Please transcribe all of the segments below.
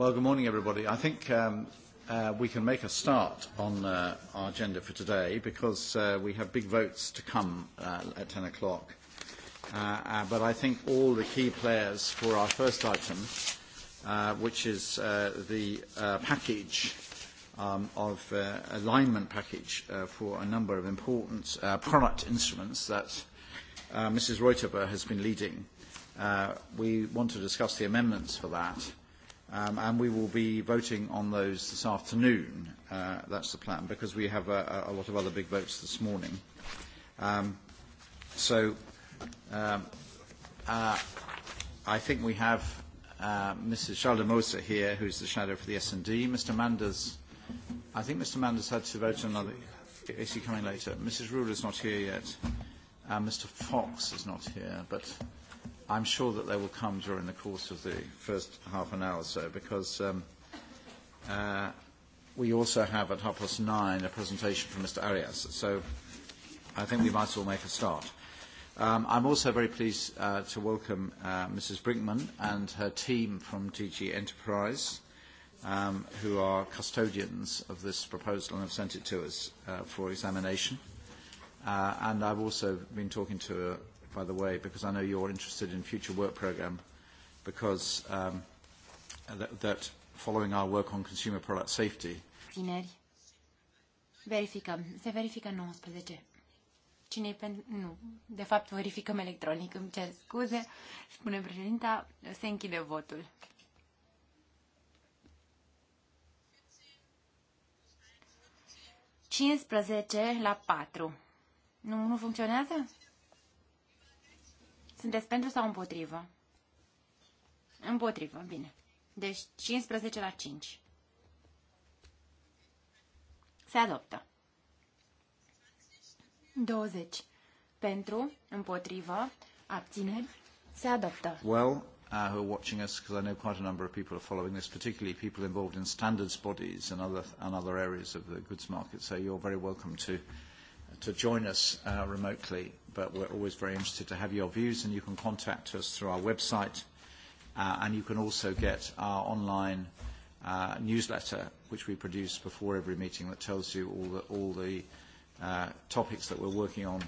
Well, good morning, everybody. I think um, uh, we can make a start on uh, our agenda for today because uh, we have big votes to come uh, at 10 o'clock. Uh, uh, but I think all the key players for our first item, uh, which is uh, the uh, package um, of uh, alignment package uh, for a number of important uh, product instruments that uh, Mrs. Reuterber has been leading. Uh, we want to discuss the amendments for that um, and we will be voting on those this afternoon. Uh, that's the plan, because we have a, a lot of other big votes this morning. Um, so um, uh, I think we have uh, Mrs. Schaldemose here, who's the shadow for the S&D. Mr. Manders, I think Mr. Manders had to vote another. Is he coming later? Mrs. is not here yet. Uh, Mr. Fox is not here, but I'm sure that they will come during the course of the first half an hour or so, because um, uh, we also have at half past nine a presentation from Mr. Arias. So I think we might as well make a start. Um, I'm also very pleased uh, to welcome uh, Mrs. Brinkman and her team from DG Enterprise, um, who are custodians of this proposal and have sent it to us uh, for examination. Uh, and I've also been talking to a, uh, by the way, because I know you're interested in future work programme, because um, that, that following our work on consumer product safety. Tineri. Verificăm. Se verifică 19. Cine-i Nu. De fapt, verificăm electronic. Îmi cer scuze. Spune președinta, se închide votul. 15 la patru. Nu, nu funcționează? Sunteți pentru sau împotrivă? Împotrivă, bine. Deci 15 la 5. Se adoptă. 20. Pentru, împotrivă, abțineri, se adoptă. Well, uh, who are watching us, because I know quite a number of people are following this, particularly people involved in standards bodies and other, and other areas of the goods market, so you're very welcome to to join us uh, remotely, but we're always very interested to have your views, and you can contact us through our website, uh, and you can also get our online uh, newsletter, which we produce before every meeting, that tells you all the, all the uh, topics that we're working on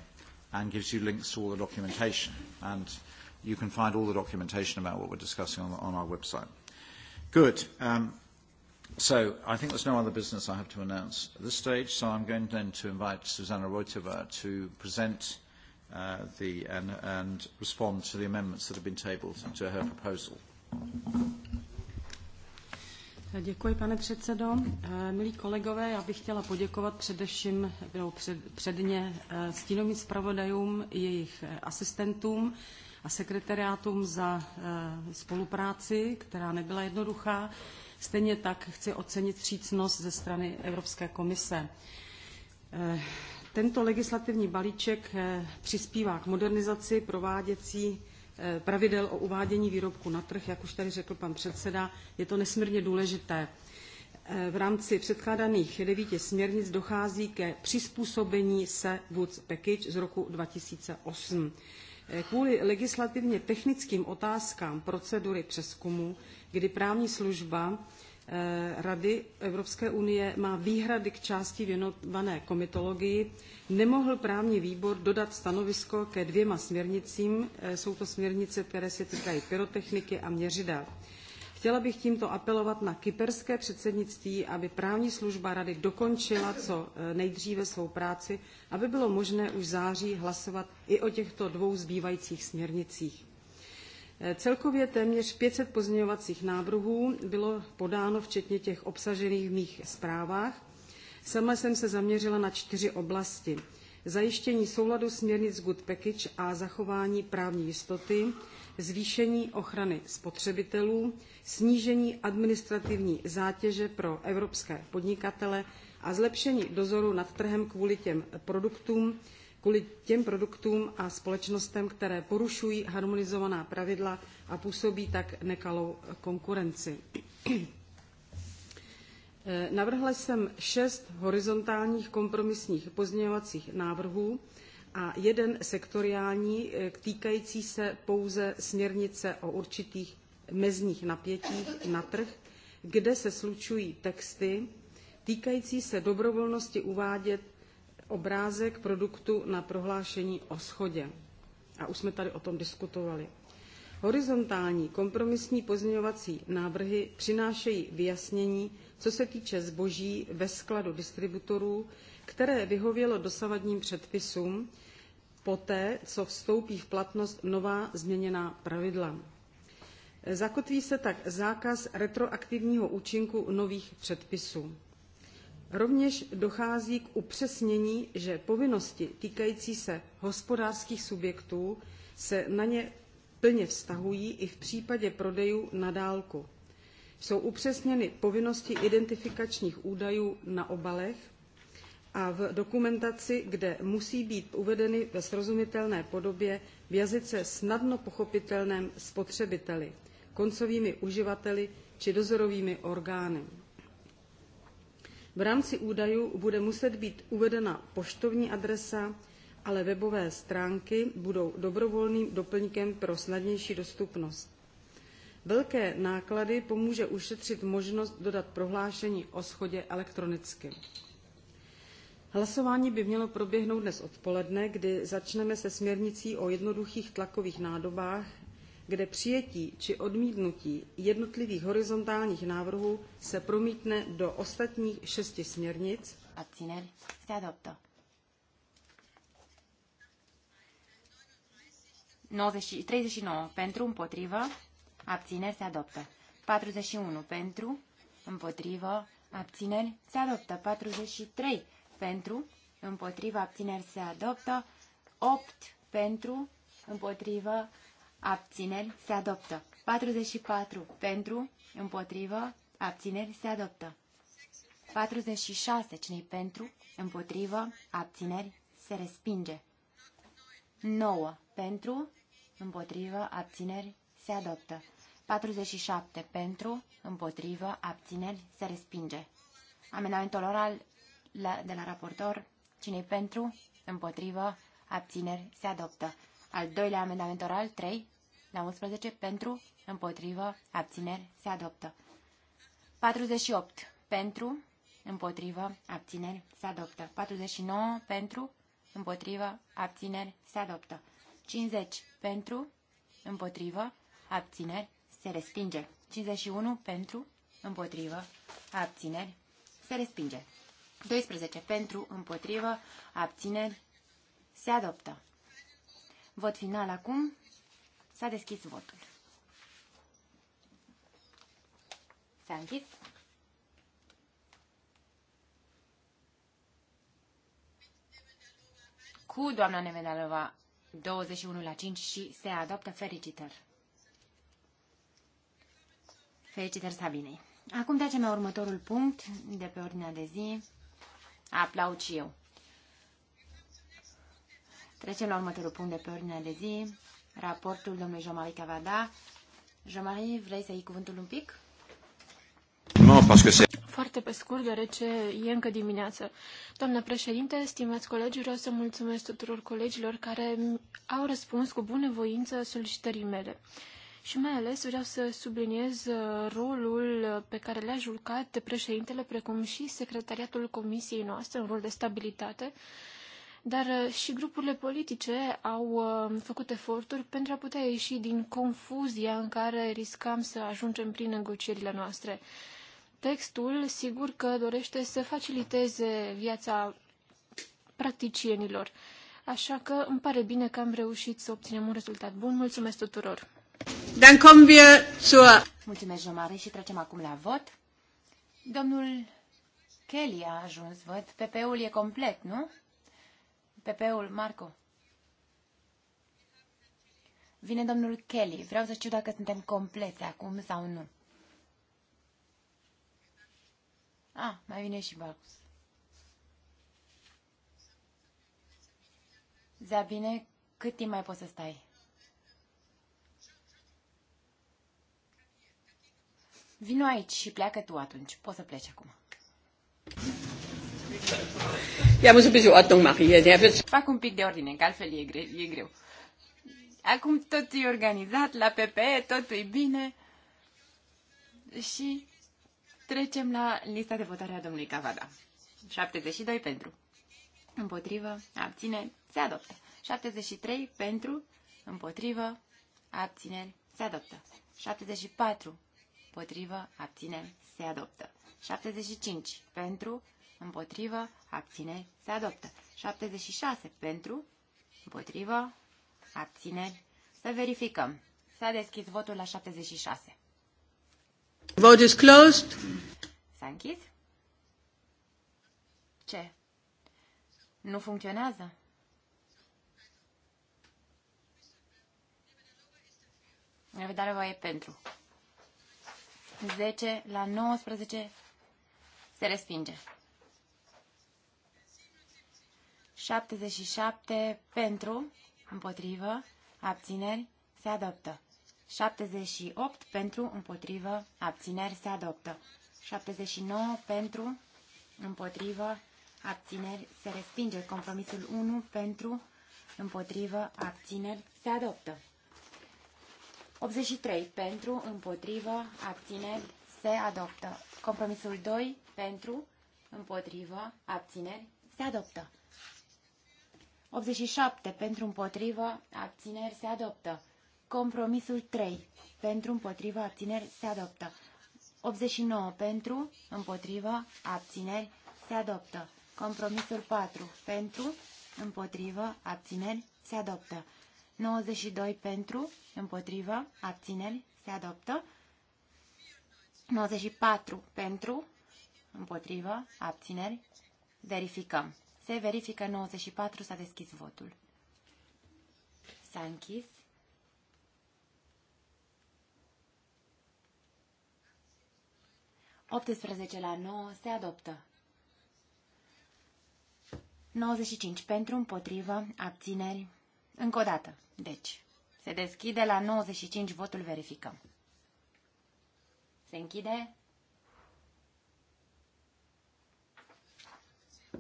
and gives you links to all the documentation. And you can find all the documentation about what we're discussing on, on our website. Good. Um, So I think there's no other business I have to announce at this stage, so I'm going then to invite Susanna Roitova to present uh, the, and, and respond to the amendments that have been tabled to her proposal. Děkuji, pane předsedo. Eh, milí kolegové, já bych chtěla poděkovat především no, před, předně eh, stínovým zpravodajům, jejich eh, asistentům a sekretariátům za spolupráci, která nebyla jednoduchá. Stejně tak chci ocenit vřícnost ze strany Evropské komise. Eh, tento legislativní balíček eh, přispívá k modernizaci prováděcí eh, pravidel o uvádění výrobku na trh, jak už tady řekl pan předseda, je to nesmírně důležité. V rámci předkládaných devíti směrnic dochází ke přizpůsobení se Woods Package z roku 2008 kvůli legislativně technickým otázkám procedury přeskumu, kdy právní služba eh, Rady Evropské unie má výhrady k části věnované komitologii, nemohl právní výbor dodat stanovisko ke dvěma směrnicím. Eh, jsou to směrnice, které se týkají pyrotechniky a měřidel. Chtěla bych tímto apelovat na kyperské předsednictví, aby právní služba rady dokončila co nejdříve svou práci, aby bylo možné už září hlasovat i o těchto dvou zbývajících směrnicích. Celkově téměř 500 pozměňovacích návrhů bylo podáno, včetně těch obsažených v mých zprávách. Sama jsem se zaměřila na čtyři oblasti. Zajištění souladu směrnic Good Package a zachování právní jistoty, zvýšení ochrany spotřebitelů, snížení administrativní zátěže pro evropské podnikatele a zlepšení dozoru nad trhem kvůli těm produktům, kvůli těm produktům a společnostem, které porušují harmonizovaná pravidla a působí tak nekalou konkurenci. Eh, navrhla jsem šest horizontálních kompromisních pozměňovacích návrhů, a jeden sektoriální týkající se pouze směrnice o určitých mezních napětích na trh, kde se slučují texty týkající se dobrovolnosti uvádět obrázek produktu na prohlášení o schodě. A už jsme tady o tom diskutovali. Horizontální kompromisní pozměňovací návrhy přinášejí vyjasnění, co se týče zboží ve skladu distributorů, které vyhovělo dosavadním předpisům poté, co vstoupí v platnost nová změněná pravidla. Zakotví se tak zákaz retroaktivního účinku nových předpisů. Rovněž dochází k upřesnění, že povinnosti týkající se hospodářských subjektů se na ně plně vztahují i v případě prodejů na dálku. Jsou upřesněny povinnosti identifikačních údajů na obalech, a v dokumentaci, kde musí být uvedeny ve srozumitelné podobě v jazyce snadno pochopitelném spotřebiteli, koncovými uživateli či dozorovými orgány. V rámci údajů bude muset být uvedena poštovní adresa, ale webové stránky budou dobrovolným doplňkem pro snadnější dostupnost. Velké náklady pomůže ušetřit možnost dodat prohlášení o schodě elektronicky. Hlasování by mělo proběhnout dnes odpoledne, kdy začneme se směrnicí o jednoduchých tlakových nádobách, kde přijetí či odmítnutí jednotlivých horizontálních návrhů se promítne do ostatních šesti směrnic. Abțineri. Se adoptă. 90, 39 pentru, împotrivă, abțineri se adoptă. 41 pentru, împotrivă, abțineri se adoptă. 43 pentru, împotriva, abțineri se adoptă. 8 pentru, împotrivă, abțineri se adoptă. 44 pentru, împotrivă, abțineri se adoptă. 46 cine pentru, împotrivă, abțineri se respinge. 9 pentru, împotrivă, abțineri se adoptă. 47 pentru, împotrivă, abțineri se respinge. Amendamentul oral la, de la raportor. cine pentru? Împotrivă. Abțineri. Se adoptă. Al doilea amendament oral, 3, la 11, pentru, împotrivă, abțineri, se adoptă. 48, pentru, împotrivă, abțineri, se adoptă. 49, pentru, împotrivă, abțineri, se adoptă. 50, pentru, împotrivă, abțineri, se respinge. 51, pentru, împotrivă, abțineri, se respinge. 12 pentru, împotrivă, abțineri, se adoptă. Vot final acum. S-a deschis votul. S-a închis. Cu doamna Nevedalova 21 la 5 și se adoptă fericitări. Felicitări Sabinei. Acum trecem la următorul punct de pe ordinea de zi. Aplaud și eu. Trecem la următorul punct de pe ordinea de zi. Raportul domnului Jean-Marie Cavada. Jean-Marie, vrei să iei cuvântul un pic? Nu, pentru că foarte pe scurt, deoarece e încă dimineață. Doamnă președinte, stimați colegi, vreau să mulțumesc tuturor colegilor care au răspuns cu bună voință solicitării mele și mai ales vreau să subliniez uh, rolul uh, pe care le-a jucat președintele, precum și secretariatul comisiei noastre, un rol de stabilitate, dar uh, și grupurile politice au făcut eforturi pentru a putea ieși din confuzia în care riscam să ajungem prin negocierile noastre. Textul, sigur că dorește să faciliteze viața practicienilor, așa că îmi pare bine că am reușit să obținem un rezultat bun. Mulțumesc tuturor! Dann kommen wir zur... Mulțumesc, Jomare, și trecem acum la vot. Domnul Kelly a ajuns, văd. PP-ul e complet, nu? PP-ul, Marco. Vine domnul Kelly. Vreau să știu dacă suntem complete acum sau nu. Ah, mai vine și Barcus. Zabine, cât timp mai poți să stai? Vino aici și pleacă tu atunci. Poți să pleci acum. Ja, muss ein Fac un pic de ordine, că altfel e greu. E greu. Acum tot e organizat la PPE, totul e bine. Și trecem la lista de votare a domnului Cavada. 72 pentru. Împotrivă, abține, se adoptă. 73 pentru, împotrivă, abține, se adoptă. 74 împotrivă, abține, se adoptă. 75 pentru, împotrivă, abține, se adoptă. 76 pentru, împotrivă, abține, să verificăm. S-a deschis votul la 76. Vote is closed. S-a închis? Ce? Nu funcționează? Evidare, voie pentru. 10 la 19 se respinge. 77 pentru, împotrivă, abțineri, se adoptă. 78 pentru, împotrivă, abțineri, se adoptă. 79 pentru, împotrivă, abțineri, se respinge. Compromisul 1 pentru, împotrivă, abțineri, se adoptă. 83 pentru, împotrivă, abțineri, se adoptă. Compromisul 2 pentru, împotrivă, abțineri, se adoptă. 87 pentru, împotrivă, abțineri, se adoptă. Compromisul 3 pentru, împotrivă, abțineri, se adoptă. 89 pentru, împotrivă, abțineri, se adoptă. Compromisul 4 pentru, împotrivă, abțineri, se adoptă. 92 pentru, împotrivă, abțineri, se adoptă. 94 pentru, împotrivă, abțineri, verificăm. Se verifică 94, s-a deschis votul. S-a închis. Optsprezece la 9 se adoptă. 95 pentru, împotrivă, abțineri, încă o dată. Deci, se deschide la 95 votul verificăm. Se închide.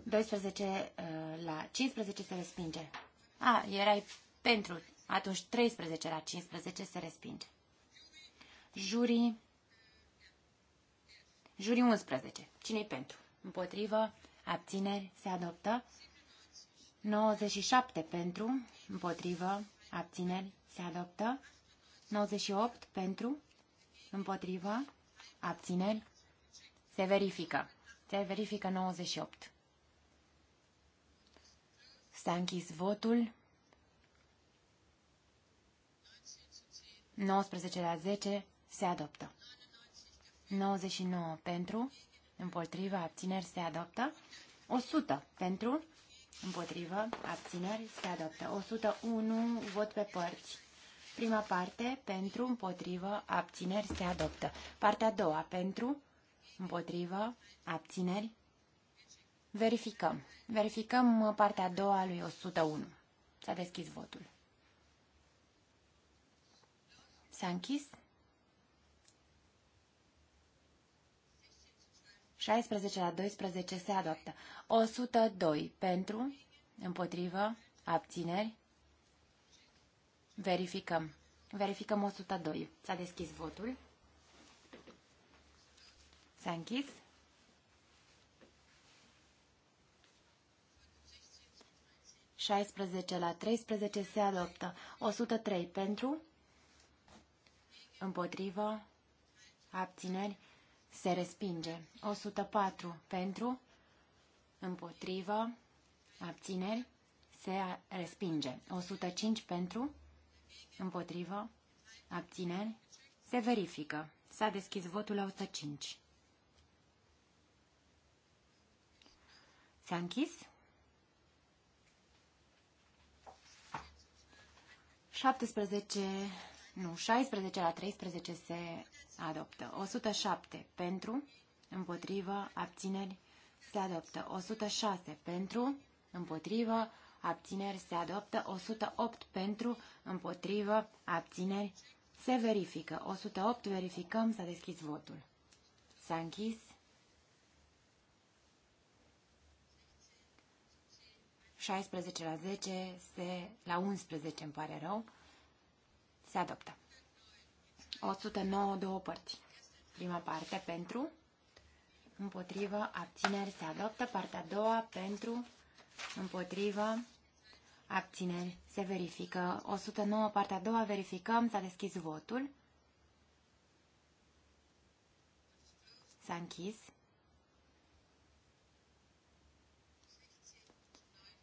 12 uh, la 15 se respinge. A, erai pentru. Atunci 13 la 15 se respinge. juri juri 11. Cine-i pentru? Împotrivă. Abțineri. Se adoptă. 97 pentru, împotrivă, abțineri, se adoptă. 98 pentru, împotrivă, abțineri, se verifică. Se verifică 98. S-a închis votul. 19 la 10 se adoptă. 99 pentru, împotrivă, abțineri se adoptă. 100 pentru, Împotrivă, abțineri, se adoptă. 101, vot pe părți. Prima parte, pentru, împotrivă, abțineri, se adoptă. Partea a doua, pentru, împotrivă, abțineri. Verificăm. Verificăm uh, partea a doua lui 101. S-a deschis votul. S-a închis. 16 la 12 se adoptă. 102 pentru, împotrivă, abțineri. Verificăm. Verificăm 102. S-a deschis votul. S-a închis. șaisprezece la 13 se adoptă. 103 pentru, împotrivă, abțineri, se respinge. 104 pentru, împotrivă, abțineri, se respinge. 105 pentru, împotrivă, abțineri, se verifică. S-a deschis votul la 105. S-a închis? 17, nu, 16 la 13 se adoptă. 107 pentru, împotrivă, abțineri, se adoptă. 106 pentru, împotrivă, abțineri, se adoptă. 108 pentru, împotrivă, abțineri, se verifică. 108, verificăm, s-a deschis votul. S-a închis. 16 la 10, se, la 11 îmi pare rău, se adoptă. 109, două părți. Prima parte pentru, împotrivă, abțineri se adoptă. Partea a doua pentru, împotrivă, abțineri se verifică. 109, partea a doua, verificăm, s-a deschis votul. S-a închis.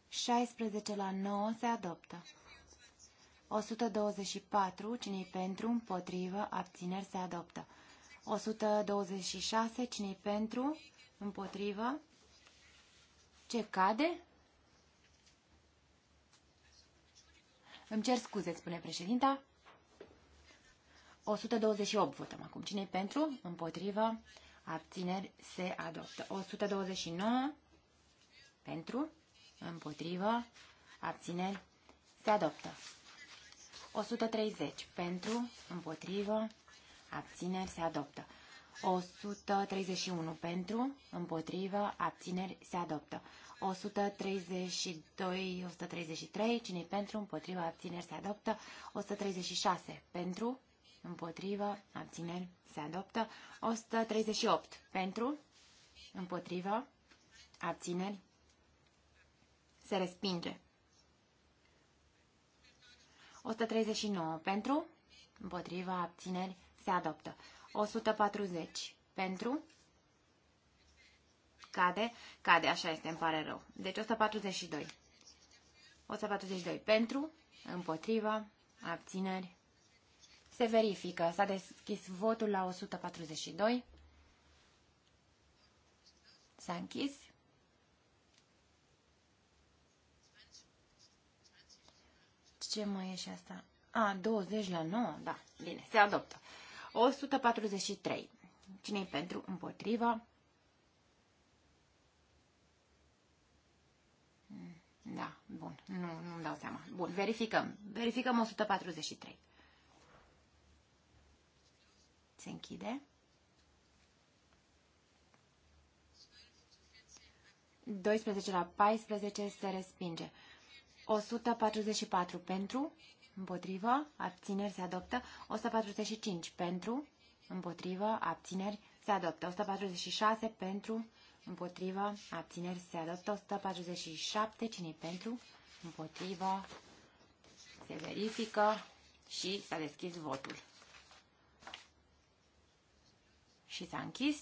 16 la 9 se adoptă. 124, cine pentru, împotrivă, abțineri se adoptă. 126, cine pentru? Împotrivă. Ce cade? Îmi cer scuze, spune președinta. 128 votăm acum. cine pentru? Împotrivă. Abțineri se adoptă. 129 pentru, împotrivă, abțineri se adoptă. 130 pentru, împotrivă, abțineri, se adoptă. 131 pentru, împotrivă, abțineri, se adoptă. 132, 133, cine pentru, împotrivă, abțineri, se adoptă. 136 pentru, împotrivă, abțineri, se adoptă. 138 pentru, împotrivă, abțineri, se respinge. 139 pentru, împotriva, abțineri, se adoptă. 140 pentru, cade, cade, așa este, îmi pare rău. Deci 142. 142 pentru, împotriva, abțineri. Se verifică, s-a deschis votul la 142. S-a închis. Ce mai e și asta? A, 20 la 9, da, bine, se adoptă. 143. Cine-i pentru? Împotrivă. Hmm, da, bun. Nu, nu-mi dau seama. Bun, verificăm. Verificăm 143. Se închide. 12 la 14 se respinge. 144 pentru, Împotrivă, abțineri se adoptă. 145 pentru, împotrivă, abțineri se adoptă. 146 pentru, împotrivă, abțineri se adoptă. 147, cine pentru, împotrivă, se verifică și s-a deschis votul. Și s-a închis.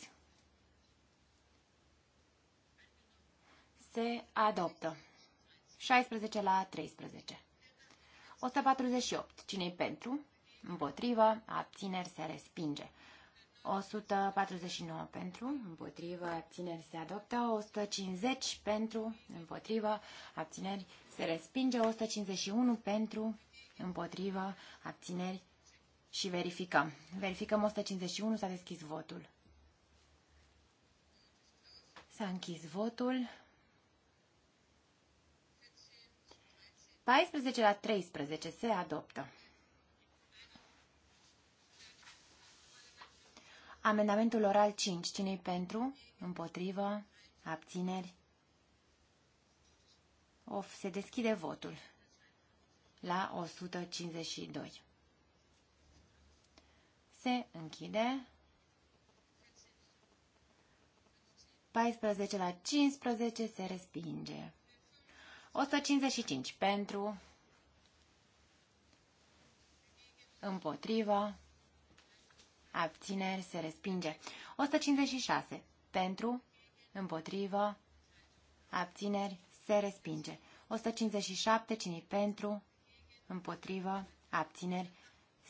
Se adoptă. 16 la 13. 148. Cine-i pentru? Împotrivă. Abțineri se respinge. 149 pentru, împotrivă, abțineri se adoptă, 150 pentru, împotrivă, abțineri se respinge, 151 pentru, împotrivă, abțineri și verificăm. Verificăm 151, s-a deschis votul. S-a închis votul. 14 la 13 se adoptă. Amendamentul oral 5. cine pentru? Împotrivă? Abțineri? Of, se deschide votul la 152. Se închide 14 la 15 se respinge. 155 pentru, împotriva, abțineri, se respinge. 156 pentru, împotriva, abțineri, se respinge. 157, cine pentru, împotriva, abțineri,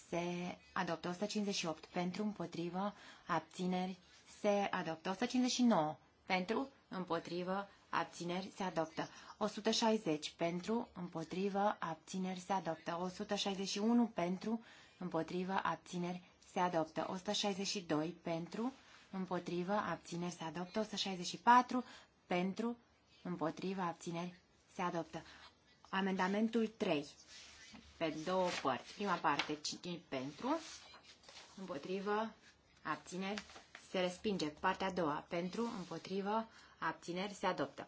se adoptă 158 pentru, împotrivă, abțineri, se adoptă 159 pentru, împotrivă, abțineri se adoptă. 160 pentru, împotrivă, abțineri se adoptă. 161 pentru, împotrivă, abțineri se adoptă. 162 pentru, împotrivă, abțineri se adoptă. 164 pentru, împotrivă, abțineri se adoptă. Amendamentul 3 pe două părți. Prima parte, pentru, împotrivă, abțineri, se respinge. Partea a doua, pentru, împotrivă, abțineri, se adoptă.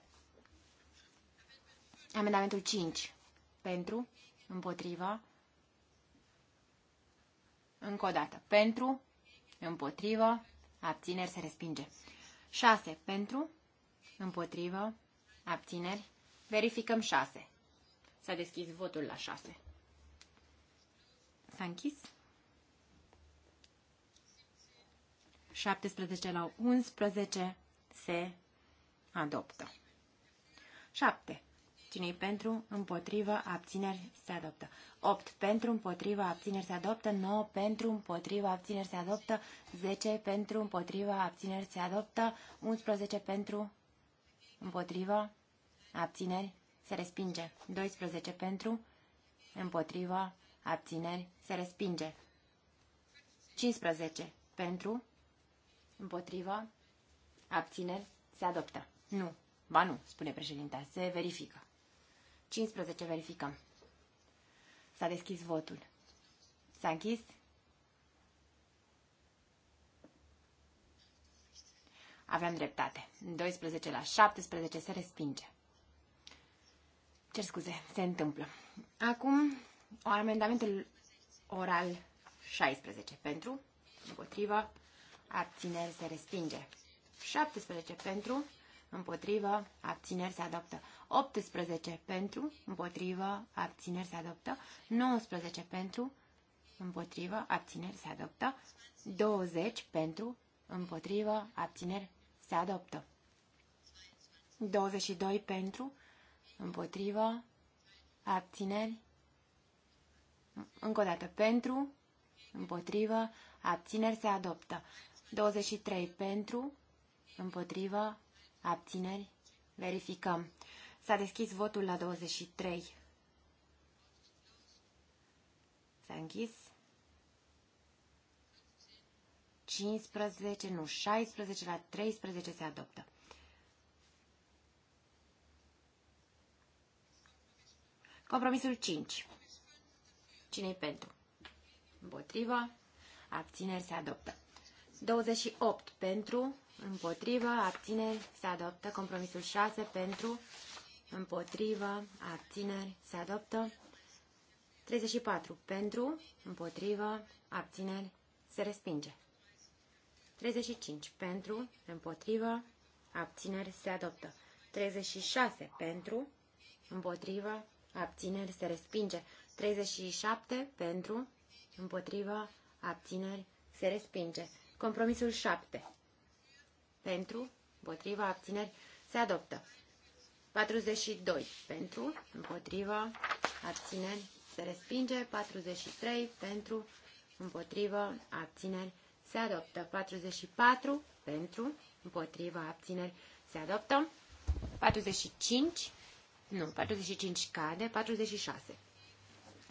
Amendamentul 5. Pentru, împotriva, încă o dată. Pentru, împotrivă, abțineri, se respinge. 6. Pentru, împotrivă, abțineri, verificăm 6. S-a deschis votul la 6. S-a închis. 17 la 11 se adoptă. 7. Cine-i pentru, împotrivă, abțineri, se adoptă. 8. Pentru, împotrivă, abțineri, se adoptă. 9. Pentru, împotrivă, abțineri, se adoptă. 10. Pentru, împotrivă, abțineri, se adoptă. 11. Pentru, împotrivă, abțineri, se respinge. 12. Pentru, împotrivă, abțineri, se respinge. 15. Pentru, împotrivă, abțineri, se adoptă. Nu. Ba nu, spune președintea. Se verifică. 15 verificăm. S-a deschis votul. S-a închis? Aveam dreptate. 12 la 17 se respinge. Cer scuze, se întâmplă. Acum, o amendamentul oral 16 pentru, împotriva, abțineri se respinge. 17 pentru, împotrivă, abțineri se adoptă. 18 pentru, împotrivă, abțineri se adoptă. 19 pentru, împotrivă, abțineri se adoptă. 20 pentru, împotrivă, abțineri se adoptă. 22 pentru, împotrivă, abțineri, încă o dată pentru, împotrivă, abțineri se adoptă. 23 pentru, împotrivă, Abțineri? Verificăm. S-a deschis votul la 23. S-a închis. 15, nu, 16 la 13 se adoptă. Compromisul 5. Cine-i pentru? Împotriva. Abțineri se adoptă. 28 pentru, Împotrivă, abțineri, se adoptă. Compromisul 6 pentru, împotrivă, abțineri, se adoptă. 34 pentru, împotrivă, abțineri, se respinge. 35 pentru, împotrivă, abțineri, se adoptă. 36 pentru, împotrivă, abțineri, se respinge. 37 pentru, împotrivă, abțineri, se respinge. Compromisul 7 pentru, împotriva, abțineri, se adoptă. 42 pentru, împotriva, abțineri, se respinge. 43 pentru, împotriva, abțineri, se adoptă. 44 pentru, împotriva, abțineri, se adoptă. 45, nu, 45 cade, 46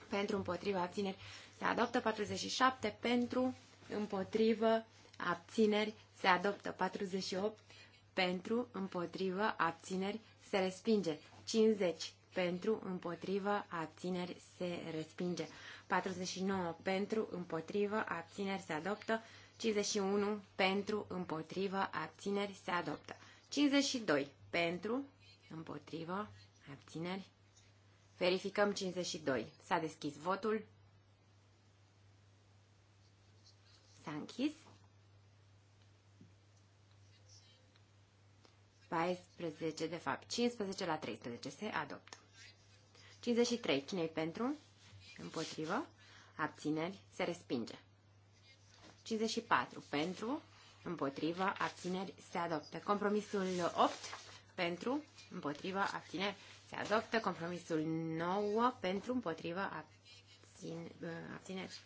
pentru, împotriva, abțineri, se adoptă. 47 pentru, împotrivă, abțineri, se adoptă 48 pentru, împotrivă, abțineri, se respinge 50 pentru, împotrivă, abțineri, se respinge 49 pentru, împotrivă, abțineri, se adoptă 51 pentru, împotrivă, abțineri, se adoptă 52 pentru, împotrivă, abțineri, verificăm 52, s-a deschis votul, s-a închis, 14, de fapt 15 la 13 se adoptă. 53. cine pentru? Împotrivă. Abțineri. Se respinge. 54. Pentru. Împotrivă. Abțineri. Se adoptă. Compromisul 8. Pentru. Împotrivă. Abțineri. Se adoptă. Compromisul 9. Pentru. Împotrivă. Uh, abțineri.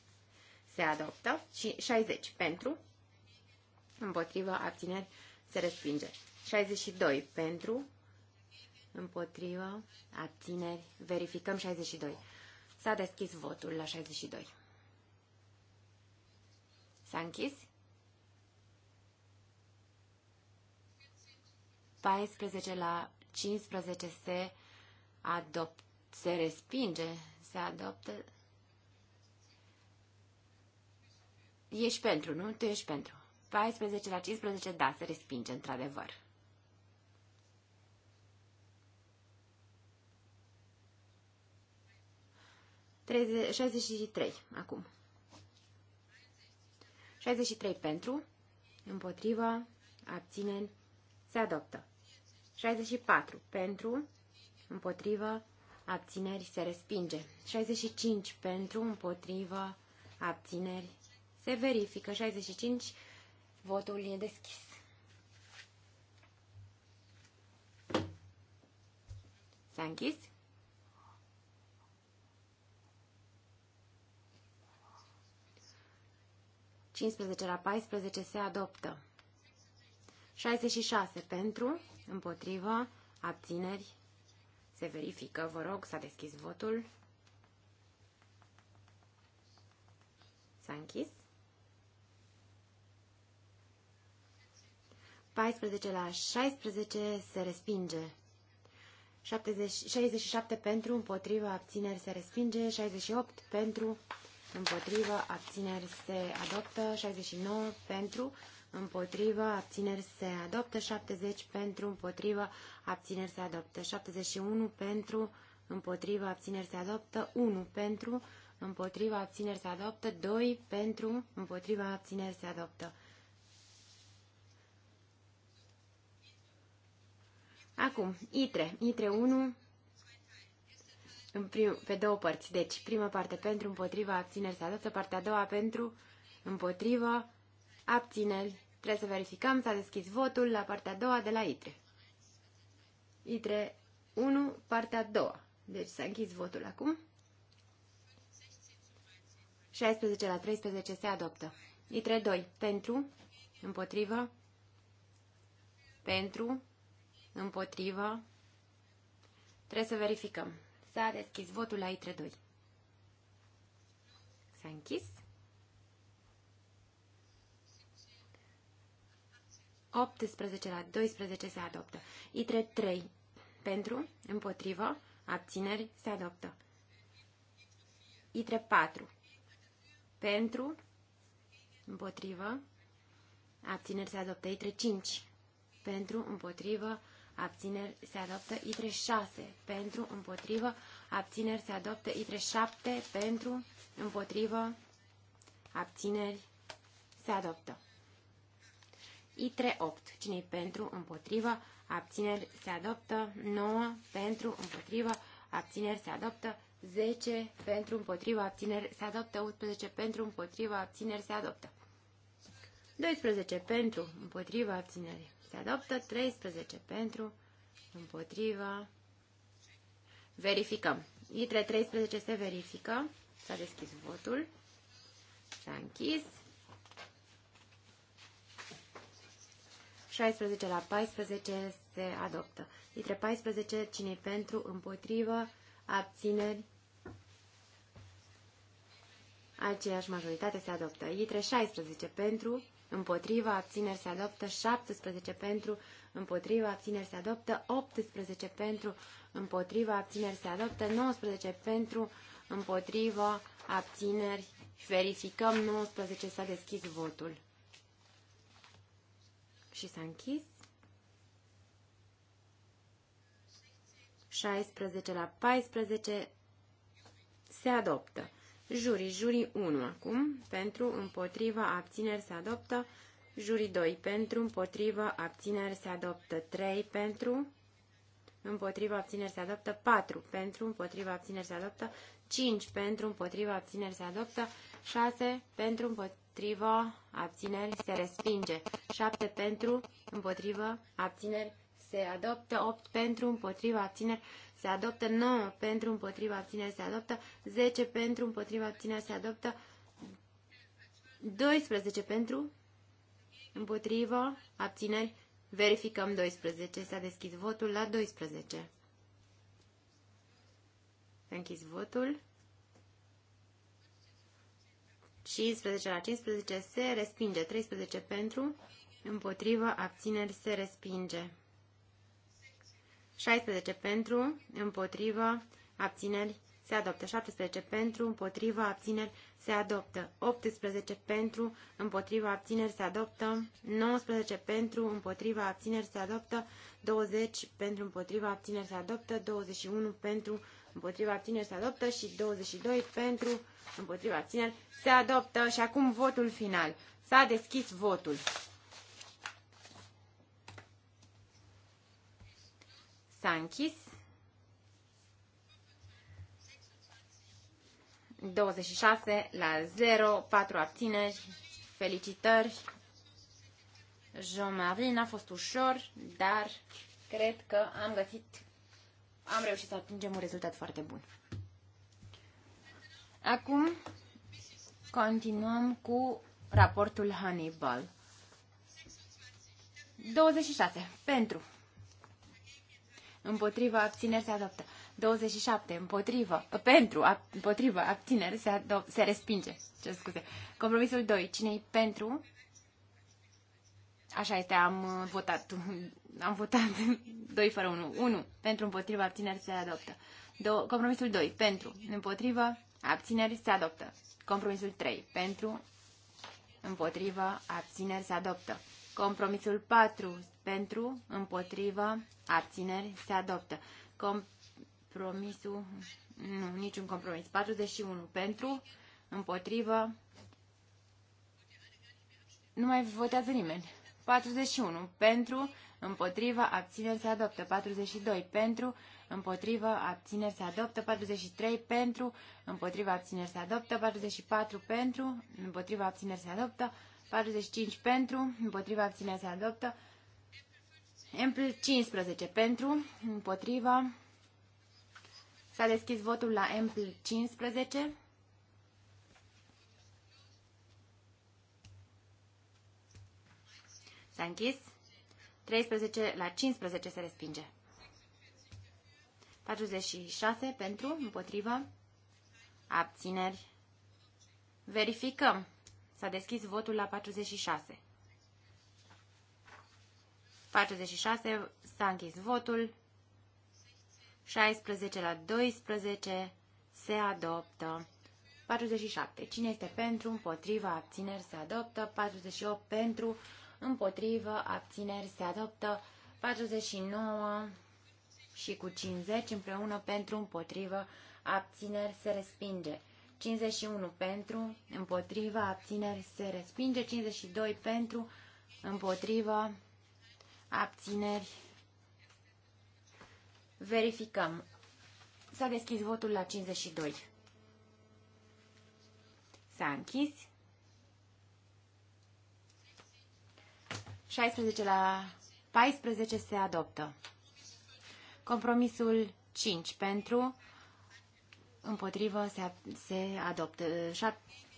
Se adoptă. Și 60. Pentru. Împotrivă. Abțineri se respinge. 62 pentru, împotrivă, abțineri, verificăm 62. S-a deschis votul la 62. S-a închis? 14 la 15 se adopt, se respinge, se adoptă. Ești pentru, nu? Tu ești pentru. 14 la 15, da, se respinge, într-adevăr. Treze... 63, acum. 63 pentru, împotriva, abțineri, se adoptă. 64 pentru, împotriva, abțineri, se respinge. 65 pentru, împotriva, abțineri, se verifică. 65 Votul e deschis. S-a închis. Cincisprezece la 14 se adoptă. 66 pentru, împotrivă, abțineri. Se verifică, vă rog, s-a deschis votul. S-a închis. 14 la 16 se respinge. 70, 67 pentru, împotrivă, abțineri se respinge. 68 pentru, împotrivă, abțineri se adoptă. 69 pentru, împotrivă, abțineri se adoptă. 70 pentru, împotrivă, abțineri se adoptă. 71 pentru, împotrivă, abțineri se adoptă. 1 pentru, împotrivă, abțineri se adoptă. 2 pentru, împotrivă, abțineri se adoptă. Acum, ITRE, ITRE 1, în prim, pe două părți. Deci, prima parte pentru, împotriva, abțineri, s-a dat, partea a doua pentru, împotriva, abțineri. Trebuie să verificăm, s-a deschis votul la partea a doua de la ITRE. ITRE 1, partea a doua. Deci s-a închis votul acum. 16 la 13 se adoptă. ITRE 2, pentru, împotriva, pentru, Împotrivă. Trebuie să verificăm. S-a deschis votul la ITRE 2. S-a închis. 18 la 12 se adoptă. ITRE 3. Pentru, împotrivă, abțineri, se adoptă. ITRE 4. Pentru, împotrivă, abțineri, se adoptă. ITRE 5. Pentru, împotrivă, abțineri se adoptă ITRE 6 pentru, împotrivă, abțineri se adoptă ITRE 7 pentru, împotrivă, abțineri se adoptă. ITRE 8, cine pentru, împotrivă, abțineri se adoptă, 9 pentru, împotrivă, abțineri se adoptă, 10 pentru, împotrivă, abțineri se adoptă, 11 pentru, împotrivă, abțineri se adoptă. 12 pentru, împotrivă, abțineri se adoptă. 13 pentru, împotriva. Verificăm. Itre 13 se verifică. S-a deschis votul. S-a închis. 16 la 14 se adoptă. Dintre 14, cine pentru, împotrivă, abțineri, aceeași majoritate se adoptă. Dintre 16 pentru, împotriva, abțineri se adoptă 17 pentru, împotriva, abțineri se adoptă 18 pentru, împotriva, abțineri se adoptă 19 pentru, împotriva, abțineri, verificăm 19, s-a deschis votul. Și s-a închis. 16 la 14 se adoptă. Juri, juri 1 acum, pentru, împotriva, abțineri se adoptă. Juri 2 pentru, împotriva, abțineri se adoptă. 3 pentru, împotriva, abțineri se adoptă. 4 pentru, împotriva, abțineri se adoptă. 5 pentru, împotriva, abțineri se adoptă. 6 pentru, împotriva, abțineri se respinge. 7 pentru, împotriva, abțineri se adoptă, 8 pentru, împotriva, abțineri, se adoptă, 9 pentru, împotriva, abțineri, se adoptă, 10 pentru, împotriva, abțineri, se adoptă, 12 pentru, împotriva, abțineri, verificăm 12, s-a deschis votul la 12. S-a închis votul. 15 la 15 se respinge, 13 pentru, împotrivă, abțineri se respinge. 16 pentru, împotrivă, abțineri, se adoptă. 17 pentru, împotrivă, abțineri, se adoptă. 18 pentru, împotrivă, abțineri, se adoptă. 19 pentru, împotrivă, abțineri, se adoptă. 20 pentru, împotrivă, abțineri, se adoptă. 21 pentru, împotrivă, abțineri se adoptă și 22 pentru, împotrivă, abțineri se adoptă și acum votul final. S-a deschis votul. S-a închis. 26 la 0, 4 abțineri, felicitări. Jean-Marie n-a fost ușor, dar cred că am găsit, am reușit să atingem un rezultat foarte bun. Acum continuăm cu raportul Hannibal. 26. Pentru împotrivă, abțineri se adoptă. 27 împotrivă, pentru, ab, împotrivă, abțineri se, adop, se respinge. Ce scuze. Compromisul 2. Cine-i pentru? Așa este, am uh, votat. Am votat 2 fără 1. 1. Pentru, împotrivă, abțineri se adoptă. Do- compromisul 2. Pentru, împotrivă, abțineri se adoptă. Compromisul 3. Pentru, împotrivă, abțineri se adoptă. Compromisul 4 pentru, împotriva, abțineri se adoptă. Compromisul, nu, niciun compromis. 41 pentru, împotrivă, nu mai votează nimeni. 41 pentru, împotriva, abțineri se adoptă. 42 pentru, împotriva, abțineri se adoptă. 43 pentru, împotriva, abțineri se adoptă. 44 pentru, împotriva, abțineri se adoptă. 45 pentru, împotriva abținerea se adoptă. Empl 15 pentru, împotriva. S-a deschis votul la Empl 15. S-a închis. 13 la 15 se respinge. 46 pentru, împotriva, abțineri. Verificăm. S-a deschis votul la 46. 46 s-a închis votul. 16 la 12 se adoptă. 47. Cine este pentru, împotriva, abțineri, se adoptă. 48. Pentru, împotriva, abțineri, se adoptă. 49 și cu 50 împreună pentru, împotrivă, abțineri, se respinge. 51 pentru, împotriva, abțineri se respinge. 52 pentru, împotriva, abțineri. Verificăm. S-a deschis votul la 52. S-a închis. 16 la 14 se adoptă. Compromisul 5 pentru, împotrivă se, se adoptă.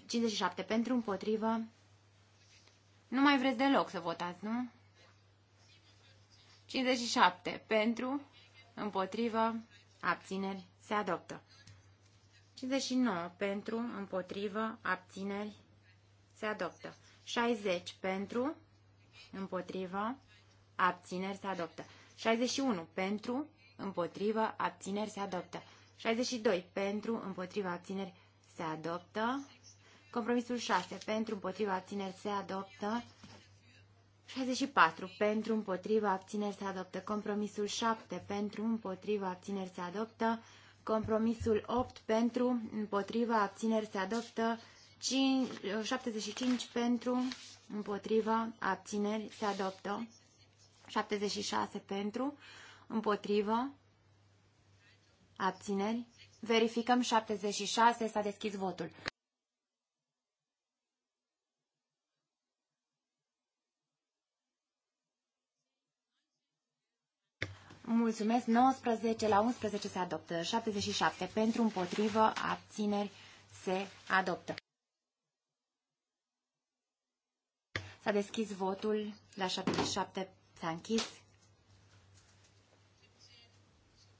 57 pentru, împotrivă. Nu mai vreți deloc să votați, nu? 57 pentru, împotrivă, abțineri, se adoptă. 59 pentru, împotrivă, abțineri, se adoptă. 60 pentru, împotrivă, abțineri, se adoptă. 61 pentru, împotrivă, abțineri, se adoptă. 62 pentru, împotriva abțineri se adoptă. Compromisul 6 pentru, împotriva abțineri se adoptă. 64 pentru, împotriva abțineri se adoptă. Compromisul 7 pentru, împotriva abțineri se adoptă. Compromisul 8 pentru, împotriva abțineri se adoptă. 5, 75 pentru, împotriva abțineri se adoptă. 76 pentru, împotriva Abțineri? Verificăm 76, s-a deschis votul. Mulțumesc. 19 la 11 se adoptă. 77 pentru, împotrivă, abțineri se adoptă. S-a deschis votul la 77, s-a închis.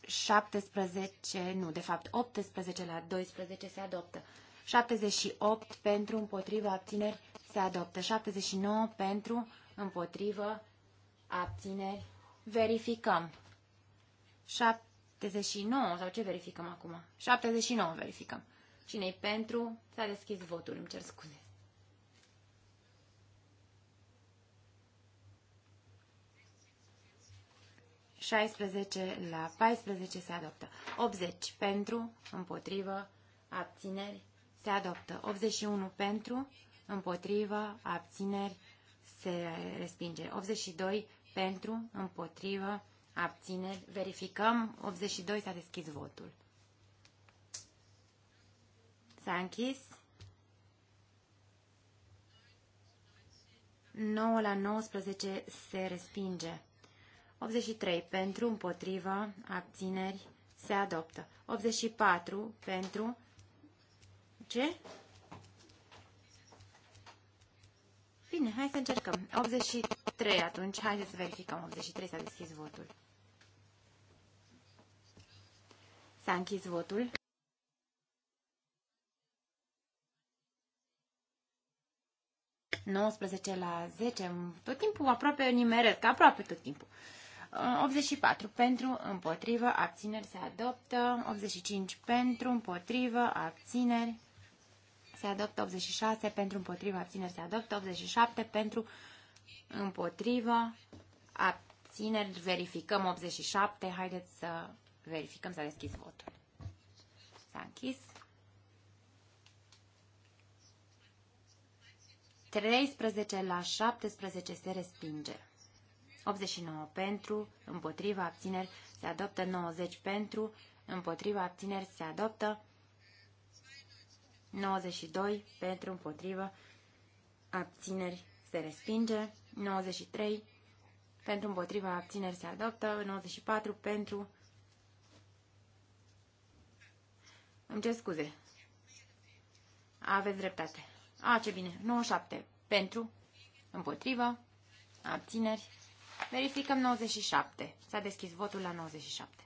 17, nu, de fapt 18 la 12 se adoptă. 78 pentru, împotrivă, abțineri, se adoptă. 79 pentru, împotrivă, abțineri, verificăm. 79, sau ce verificăm acum? 79 verificăm. Cine-i pentru? S-a deschis votul, îmi cer scuze. 16 la 14 se adoptă. 80 pentru, împotrivă, abțineri, se adoptă. 81 pentru, împotrivă, abțineri, se respinge. 82 pentru, împotrivă, abțineri, verificăm. 82 s-a deschis votul. S-a închis. 9 la 19 se respinge. 83 pentru, împotriva, abțineri, se adoptă. 84 pentru, ce? Bine, hai să încercăm. 83 atunci, hai să verificăm. 83 s-a deschis votul. S-a închis votul. ...19 la 10, tot timpul aproape nimeresc, aproape tot timpul. 84 pentru, împotrivă, abțineri se adoptă. 85 pentru, împotrivă, abțineri se adoptă. 86 pentru, împotrivă, abțineri se adoptă. 87 pentru, împotrivă, abțineri. Verificăm 87. Haideți să verificăm, s-a deschis votul. S-a închis. 13 la 17 se respinge. 89 pentru, împotriva abțineri se adoptă 90 pentru, împotriva abțineri se adoptă 92 pentru, împotriva abțineri se respinge 93 pentru, împotriva abțineri se adoptă 94 pentru, îmi cer scuze, aveți dreptate. A, ce bine, 97 pentru, împotriva, abțineri Verificăm 97. S-a deschis votul la 97.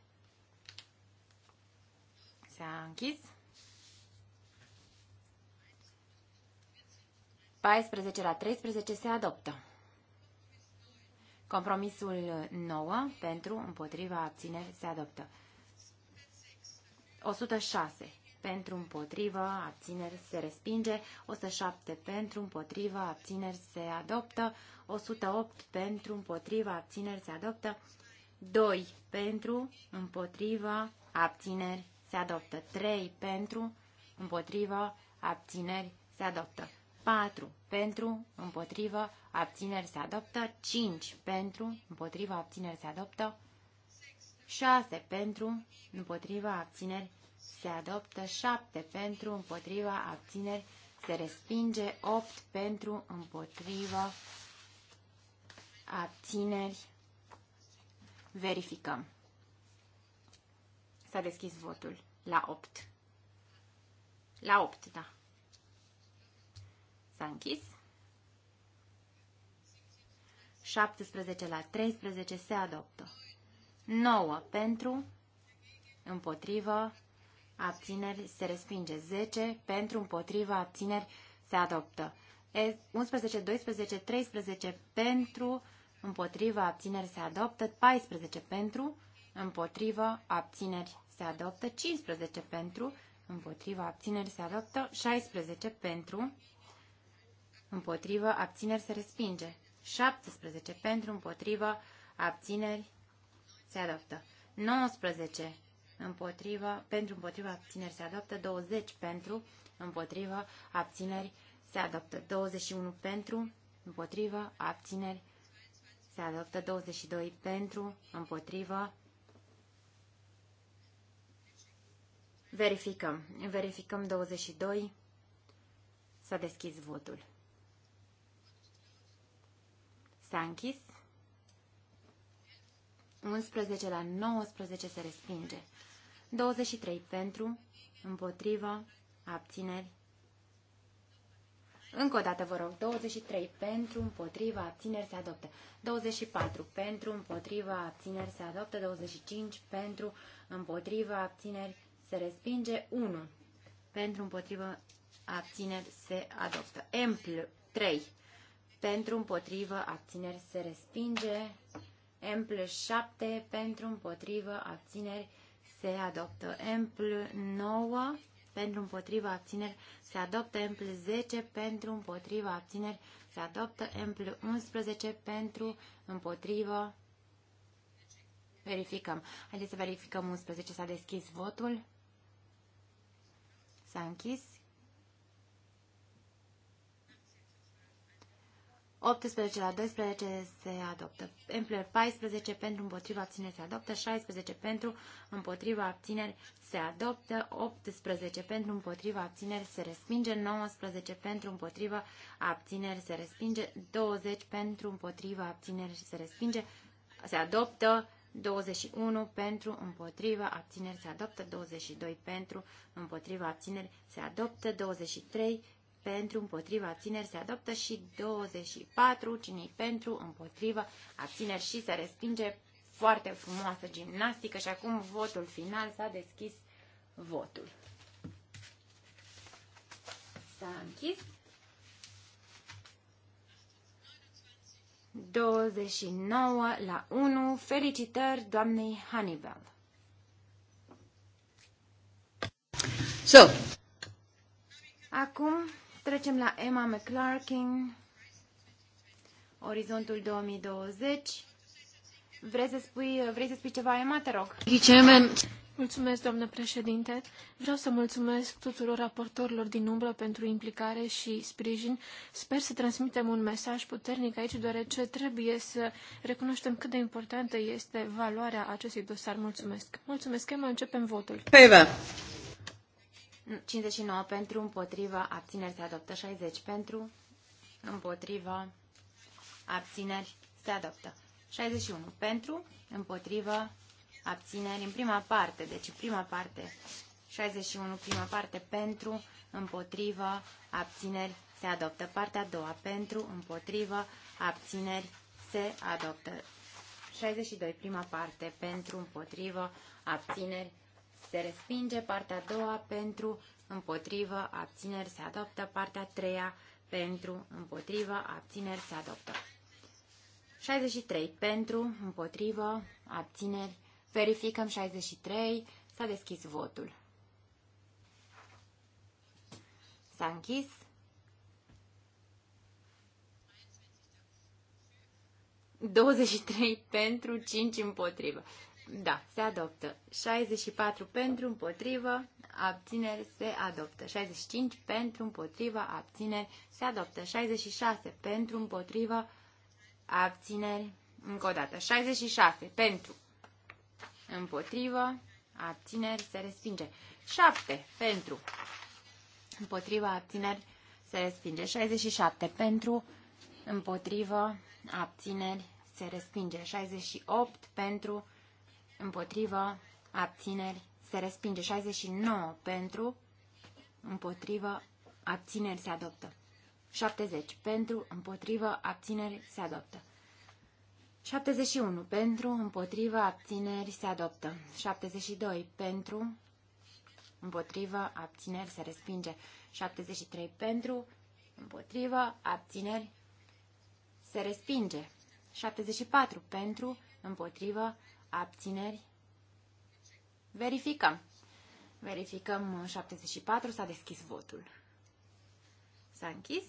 S-a închis. 14 la 13 se adoptă. Compromisul 9 pentru împotriva abțineri se adoptă. 106 pentru împotrivă, abțineri se respinge, 107 pentru împotrivă, abțineri se adoptă, 108 pentru împotrivă, abțineri se adoptă, 2 pentru împotrivă, abțineri se adoptă, 3 pentru împotrivă, abțineri se adoptă, 4 pentru împotrivă, abțineri se adoptă, 5 pentru împotrivă, abțineri se adoptă, 6 pentru împotriva abțineri se adoptă 7 pentru împotriva abțineri, se respinge 8 pentru împotriva abțineri. Verificăm. S-a deschis votul la 8. La 8, da. S-a închis. 17 la 13 se adoptă. 9 pentru, împotrivă, abțineri, se respinge. 10 pentru, împotriva, abțineri, se adoptă. 11, 12, 13 pentru, împotriva, abțineri, se adoptă. 14 pentru, împotriva, abțineri, se adoptă. 15 pentru, împotriva, abțineri, se adoptă. 16 pentru, împotriva, abțineri, se respinge. 17 pentru, împotriva, abțineri, se adoptă. 19 împotriva, pentru împotriva abțineri se adoptă, 20 pentru împotriva abțineri se adoptă, 21 pentru împotriva abțineri se adoptă, 22 pentru împotriva Verificăm. Verificăm 22. S-a deschis votul. S-a închis. 11 la 19 se respinge. 23 pentru, împotrivă, abțineri. Încă o dată vă rog, 23 pentru, împotriva, abțineri se adoptă. 24 pentru, împotriva, abțineri se adoptă. 25 pentru, împotriva, abțineri se respinge. 1 pentru, împotriva, abțineri se adoptă. Empl 3 pentru, împotriva, abțineri se respinge. Empl 7 pentru, împotriva, abțineri se adoptă. Ample 9 pentru împotriva abțineri se adoptă. Ample 10 pentru împotriva abțineri se adoptă. Ample 11 pentru împotriva Verificăm. Haideți să verificăm 11. S-a deschis votul. S-a închis. 18 la 12 se adoptă. Empler 14 pentru împotriva abțineri se adoptă, 16 pentru împotriva abțineri se adoptă, 18 pentru împotriva abțineri se respinge, 19 pentru împotriva abțineri se respinge, 20 pentru împotriva abțineri se respinge, se adoptă, 21 pentru împotriva abțineri se adoptă, 22 pentru împotriva abțineri se adoptă, 23 pentru, împotriva, abțineri se adoptă și 24, cine pentru, împotriva, abțineri și se respinge. Foarte frumoasă gimnastică și acum votul final s-a deschis votul. S-a închis. 29 la 1. Felicitări doamnei Hannibal. So. Acum Trecem la Emma McClarkin, Orizontul 2020. Vrei să spui, vrei să spui ceva, Emma? Te rog. Mulțumesc, doamnă președinte. Vreau să mulțumesc tuturor raportorilor din umbră pentru implicare și sprijin. Sper să transmitem un mesaj puternic aici, deoarece trebuie să recunoaștem cât de importantă este valoarea acestui dosar. Mulțumesc. Mulțumesc, Emma. Începem votul. Favor. 59 pentru, împotriva, abțineri se adoptă. 60 pentru, împotriva, abțineri se adoptă. 61 pentru, împotriva, abțineri în prima parte. Deci prima parte, 61 prima parte pentru, împotriva, abțineri se adoptă. Partea a doua pentru, împotriva, abțineri se adoptă. 62 prima parte pentru, împotriva, abțineri se respinge, partea a doua pentru, împotrivă, abțineri se adoptă, partea a treia pentru, împotrivă, abțineri se adoptă. 63 pentru, împotrivă, abțineri. Verificăm 63, s-a deschis votul. S-a închis. Douăzeci și trei pentru, cinci împotrivă. Da, se adoptă. 64 pentru, împotrivă, abțineri, se adoptă. 65 pentru, împotrivă, abțineri, se adoptă. 66 pentru, împotrivă, abțineri, încă o dată. 66 pentru, împotrivă, abțineri, se respinge. 7 pentru, împotriva, abțineri, se respinge. 67 pentru, împotrivă, abțineri, se respinge. 68 pentru, împotrivă, abțineri, se respinge. 69 pentru, împotrivă, abțineri, se adoptă. 70 pentru, împotrivă, abțineri, se adoptă. 71 pentru, împotrivă, abțineri, se adoptă. 72 pentru, împotrivă, abțineri, se respinge. 73 pentru, împotrivă, abțineri, se respinge. 74 pentru, împotrivă, abțineri. Verificăm. Verificăm 74, s-a deschis votul. S-a închis.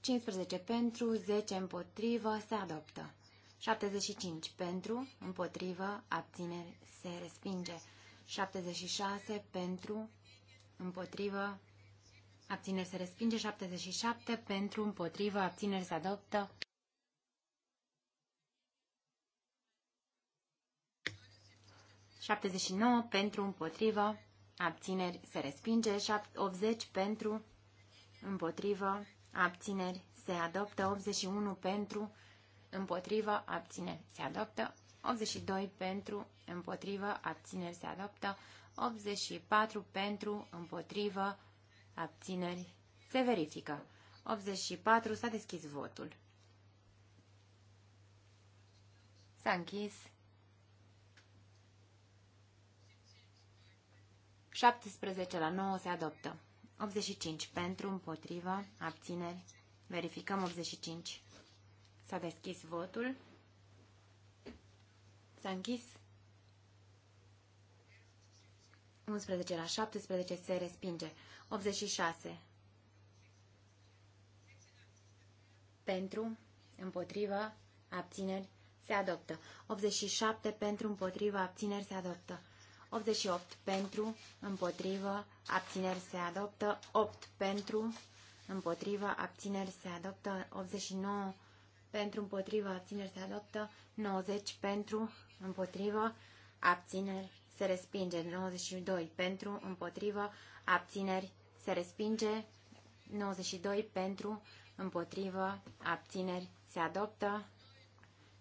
15 pentru, 10 împotrivă, se adoptă. 75 pentru, împotrivă, abțineri, se respinge. 76 pentru, împotrivă, abțineri, se respinge. 77 pentru, împotrivă, abțineri, se adoptă. 79 pentru împotrivă, abțineri se respinge, 80 pentru împotrivă, abțineri se adoptă, 81 pentru împotrivă, abțineri se adoptă, 82 pentru împotrivă, abțineri se adoptă, 84 pentru împotrivă, abțineri se verifică. 84 s-a deschis votul. S-a închis 17 la 9 se adoptă. 85 pentru, împotrivă, abțineri. Verificăm 85. S-a deschis votul. S-a închis. 11 la 17 se respinge. 86. Pentru, împotrivă, abțineri, se adoptă. 87 pentru, împotriva abțineri, se adoptă. 88 pentru, împotrivă, abțineri se adoptă, 8 pentru, împotrivă, abțineri se adoptă, 89 pentru, împotrivă, abțineri se adoptă, 90 pentru, împotrivă, abțineri se respinge, 92 pentru, împotrivă, abțineri se respinge, 92 pentru, împotrivă, abțineri se adoptă,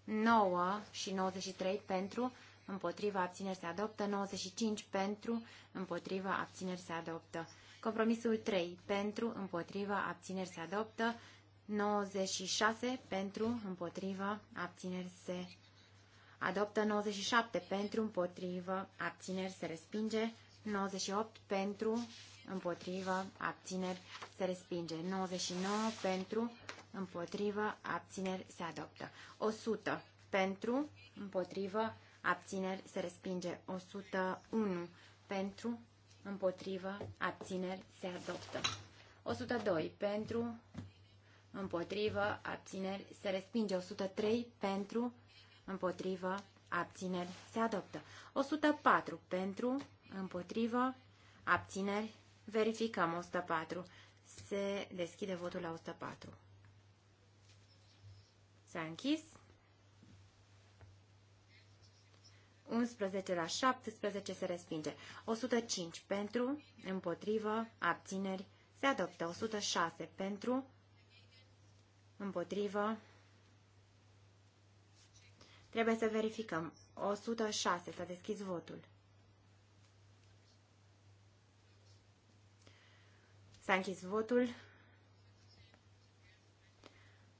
9 și 93 pentru, împotriva abțineri se adoptă, 95 pentru, împotriva abțineri se adoptă. Compromisul 3 pentru, împotriva abțineri se adoptă, 96 pentru, împotriva abțineri se adoptă, 97 pentru, împotriva abțineri se respinge, 98 pentru, împotriva abțineri, se respinge. 99 pentru, împotriva abțineri, se adoptă. 100 pentru, împotrivă, abțineri se respinge. 101 pentru, împotrivă, abțineri se adoptă. 102 pentru, împotrivă, abțineri se respinge. 103 pentru, împotrivă, abțineri se adoptă. 104 pentru, împotrivă, abțineri, verificăm 104. Se deschide votul la 104. S-a închis. 11 la 17 se respinge. 105 pentru, împotrivă, abțineri, se adoptă. 106 pentru, împotrivă, trebuie să verificăm. 106 s-a deschis votul. S-a închis votul.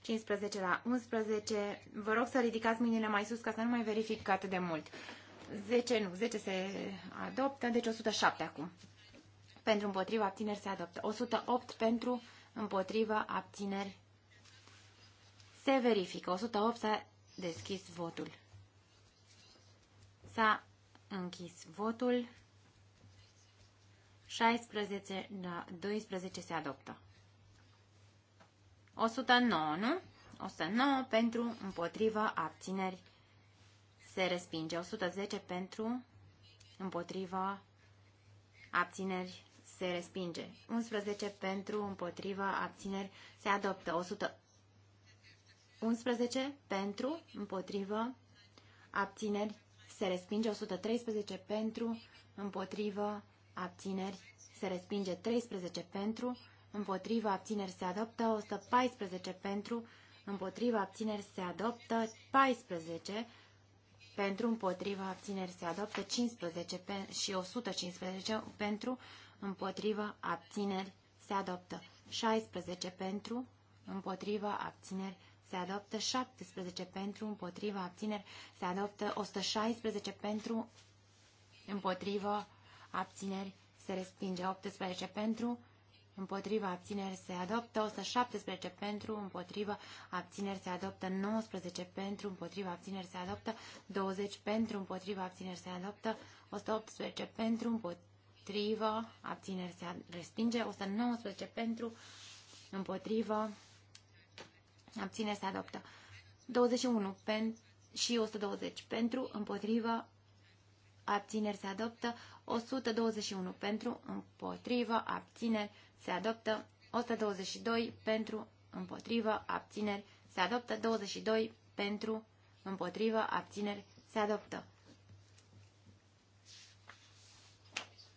15 la 11. Vă rog să ridicați mâinile mai sus ca să nu mai verific atât de mult. 10 nu, 10 se adoptă, deci 107 acum. Pentru împotriva abțineri se adoptă. 108 pentru împotriva abțineri se verifică. 108 s-a deschis votul. S-a închis votul. 16 la 12 se adoptă. 109, nu? 109 pentru împotriva abțineri se respinge. 110 pentru, împotriva, abțineri, se respinge. 11 pentru, împotriva, abțineri, se adoptă. 111 pentru, împotriva abțineri, se respinge. 113 pentru, împotriva abțineri, se respinge. 13 pentru, împotriva abțineri se adoptă, 114 pentru, împotriva abțineri se adoptă, 14 pentru, împotriva, abțineri se adoptă, 15 pe, și 115 pentru, împotriva, abțineri se adoptă, 16 pentru, împotriva, abțineri se adoptă, 17 pentru, împotriva, abțineri se adoptă, 116 pentru, împotriva, abțineri se respinge, 18 pentru, împotriva abțineri se adoptă, 117 pentru, împotriva abțineri se adoptă, 19 pentru, împotriva abțineri se adoptă, 20 pentru, împotriva abțineri se adoptă, 118 pentru, împotriva abțineri se respinge, 119 pentru, împotriva abțineri se adoptă, 21 pentru și 120 pentru, împotriva abțineri se adoptă, 121 pentru, împotriva abțineri, se adoptă 122 pentru, împotrivă, abțineri, se adoptă 22 pentru, împotrivă, abțineri, se adoptă.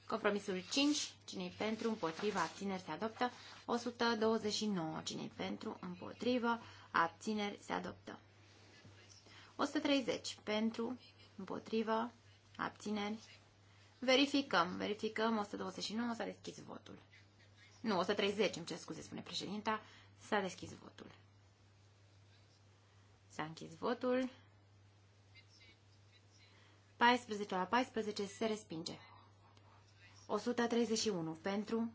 Compromisul 5, cine pentru, împotriva abțineri, se adoptă. 129, cine pentru, împotriva abțineri, se adoptă. 130, pentru, împotriva abțineri. Verificăm, verificăm, 129, s-a deschis votul. Nu, 130, îmi cer scuze, spune președinta. S-a deschis votul. S-a închis votul. 14 la 14 se respinge. 131 pentru,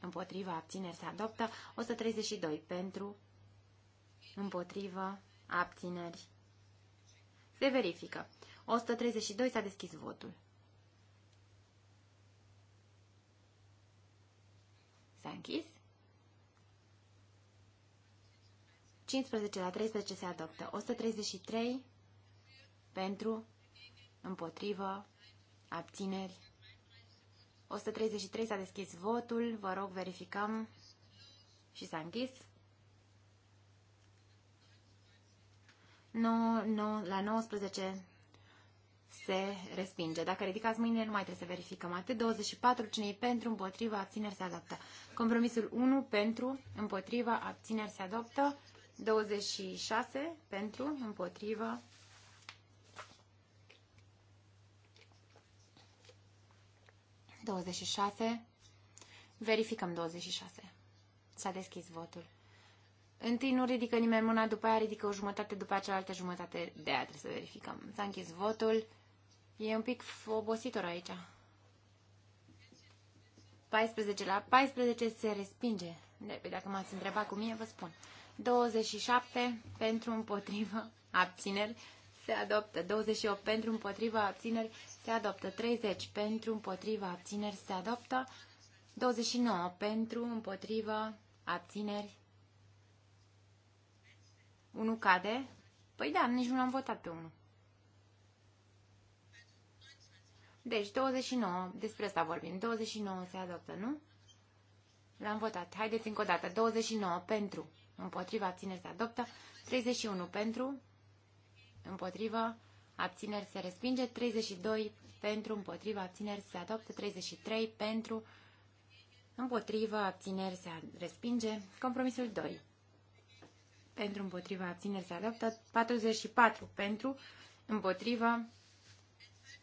împotriva, abțineri se adoptă. 132 pentru, împotriva, abțineri. Se verifică. 132 s-a deschis votul. s-a închis. 15 la 13 se adoptă. 133 pentru, împotrivă, abțineri. 133 s-a deschis votul, vă rog verificăm și s-a închis. 9, 9, la 19 se respinge. Dacă ridicați mâinile, nu mai trebuie să verificăm. Atât 24, cine pentru, împotriva, abțineri se adoptă. Compromisul 1, pentru, împotriva, abțineri se adoptă. 26, pentru, împotriva, douăzeci Verificăm 26. S-a deschis votul. Întâi nu ridică nimeni mâna, după aia ridică o jumătate, după aia cealaltă jumătate. De aia trebuie să verificăm. S-a închis votul. E un pic obositor aici. 14 la 14 se respinge. De, pe păi dacă m-ați întrebat cu mine, vă spun. 27 pentru împotrivă abțineri se adoptă. 28 pentru împotrivă abțineri se adoptă. 30 pentru împotrivă abțineri se adoptă. 29 pentru împotrivă abțineri. 1 cade. Păi da, nici nu am votat pe 1. Deci, 29, despre asta vorbim. 29 se adoptă, nu? L-am votat. Haideți încă o dată. 29 pentru, împotriva, abțineri se adoptă. 31 pentru, împotriva, abțineri se respinge. 32 pentru, împotriva, abțineri se adoptă. 33 pentru, împotriva, abțineri se respinge. Compromisul 2 pentru, împotriva, abțineri se adoptă. 44 pentru, împotriva,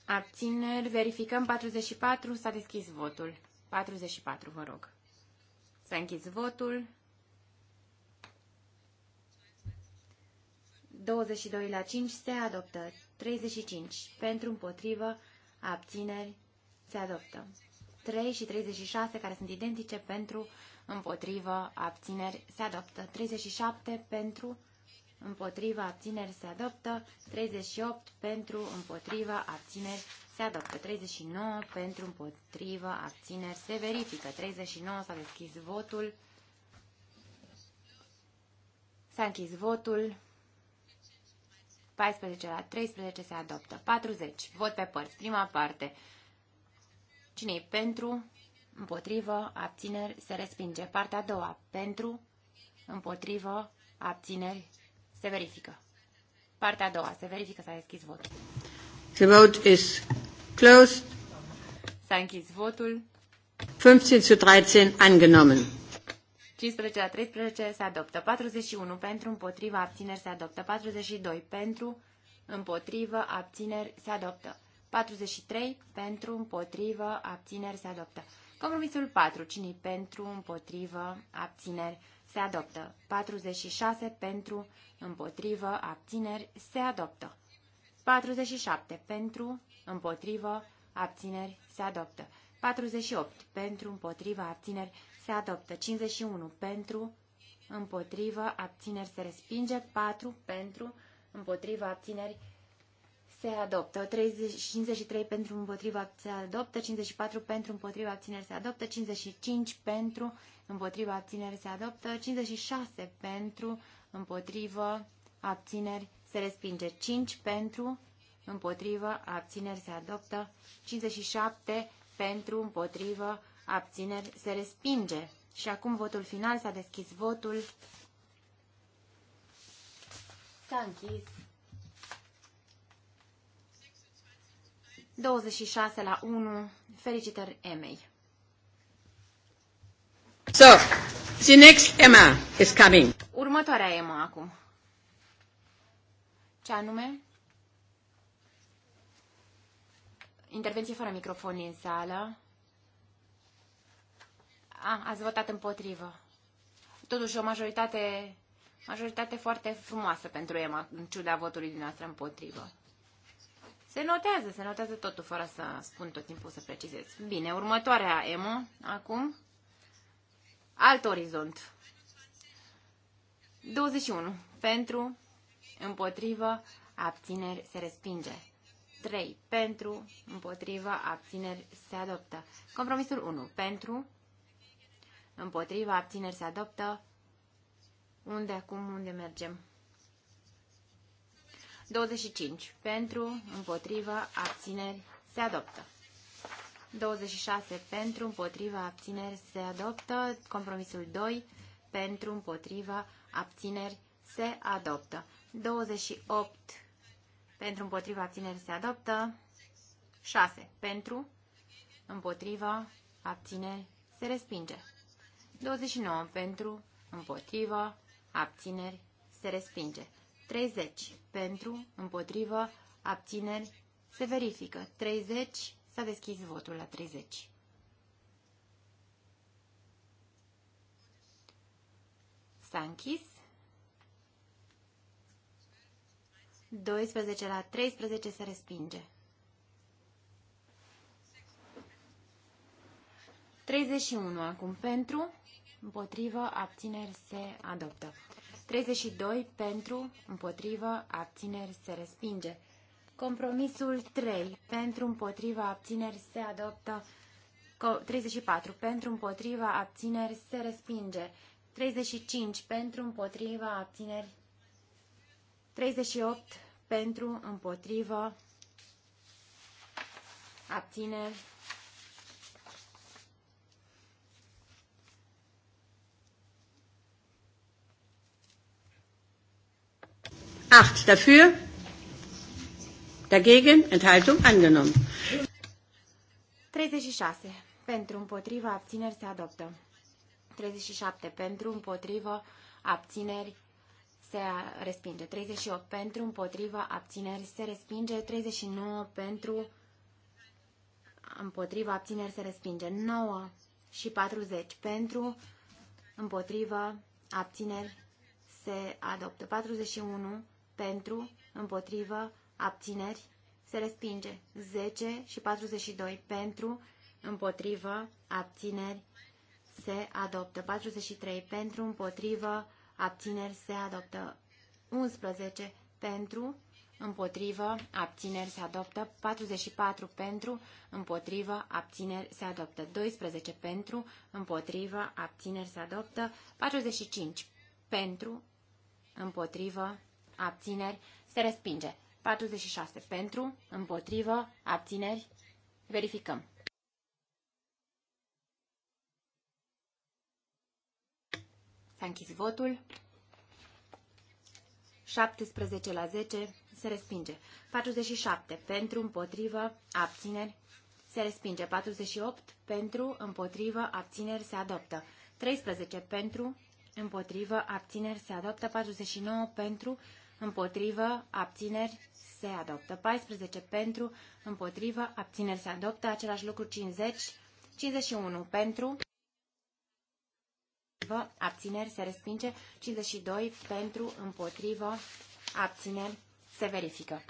Abțineri, verificăm 44, s-a deschis votul. 44, vă rog. S-a închis votul. 22 la 5 se adoptă. 35 pentru împotrivă, abțineri, se adoptă. 3 și 36 care sunt identice pentru împotrivă, abțineri, se adoptă. 37 pentru împotriva abțineri se adoptă, 38 pentru împotriva abțineri se adoptă, 39 pentru împotriva abțineri se verifică, 39 s-a deschis votul, s-a închis votul, 14 la 13 se adoptă, 40, vot pe părți, prima parte, cine e pentru, împotrivă, abțineri se respinge, partea a doua, pentru, împotrivă, abțineri se verifică. Partea a doua. Se verifică s-a deschis votul. The vote is closed. S-a închis votul. 15 la 13 angenommen. 15 la 13 se adoptă 41 pentru, împotriva, abțineri se adoptă 42 pentru, împotrivă, abțineri se adoptă 43 pentru, împotrivă, abțineri se adoptă. Compromisul 4. Cine pentru, împotrivă, abțineri se adoptă. 46 pentru, împotrivă, abțineri, se adoptă. 47 pentru, împotrivă, abțineri, se adoptă. 48 pentru, împotrivă, abțineri, se adoptă. 51 pentru, împotrivă, abțineri, se respinge. 4 pentru, împotrivă, abțineri, se se adoptă, 30, 53 pentru împotriva se adoptă, 54 pentru împotriva abțineri se adoptă, 55 pentru împotriva abțineri se adoptă, 56 pentru împotriva abțineri se respinge, 5 pentru împotriva abțineri se adoptă, 57 pentru împotriva abțineri se respinge. Și acum votul final s-a deschis votul. S-a închis. 26 la 1. Felicitări Emei. So, the next Emma is coming. Următoarea Emma acum. Ce anume? Intervenție fără microfon în sală. A, ați votat împotrivă. Totuși o majoritate, majoritate foarte frumoasă pentru Emma, în ciuda votului din împotrivă. Se notează, se notează totul, fără să spun tot timpul să precizez. Bine, următoarea emo, acum, alt orizont. 21. Pentru, împotrivă, abțineri, se respinge. 3. Pentru, împotrivă, abțineri, se adoptă. Compromisul 1. Pentru, împotrivă, abțineri, se adoptă. Unde acum, unde mergem? 25. Pentru, împotriva, abțineri, se adoptă. 26. Pentru, împotriva, abțineri, se adoptă. Compromisul 2. Pentru, împotriva, abțineri, se adoptă. 28. Pentru, împotriva, abțineri, se adoptă. 6. Pentru, împotriva, abțineri, se respinge. 29. Pentru, împotriva, abțineri, se respinge. 30 pentru, împotrivă, abțineri, se verifică. 30, s-a deschis votul la 30. S-a închis. 12 la 13 se respinge. 31 acum pentru, împotrivă, abțineri se adoptă. 32 pentru, împotrivă, abțineri se respinge. Compromisul 3 pentru, împotrivă, abțineri se adoptă. 34 pentru, împotriva, abțineri se respinge. 35 pentru, împotriva, abțineri. 38 pentru, împotrivă, abțineri 8 dafür, dagegen, Enthaltung angenommen. 36 pentru, împotriva, abțineri se adoptă. 37 pentru, împotriva, abțineri se respinge. 38 pentru, împotriva, abțineri se respinge. 39 pentru, împotriva, abțineri se respinge. 9 și 40 pentru, împotriva, abțineri se adoptă. 41 pentru, împotrivă, abțineri, se respinge. 10 și 42 pentru, împotrivă, abțineri, se adoptă. 43 pentru, împotrivă, abțineri, se adoptă. 11 pentru, împotrivă, abțineri, se adoptă. 44 pentru, împotrivă, abțineri, se adoptă. 12 pentru, împotrivă, abțineri, se adoptă. 45 pentru, împotrivă, abțineri, se respinge. 46 pentru, împotrivă, abțineri, verificăm. S-a închis votul. 17 la 10 se respinge. 47 pentru, împotrivă, abțineri, se respinge. 48 pentru, împotrivă, abțineri, se adoptă. 13 pentru, împotrivă, abțineri, se adoptă. 49 pentru, împotrivă, abțineri, se adoptă. 14 pentru, împotrivă, abțineri, se adoptă. Același lucru 50, 51 pentru, împotrivă, abțineri, se respinge. 52 pentru, împotrivă, abțineri, se verifică.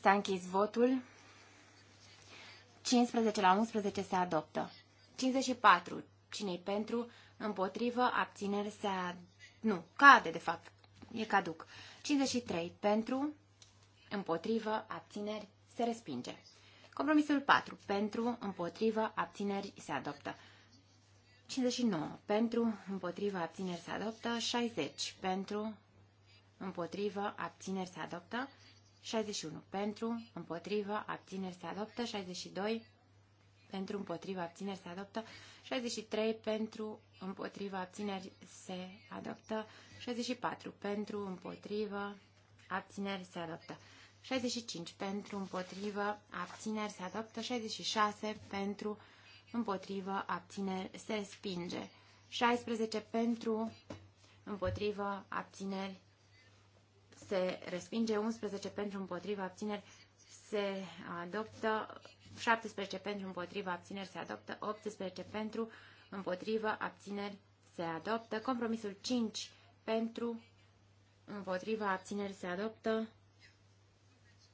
S-a închis votul. 15 la 11 se adoptă. 54 cine pentru, împotrivă, abțineri se Nu, cade de fapt, e caduc. 53 pentru, împotrivă, abțineri se respinge. Compromisul 4 pentru, împotrivă, abțineri se adoptă. 59 pentru, împotrivă, abțineri se adoptă. 60 pentru, împotrivă, abțineri se adoptă. 61 pentru, împotrivă, abțineri se adoptă. 62 pentru împotriva abțineri se adoptă, 63 pentru împotriva abțineri se adoptă, 64 pentru împotriva abțineri se adoptă, 65 pentru împotriva abțineri se adoptă, 66 pentru împotriva abțineri se spinge, 16 pentru împotriva abțineri se respinge, 11 pentru împotriva abțineri se adoptă, 17 pentru împotriva abțineri se adoptă, 18 pentru împotriva abțineri se adoptă, compromisul 5 pentru împotriva abțineri se adoptă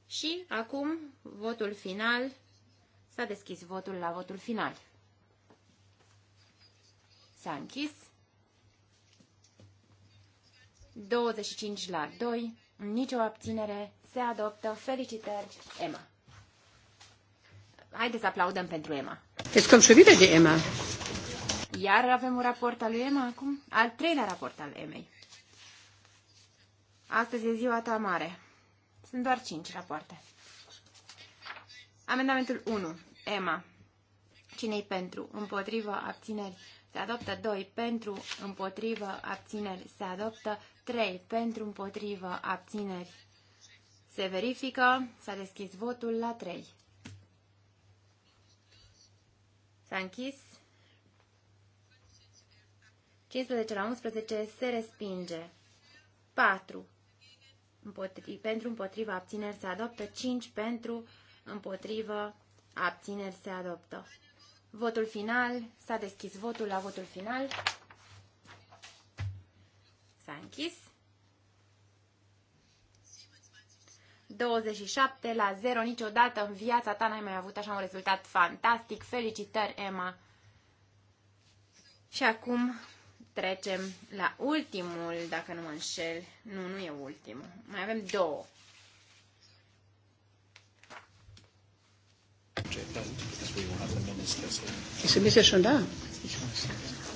și acum votul final. S-a deschis votul la votul final. S-a închis. 25 la 2, nicio abținere, se adoptă. Felicitări, Emma! Haideți să aplaudăm pentru Emma. Ești conșurire de Emma. Iar avem un raport al lui Emma acum? Al treilea raport al Emei. Astăzi e ziua ta mare. Sunt doar cinci rapoarte. Amendamentul 1. Emma. Cine-i pentru? Împotrivă abțineri. Se adoptă 2. Pentru împotrivă abțineri. Se adoptă 3. Pentru împotrivă abțineri. Se verifică. S-a deschis votul la 3. S-a închis. 15 la 11 se respinge. 4 împotri, pentru împotriva abțineri se adoptă, 5 pentru împotrivă abțineri se adoptă. Votul final, s-a deschis votul la votul final. S-a închis. 27 la 0. Niciodată în viața ta n-ai mai avut așa un rezultat fantastic. Felicitări, Emma! Și acum trecem la ultimul, dacă nu mă înșel. Nu, nu e ultimul. Mai avem două. Ist ein bisschen schon da.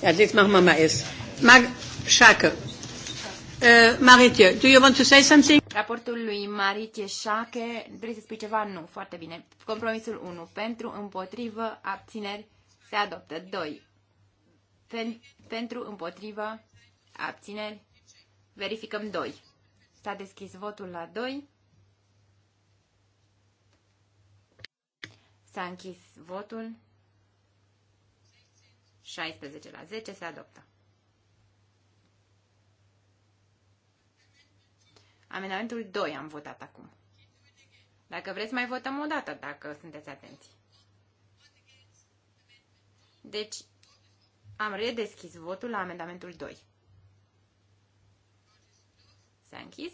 Ja, jetzt machen wir mal es. Mag Schake. Uh, Maritie, do you want to say something? Raportul lui Maritie Șache, vrei să spui ceva? Nu, foarte bine. Compromisul 1, pentru, împotrivă, abțineri, se adoptă. 2, pen, pentru, împotrivă, abțineri, verificăm 2. S-a deschis votul la 2. S-a închis votul. 16 la 10 se adoptă. Amendamentul 2 am votat acum. Dacă vreți, mai votăm o dată, dacă sunteți atenți. Deci, am redeschis votul la amendamentul 2. S-a închis.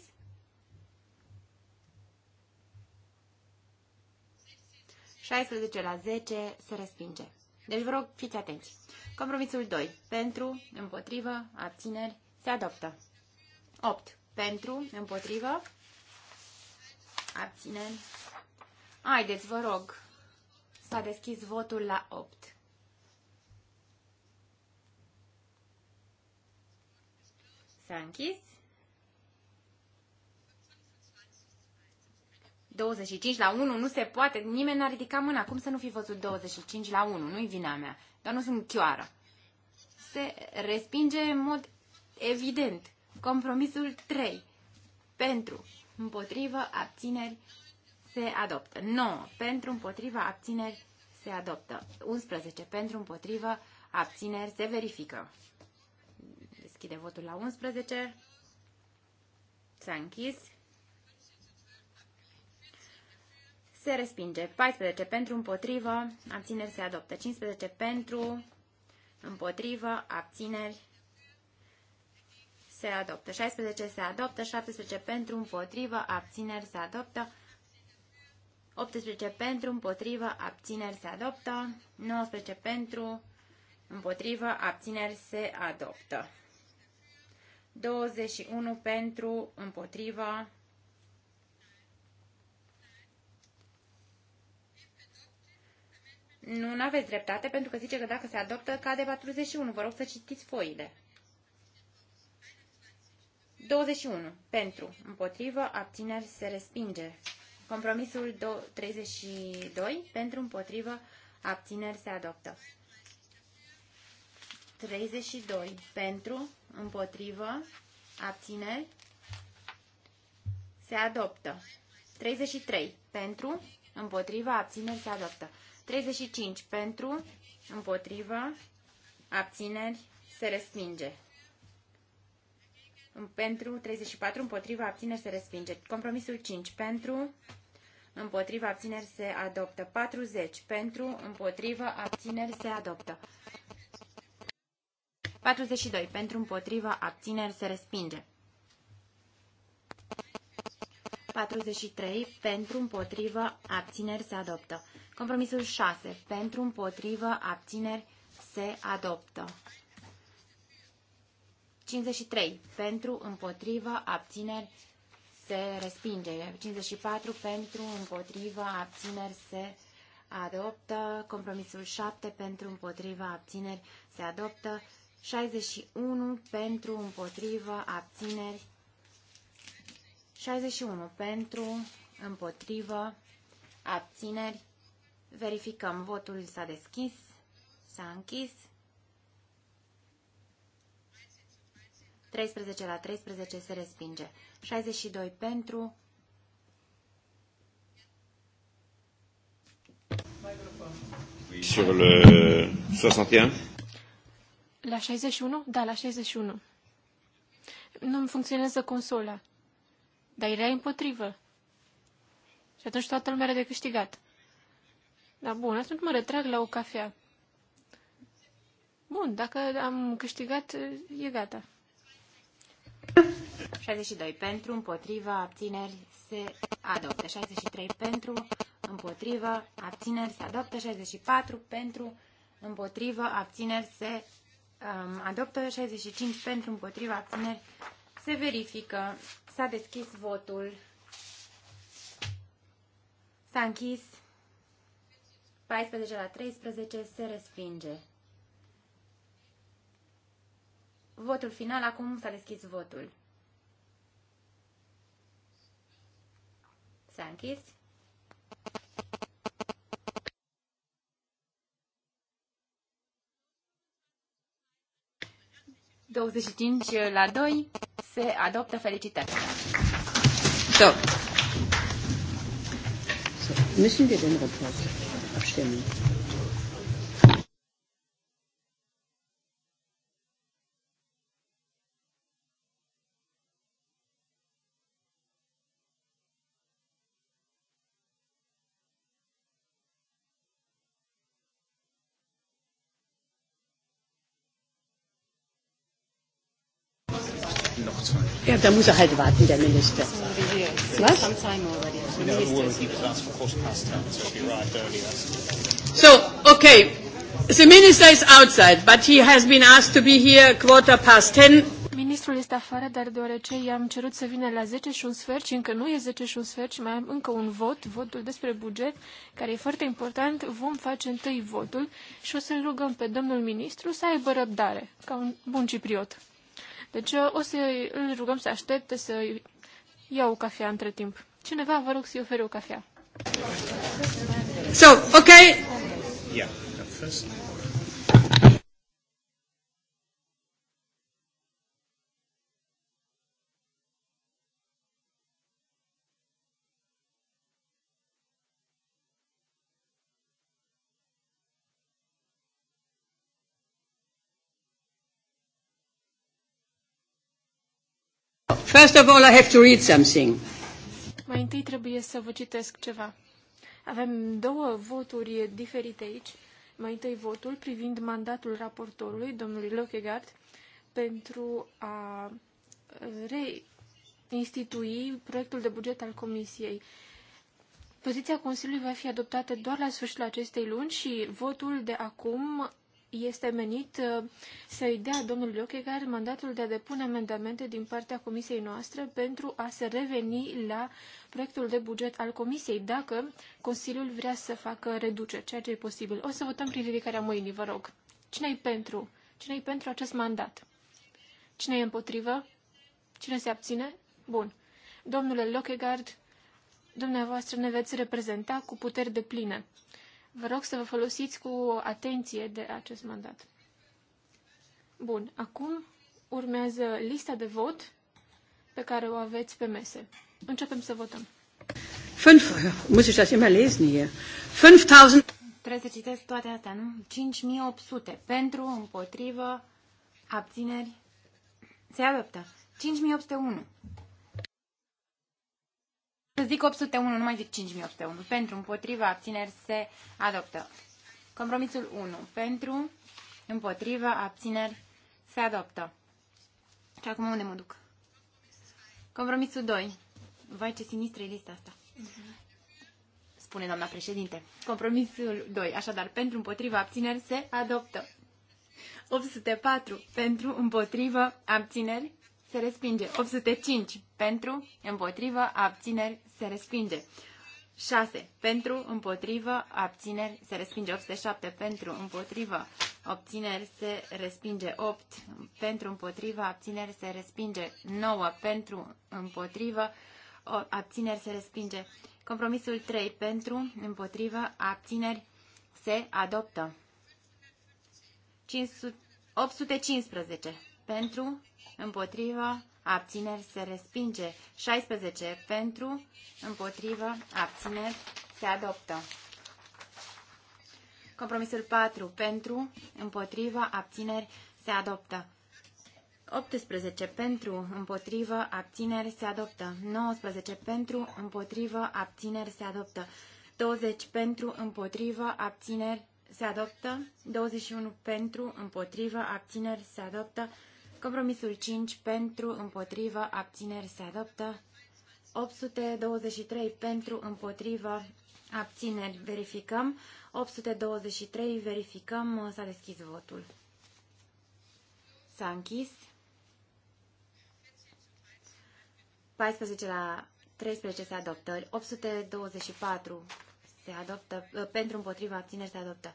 16 la 10 se respinge. Deci vă rog, fiți atenți. Compromisul 2. Pentru, împotrivă, abțineri, se adoptă. 8. Pentru, împotrivă, abțineri. Haideți, vă rog, s-a deschis votul la 8. S-a închis. 25 la 1 nu se poate, nimeni n-a ridicat mâna. Cum să nu fi văzut 25 la 1? Nu-i vina mea, dar nu sunt chioară. Se respinge în mod evident. Compromisul 3. Pentru, împotrivă, abțineri, se adoptă. 9. Pentru, împotrivă, abțineri, se adoptă. 11. Pentru, împotrivă, abțineri, se verifică. Deschide votul la 11. S-a închis. Se respinge. 14 pentru, împotrivă, abțineri se adoptă. 15 pentru, împotrivă, abțineri se adoptă. 16 se adoptă, 17 pentru, împotrivă, abțineri se adoptă. 18 pentru, împotrivă, abțineri se adoptă. 19 pentru, împotrivă, abțineri se adoptă. 21 pentru, împotrivă, 21. Nu, nu aveți dreptate, pentru că zice că dacă se adoptă, cade 41. Vă rog să citiți foile. 21. Pentru. Împotrivă. Abțineri. Se respinge. Compromisul 32. Pentru. Împotrivă. Abțineri. Se adoptă. 32. Pentru. Împotrivă. Abțineri. Se adoptă. 33. Pentru. Împotrivă. Abțineri. Se adoptă. 35. Pentru. Împotrivă. Abțineri. Se respinge pentru 34, împotriva abțineri se respinge. Compromisul 5 pentru, împotriva abțineri se adoptă. 40 pentru, împotriva abțineri se adoptă. 42 pentru, împotriva abțineri se respinge. 43 pentru, împotriva abțineri se adoptă. Compromisul 6 pentru, împotriva abțineri se adoptă. 53 pentru, împotriva abțineri, se respinge. 54 pentru, împotriva abțineri, se adoptă. Compromisul 7 pentru, împotriva abțineri, se adoptă. 61 pentru, împotriva abțineri. 61 pentru, împotriva abțineri. Verificăm. Votul s-a deschis, s-a închis. 13 la 13 se respinge. 62 pentru. Sur le 61? La 61? Da, la 61. Nu-mi funcționează consola. Dar era împotrivă. Și atunci toată lumea are de câștigat. Da, bun, atunci mă retrag la o cafea. Bun, dacă am câștigat, e gata. 62 pentru, împotriva, abțineri, se adoptă. 63 pentru, împotriva, abțineri, se adoptă. 64 pentru, împotriva, abțineri, se um, adoptă. 65 pentru, împotriva, abțineri, se verifică. S-a deschis votul. S-a închis. 14 la 13 se respinge. Votul final, acum s-a deschis votul. S-a închis. Douăzeci la doi se adoptă felicitări. So. Da. Müssen wir den abstimmen? Yeah, da muss er halt warten, der Minister. Was? So, okay. The minister is outside, but he has been asked to be here quarter past ten. Ministrul este afară, dar deoarece i-am cerut să vină la 10 și un sfert și încă nu e 10 și un sfert și mai am încă un vot, votul despre buget, care e foarte important, vom face întâi votul și o să-l rugăm pe domnul ministru să aibă răbdare, ca un bun cipriot. Deci uh, o să îl rugăm să aștepte să iau o cafea între timp. Cineva, vă rog să-i ofere o cafea. So, okay. Yeah, first. First of all, I have to read something. Mai întâi trebuie să vă citesc ceva. Avem două voturi diferite aici. Mai întâi votul privind mandatul raportorului, domnului Lochegaard, pentru a reinstitui proiectul de buget al Comisiei. Poziția Consiliului va fi adoptată doar la sfârșitul acestei luni și votul de acum este menit uh, să-i dea domnului Lochegar mandatul de a depune amendamente din partea comisiei noastre pentru a se reveni la proiectul de buget al comisiei, dacă Consiliul vrea să facă reduceri, ceea ce e posibil. O să votăm prin ridicarea mâinii, vă rog. cine e pentru? cine e pentru acest mandat? Cine e împotrivă? Cine se abține? Bun. Domnule Lochegard, dumneavoastră ne veți reprezenta cu puteri de pline. Vă rog să vă folosiți cu atenție de acest mandat. Bun, acum urmează lista de vot pe care o aveți pe mese. Începem să votăm. 5000 Trebuie să citesc toate astea, nu? 5800 pentru, împotrivă, abțineri. Se adoptă. 5801 să zic 801, nu mai zic 5801. Pentru, împotriva, abțineri se adoptă. Compromisul 1. Pentru, împotriva, abțineri se adoptă. Și acum unde mă duc? Compromisul 2. Vai, ce sinistră e lista asta. Mhm. Spune doamna președinte. Compromisul 2. Așadar, pentru, împotriva, abțineri se adoptă. 804. Pentru, împotriva abțineri se respinge. 805 pentru, împotrivă, abțineri, se respinge. 6 pentru, împotrivă, abțineri, se respinge. 807 pentru, împotrivă, abțineri, se respinge. 8 pentru, împotrivă, abțineri, se respinge. 9 pentru, împotrivă, abțineri, se respinge. Compromisul 3 pentru, împotrivă, abțineri, se adoptă. 500, 815 pentru, împotrivă, abțineri, se respinge. 16 pentru, împotrivă, abțineri, se adoptă. Compromisul 4 pentru, împotrivă, abțineri, se adoptă. 18 pentru, împotrivă, abțineri, se adoptă. 19 pentru, împotrivă, abțineri, se adoptă. 20 pentru, împotrivă, abțineri, se adoptă. 21 pentru, împotrivă, abțineri, se adoptă. Compromisul 5 pentru, împotrivă, abțineri se adoptă. 823 pentru, împotrivă, abțineri verificăm. 823 verificăm, s-a deschis votul. S-a închis. 14 la 13 se adoptă. 824 se adoptă, pentru împotriva abțineri se adoptă.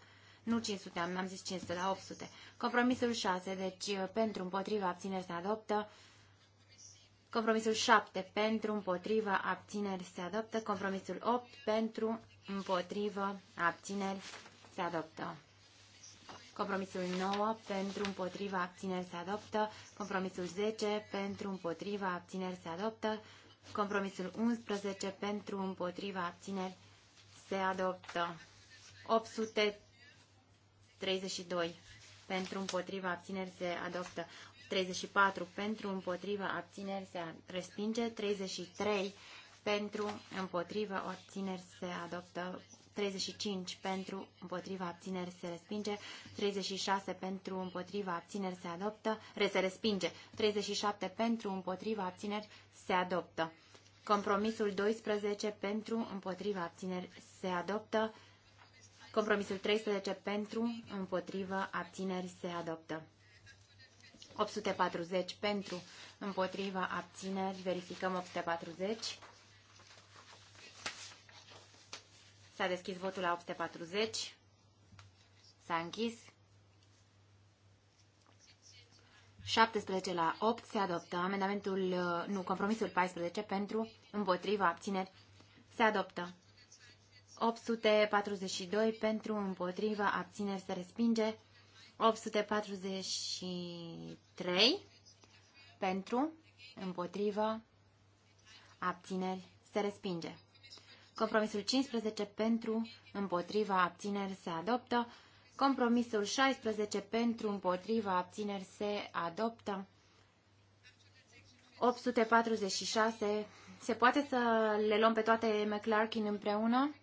Nu 500, am, am zis 500, la 800. Compromisul 6, deci uh, pentru împotriva abțineri se adoptă. Compromisul 7, pentru împotriva abțineri se adoptă. Compromisul 8, pentru împotriva abțineri se adoptă. Compromisul 9, pentru împotriva abțineri se adoptă. Compromisul 10, pentru împotriva abțineri se adoptă. Compromisul 11, pentru împotriva abțineri se adoptă. 800 32 pentru împotriva abțineri se adoptă. 34 pentru împotriva abțineri se respinge. 33 pentru împotriva abțineri se adoptă. 35 pentru împotriva abțineri se respinge, 36 pentru împotriva abțineri se adoptă, se respinge, 37 pentru împotriva abțineri se adoptă. Compromisul 12 pentru împotriva abțineri se adoptă, Compromisul 13 pentru, împotrivă, abțineri se adoptă. 840 pentru, împotrivă, abțineri, verificăm 840. S-a deschis votul la 840. S-a închis. 17 la 8 se adoptă. Amendamentul, nu, compromisul 14 pentru, împotrivă, abțineri, se adoptă. 842 pentru, împotriva, abțineri se respinge. 843 pentru, împotriva, abțineri se respinge. Compromisul 15 pentru, împotriva, abțineri se adoptă. Compromisul 16 pentru, împotriva, abțineri se adoptă. 846. Se poate să le luăm pe toate McClarkin împreună?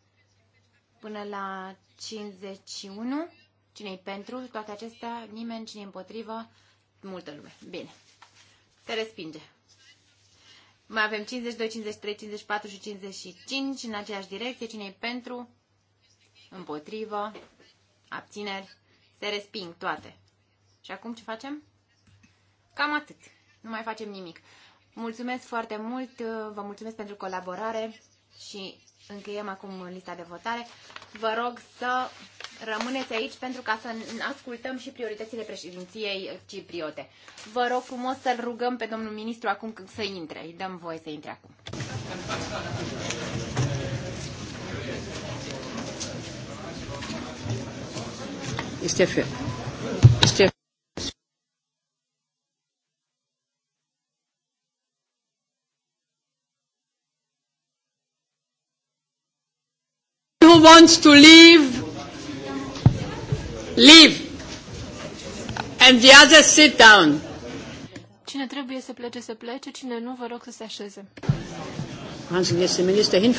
până la 51. cine e pentru? Toate acestea, nimeni, cine împotrivă? Multă lume. Bine. Se respinge. Mai avem 52, 53, 54 și 55 în aceeași direcție. cine e pentru? Împotrivă. Abțineri. Se resping toate. Și acum ce facem? Cam atât. Nu mai facem nimic. Mulțumesc foarte mult, vă mulțumesc pentru colaborare și încheiem acum lista de votare. Vă rog să rămâneți aici pentru ca să ascultăm și prioritățile președinției cipriote. Vă rog frumos să-l rugăm pe domnul ministru acum să intre. Îi dăm voie să intre acum. Este fel. wants to leave, leave. And the others sit down. Cine trebuie să plece, să plece. Cine nu, vă rog să se așeze. Hansen este minister hin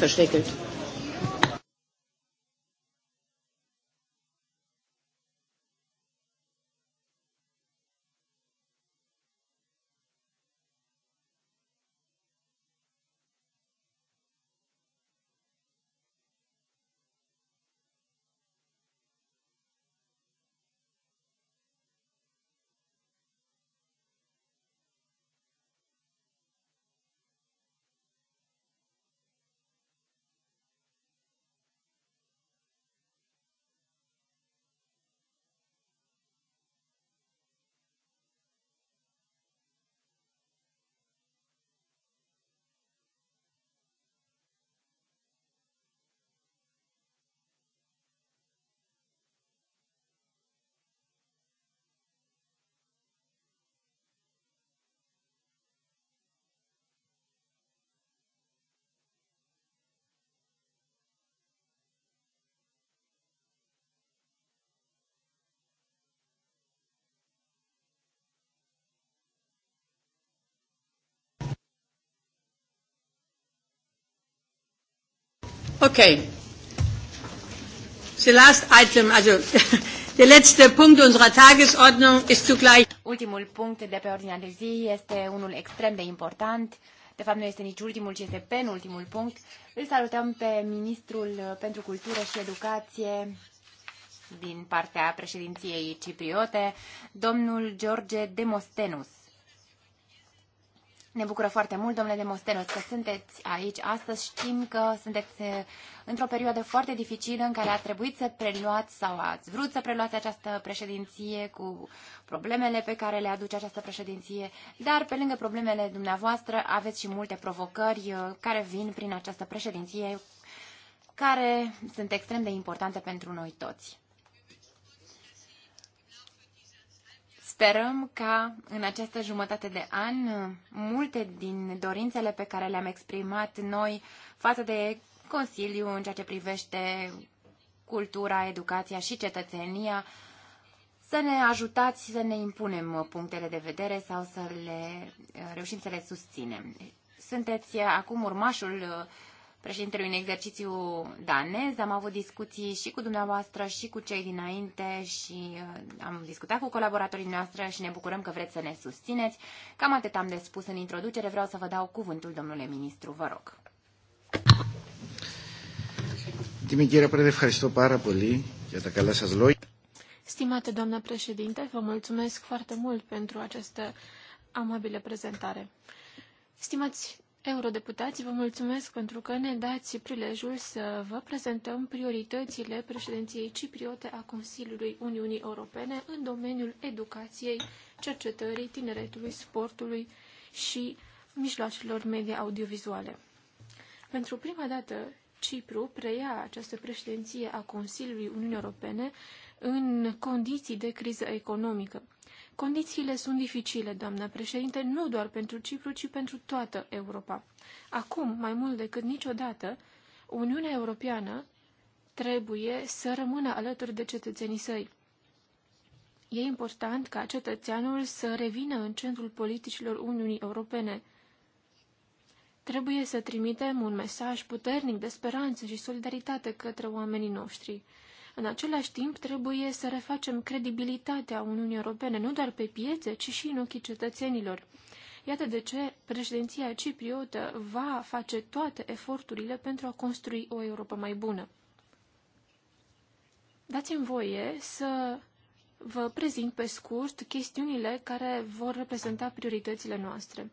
Okay. The last item, also der letzte Punkt unserer Tagesordnung ist zugleich. Ultimul punct de pe ordinea de zi este unul extrem de important. De fapt, nu este nici ultimul, ci este penultimul punct. Îl salutăm pe Ministrul pentru Cultură și Educație din partea președinției cipriote, domnul George Demostenus. Ne bucură foarte mult, domnule Demosteros, că sunteți aici astăzi. Știm că sunteți eh, într-o perioadă foarte dificilă în care a trebuit să preluați sau ați vrut să preluați această președinție cu problemele pe care le aduce această președinție, dar pe lângă problemele dumneavoastră aveți și multe provocări eh, care vin prin această președinție care sunt extrem de importante pentru noi toți. Sperăm ca în această jumătate de an multe din dorințele pe care le-am exprimat noi față de Consiliu în ceea ce privește cultura, educația și cetățenia să ne ajutați să ne impunem punctele de vedere sau să le reușim să le susținem. Sunteți acum urmașul președintelui în exercițiu danez. Am avut discuții și cu dumneavoastră și cu cei dinainte și uh, am discutat cu colaboratorii noastre și ne bucurăm că vreți să ne susțineți. Cam atât am de spus în introducere. Vreau să vă dau cuvântul, domnule ministru. Vă rog. Stimate Stimată doamnă președinte, vă mulțumesc foarte mult pentru această amabilă prezentare. Stimați eurodeputați, vă mulțumesc pentru că ne dați prilejul să vă prezentăm prioritățile președinției cipriote a Consiliului Uniunii Europene în domeniul educației, cercetării, tineretului, sportului și mijloacelor media audiovizuale. Pentru prima dată, Cipru preia această președinție a Consiliului Uniunii Europene în condiții de criză economică. Condițiile sunt dificile, doamnă președinte, nu doar pentru Cipru, ci pentru toată Europa. Acum, mai mult decât niciodată, Uniunea Europeană trebuie să rămână alături de cetățenii săi. E important ca cetățeanul să revină în centrul politicilor Uniunii Europene. Trebuie să trimitem un mesaj puternic de speranță și solidaritate către oamenii noștri. În același timp, trebuie să refacem credibilitatea Uniunii Europene, nu doar pe piețe, ci și în ochii cetățenilor. Iată de ce președinția cipriotă va face toate eforturile pentru a construi o Europa mai bună. Dați-mi voie să vă prezint pe scurt chestiunile care vor reprezenta prioritățile noastre,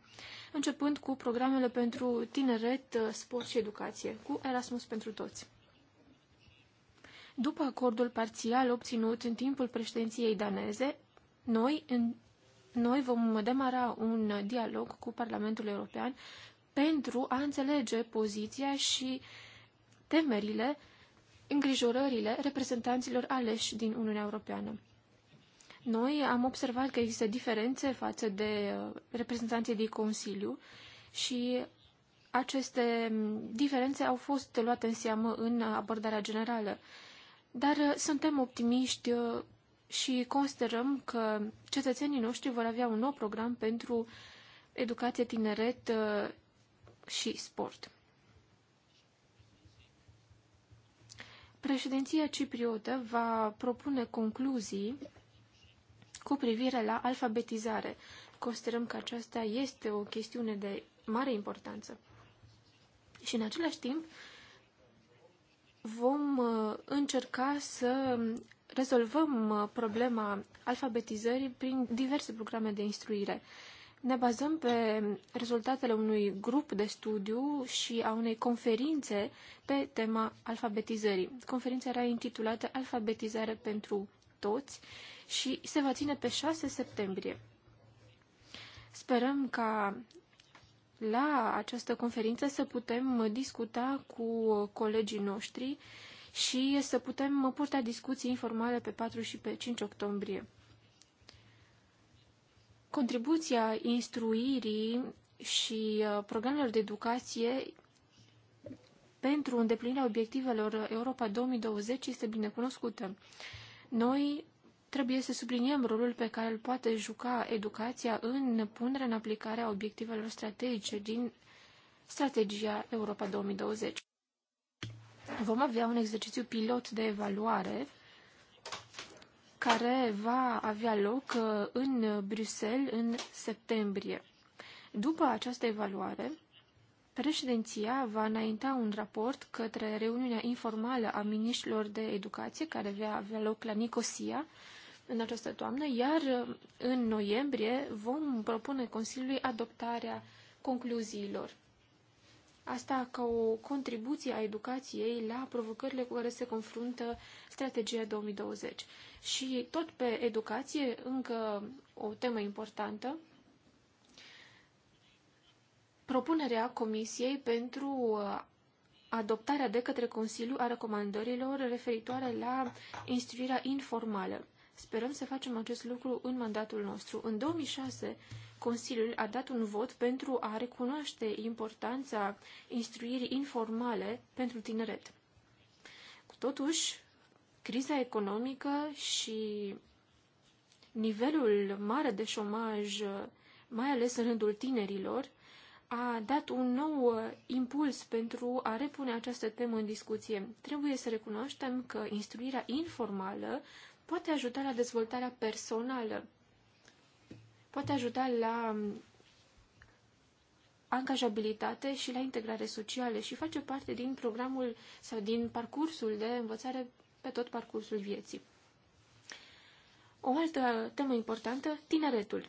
începând cu programele pentru tineret, sport și educație, cu Erasmus pentru toți. După acordul parțial obținut în timpul președinției daneze, noi, în, noi vom demara un dialog cu Parlamentul European pentru a înțelege poziția și temerile, îngrijorările reprezentanților aleși din Uniunea Europeană. Noi am observat că există diferențe față de uh, reprezentanții din Consiliu și aceste mm, diferențe au fost luate în seamă în abordarea generală. Dar uh, suntem optimiști uh, și considerăm că cetățenii noștri vor avea un nou program pentru educație, tineret uh, și sport. Președinția cipriotă va propune concluzii cu privire la alfabetizare. Considerăm că aceasta este o chestiune de mare importanță. Și în același timp, vom uh, încerca să rezolvăm uh, problema alfabetizării prin diverse programe de instruire. Ne bazăm pe rezultatele unui grup de studiu și a unei conferințe pe tema alfabetizării. Conferința era intitulată Alfabetizare pentru toți și se va ține pe 6 septembrie. Sperăm ca la această conferință să putem discuta cu colegii noștri și să putem purta discuții informale pe 4 și pe 5 octombrie. Contribuția instruirii și uh, programelor de educație pentru îndeplinirea obiectivelor Europa 2020 este binecunoscută. Noi trebuie să subliniem rolul pe care îl poate juca educația în punerea în aplicare a obiectivelor strategice din strategia Europa 2020. Vom avea un exercițiu pilot de evaluare care va avea loc uh, în Bruxelles în septembrie. După această evaluare, Președinția va înainta un raport către reuniunea informală a ministrilor de educație, care va avea loc la Nicosia, în această toamnă, iar uh, în noiembrie vom propune Consiliului adoptarea concluziilor. Asta ca o contribuție a educației la provocările cu care se confruntă strategia 2020. Și tot pe educație, încă o temă importantă, propunerea Comisiei pentru uh, adoptarea de către Consiliu a recomandărilor referitoare la instruirea informală. Sperăm să facem acest lucru în mandatul nostru. În 2006, Consiliul a dat un vot pentru a recunoaște importanța instruirii informale pentru tineret. Totuși, criza economică și nivelul mare de șomaj, mai ales în rândul tinerilor, a dat un nou uh, impuls pentru a repune această temă în discuție. Trebuie să recunoaștem că instruirea informală poate ajuta la dezvoltarea personală, poate ajuta la um, angajabilitate și la integrare socială și face parte din programul sau din parcursul de învățare pe tot parcursul vieții. O altă temă importantă, tineretul.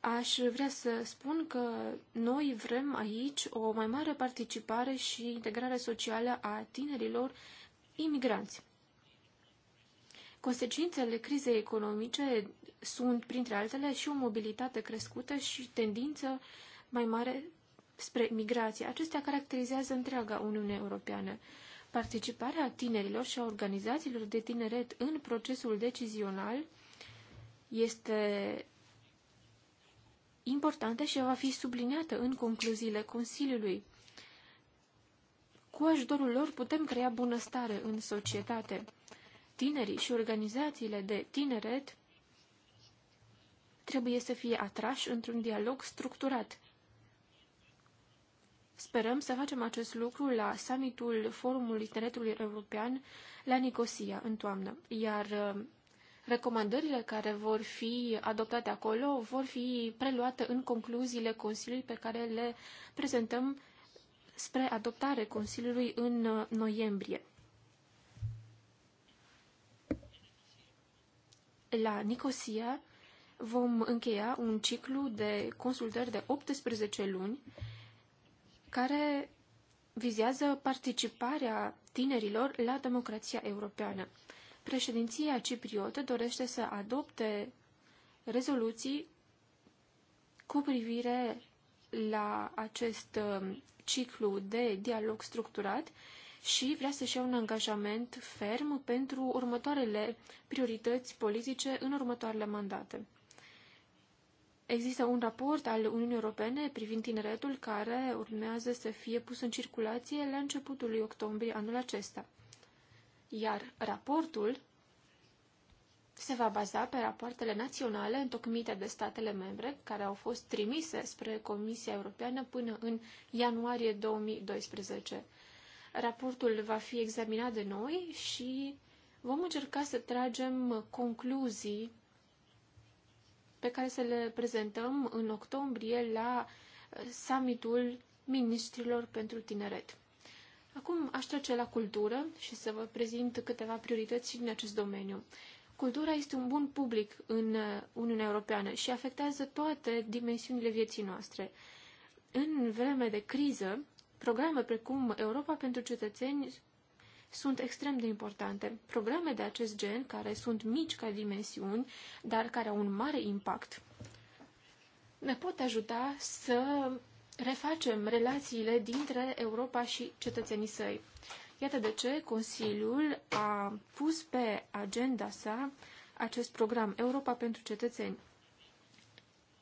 Aș vrea să spun că noi vrem aici o mai mare participare și integrare socială a tinerilor imigranți. Consecințele crizei economice sunt, printre altele, și o mobilitate crescută și tendință mai mare spre migrație. Acestea caracterizează întreaga Uniune Europeană. Participarea tinerilor și a organizațiilor de tineret în procesul decizional este importantă și va fi subliniată în concluziile Consiliului. Cu ajutorul lor putem crea bunăstare în societate tinerii și organizațiile de tineret trebuie să fie atrași într-un dialog structurat. Sperăm să facem acest lucru la summitul Forumului Tineretului European la Nicosia în toamnă, iar uh, recomandările care vor fi adoptate acolo vor fi preluate în concluziile Consiliului pe care le prezentăm spre adoptare Consiliului în uh, noiembrie. la Nicosia vom încheia un ciclu de consultări de 18 luni care vizează participarea tinerilor la democrația europeană. Președinția cipriotă dorește să adopte rezoluții cu privire la acest um, ciclu de dialog structurat și vrea să-și ia un angajament ferm pentru următoarele priorități politice în următoarele mandate. Există un raport al Uniunii Europene privind tineretul care urmează să fie pus în circulație la începutul lui octombrie anul acesta. Iar raportul se va baza pe rapoartele naționale întocmite de statele membre care au fost trimise spre Comisia Europeană până în ianuarie 2012. Raportul va fi examinat de noi și vom încerca să tragem concluzii pe care să le prezentăm în octombrie la uh, summitul ministrilor pentru tineret. Acum aș trece la cultură și să vă prezint câteva priorități din acest domeniu. Cultura este un bun public în uh, Uniunea Europeană și afectează toate dimensiunile vieții noastre. În vreme de criză, Programe precum Europa pentru cetățeni sunt extrem de importante. Programe de acest gen, care sunt mici ca dimensiuni, dar care au un mare impact, ne pot ajuta să refacem relațiile dintre Europa și cetățenii săi. Iată de ce Consiliul a pus pe agenda sa acest program Europa pentru cetățeni.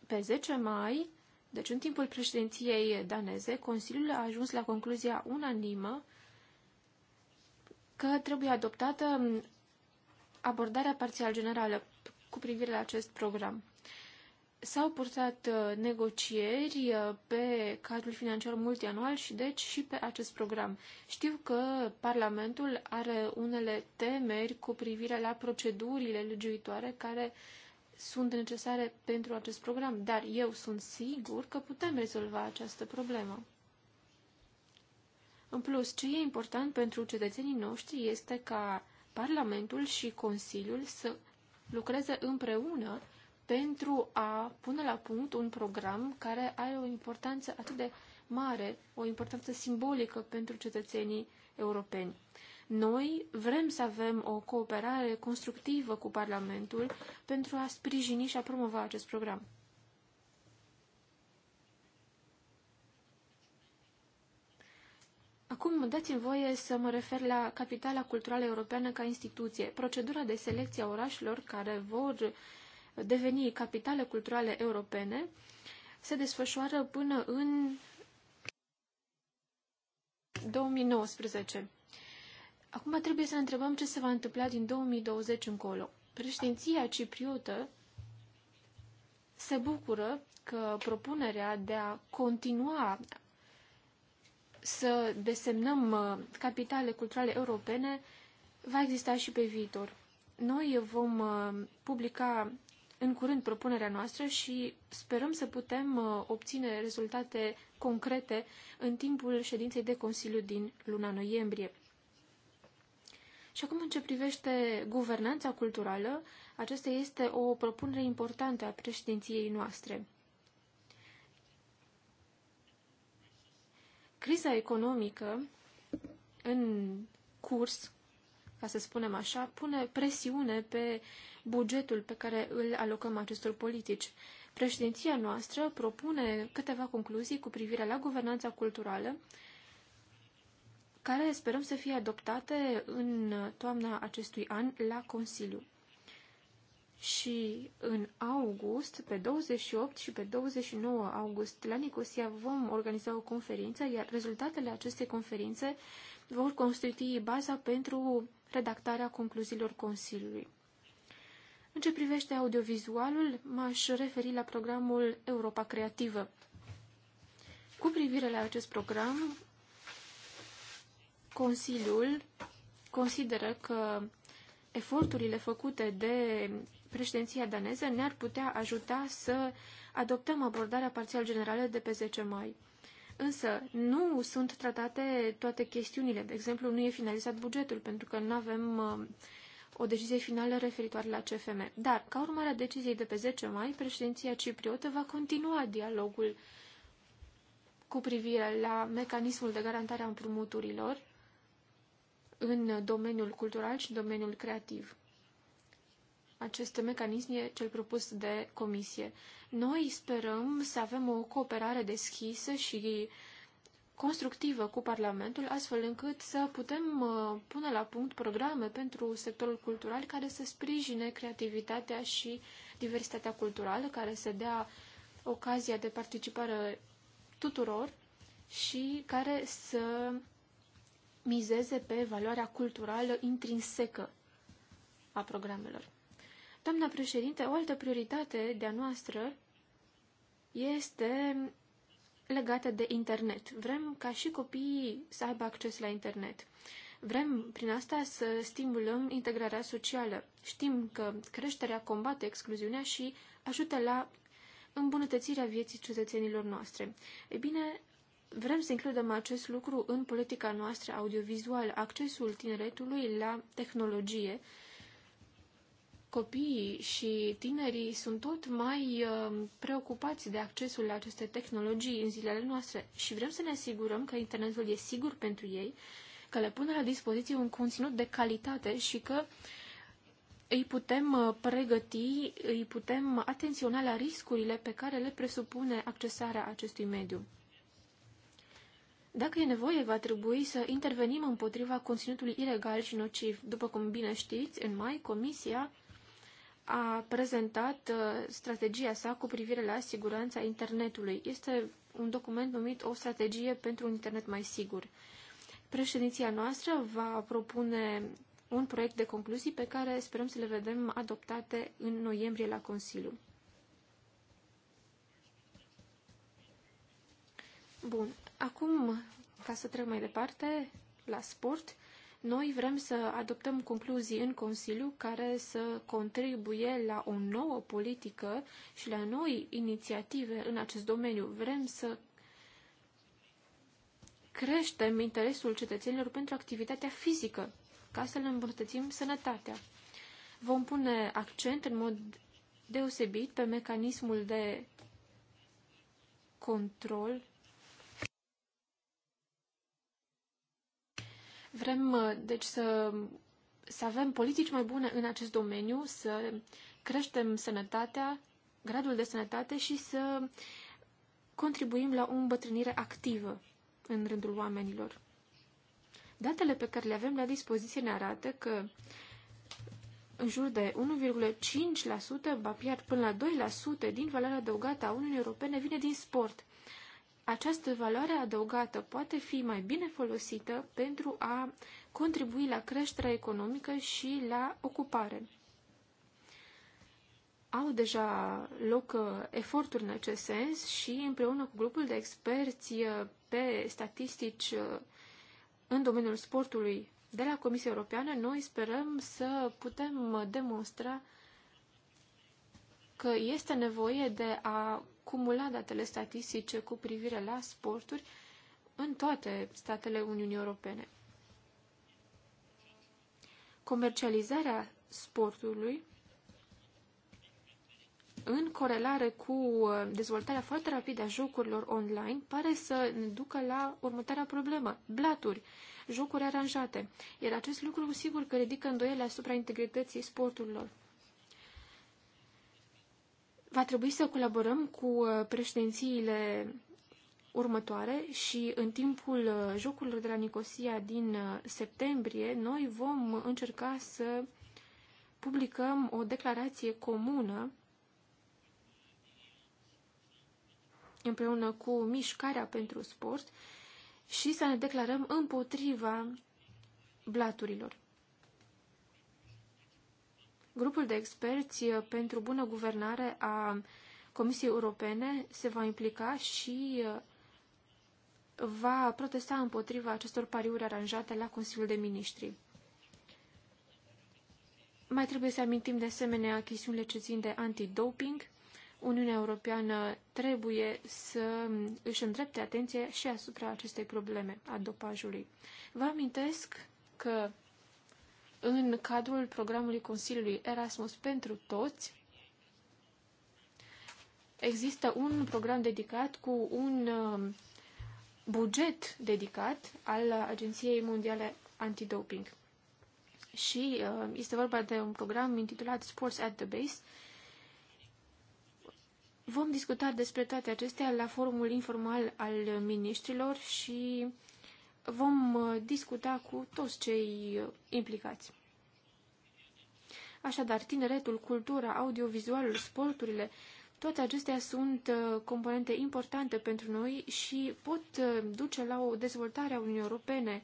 Pe 10 mai deci, în timpul președinției daneze, Consiliul a ajuns la concluzia unanimă că trebuie adoptată abordarea parțial generală cu privire la acest program. S-au purtat uh, negocieri uh, pe cadrul financiar multianual și deci și pe acest program. Știu că Parlamentul are unele temeri cu privire la procedurile legiuitoare care uh, sunt necesare pentru acest program, dar eu sunt sigur că putem rezolva această problemă. În plus, ce e important pentru cetățenii noștri este ca Parlamentul și Consiliul să lucreze împreună pentru a pune la punct un program care are o importanță atât de mare, o importanță simbolică pentru cetățenii europeni. Noi vrem să avem o cooperare constructivă cu Parlamentul pentru a sprijini și a promova acest program. Acum dați-mi voie să mă refer la Capitala Culturală Europeană ca instituție. Procedura de selecție a orașelor care vor deveni capitale culturale europene se desfășoară până în 2019. Acum trebuie să ne întrebăm ce se va întâmpla din 2020 încolo. Președinția cipriotă se bucură că propunerea de a continua să desemnăm uh, capitale culturale europene va exista și pe viitor. Noi vom uh, publica în curând propunerea noastră și sperăm să putem uh, obține rezultate concrete în timpul ședinței de Consiliu din luna noiembrie. Și acum, în ce privește guvernanța culturală, aceasta este o propunere importantă a președinției noastre. Criza economică în curs, ca să spunem așa, pune presiune pe bugetul pe care îl alocăm acestor politici. Președinția noastră propune câteva concluzii cu privire la guvernanța culturală, care sperăm să fie adoptate în toamna acestui an la Consiliu. Și în august, pe 28 și pe 29 august, la Nicosia vom organiza o conferință, iar rezultatele acestei conferințe vor constitui baza pentru redactarea concluziilor Consiliului. În ce privește audiovizualul, m-aș referi la programul Europa Creativă. Cu privire la acest program, Consiliul consideră că eforturile făcute de președinția daneză ne-ar putea ajuta să adoptăm abordarea parțial generală de pe 10 mai. Însă nu sunt tratate toate chestiunile. De exemplu, nu e finalizat bugetul pentru că nu avem uh, o decizie finală referitoare la CFM. Dar, ca urmare a deciziei de pe 10 mai, președinția cipriotă va continua dialogul cu privire la mecanismul de garantare a împrumuturilor în domeniul cultural și în domeniul creativ. Acest mecanism e cel propus de comisie. Noi sperăm să avem o cooperare deschisă și constructivă cu Parlamentul, astfel încât să putem uh, pune la punct programe pentru sectorul cultural care să sprijine creativitatea și diversitatea culturală, care să dea ocazia de participare tuturor și care să mizeze pe valoarea culturală intrinsecă a programelor. Doamna președinte, o altă prioritate de-a noastră este legată de internet. Vrem ca și copiii să aibă acces la internet. Vrem prin asta să stimulăm integrarea socială. Știm că creșterea combate excluziunea și ajută la îmbunătățirea vieții cetățenilor noastre. E bine, Vrem să includem acest lucru în politica noastră audiovizuală, accesul tineretului la tehnologie. Copiii și tinerii sunt tot mai uh, preocupați de accesul la aceste tehnologii în zilele noastre și vrem să ne asigurăm că internetul e sigur pentru ei, că le pune la dispoziție un conținut de calitate și că îi putem uh, pregăti, îi putem atenționa la riscurile pe care le presupune accesarea acestui mediu. Dacă e nevoie, va trebui să intervenim împotriva conținutului ilegal și nociv. După cum bine știți, în mai, Comisia a prezentat uh, strategia sa cu privire la siguranța internetului. Este un document numit O strategie pentru un internet mai sigur. Președinția noastră va propune un proiect de concluzii pe care sperăm să le vedem adoptate în noiembrie la Consiliu. Bun. Acum, ca să trec mai departe, la sport, noi vrem să adoptăm concluzii în Consiliu care să contribuie la o nouă politică și la noi inițiative în acest domeniu. Vrem să creștem interesul cetățenilor pentru activitatea fizică, ca să le îmbunătățim sănătatea. Vom pune accent în mod deosebit pe mecanismul de control Vrem, uh, deci, să, să avem politici mai bune în acest domeniu, să creștem sănătatea, gradul de sănătate și să contribuim la o îmbătrânire activă în rândul oamenilor. Datele pe care le avem la dispoziție ne arată că în jur de 1,5%, ba chiar până la 2% din valoarea adăugată a Uniunii Europene vine din sport această valoare adăugată poate fi mai bine folosită pentru a contribui la creșterea economică și la ocupare. Au deja loc uh, eforturi în acest sens și împreună cu grupul de experți uh, pe statistici uh, în domeniul sportului de la Comisia Europeană, noi sperăm să putem demonstra că este nevoie de a cumula datele statistice cu privire la sporturi în toate statele Uniunii Europene. Comercializarea sportului în corelare cu uh, dezvoltarea foarte rapidă a jocurilor online, pare să ne ducă la următoarea problemă. Blaturi, jocuri aranjate. Iar acest lucru sigur că ridică îndoiele asupra integrității sporturilor. Va trebui să colaborăm cu uh, președințiile următoare și în timpul uh, jocurilor de la Nicosia din uh, septembrie, noi vom încerca să publicăm o declarație comună împreună cu Mișcarea pentru Sport și să ne declarăm împotriva blaturilor. Grupul de experți uh, pentru bună guvernare a Comisiei Europene se va implica și uh, va protesta împotriva acestor pariuri aranjate la Consiliul de Ministri. Mai trebuie să amintim de asemenea chestiunile ce țin de antidoping. Uniunea Europeană trebuie să își îndrepte atenție și asupra acestei probleme a dopajului. Vă amintesc că în cadrul programului Consiliului Erasmus pentru toți, există un program dedicat cu un um, buget dedicat al Agenției Mondiale Antidoping. Și um, este vorba de un program intitulat Sports at the Base. Vom discuta despre toate acestea la forumul informal al ministrilor și vom uh, discuta cu toți cei uh, implicați. Așadar, tineretul, cultura, audiovizualul, sporturile, toate acestea sunt uh, componente importante pentru noi și pot duce la o dezvoltare a Uniunii Europene.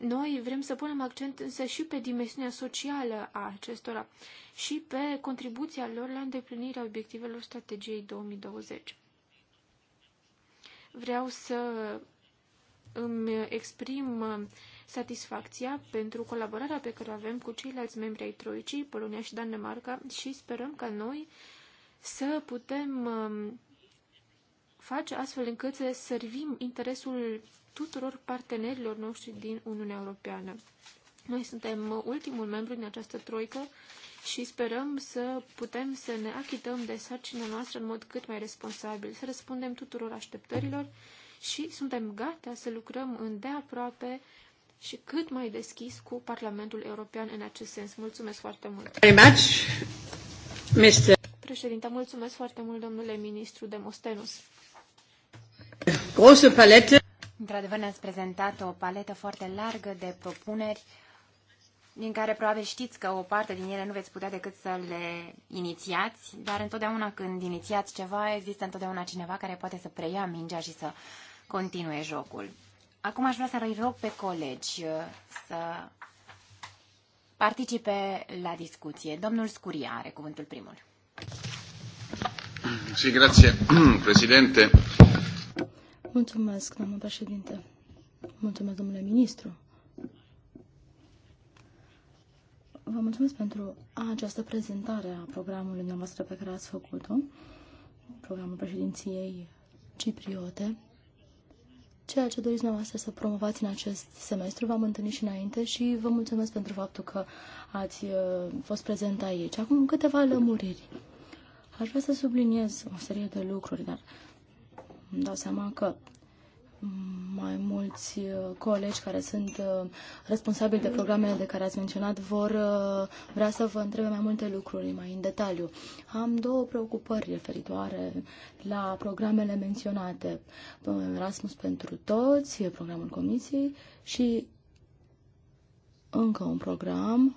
Noi vrem să punem accent însă și pe dimensiunea socială a acestora și pe contribuția lor la îndeplinirea obiectivelor strategiei 2020 vreau să îmi exprim satisfacția pentru colaborarea pe care o avem cu ceilalți membri ai Troicii, Polonia și Danemarca și sperăm ca noi să putem um, face astfel încât să servim interesul tuturor partenerilor noștri din Uniunea Europeană. Noi suntem ultimul membru din această troică și sperăm să putem să ne achităm de sarcina noastră în mod cât mai responsabil, să răspundem tuturor așteptărilor și suntem gata să lucrăm îndeaproape și cât mai deschis cu Parlamentul European în acest sens. Mulțumesc foarte mult! Very much, Mr. Președinte, mulțumesc foarte mult, domnule ministru Demostenus. Große paletă. Într-adevăr, ne-ați prezentat o paletă foarte largă de propuneri din care probabil știți că o parte din ele nu veți putea decât să le inițiați, dar întotdeauna când inițiați ceva, există întotdeauna cineva care poate să preia mingea și să continue jocul. Acum aș vrea să îi rog pe colegi uh, să participe la discuție. Domnul Scuria are cuvântul primul. Sí, grazie, presidente. Mulțumesc, domnule președinte. Mulțumesc, domnule ministru. Vă mulțumesc pentru această prezentare a programului dumneavoastră pe care ați făcut-o, programul președinției cipriote. Ceea ce doriți dumneavoastră să promovați în acest semestru v-am întâlnit și înainte și vă mulțumesc pentru faptul că ați uh, fost prezent aici. Acum câteva lămuriri. Aș vrea să subliniez o serie de lucruri, dar îmi dau seama că mai mulți uh, colegi care sunt uh, responsabili de programele de care ați menționat vor uh, vrea să vă întrebe mai multe lucruri mai în detaliu. Am două preocupări referitoare la programele menționate. Erasmus pentru toți, programul comisiei și încă un program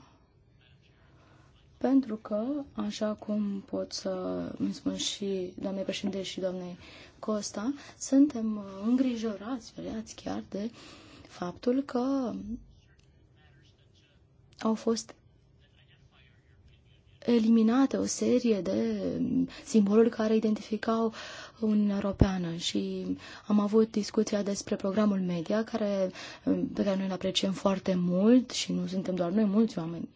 pentru că, așa cum pot să îmi spun și doamnei președinte și doamnei Costa, suntem uh, îngrijorați, speriați chiar, de faptul că au fost eliminate o serie de simboluri care identificau Uniunea Europeană și am avut discuția despre programul media care, uh, pe care noi îl apreciem foarte mult și nu suntem doar noi, mulți oameni.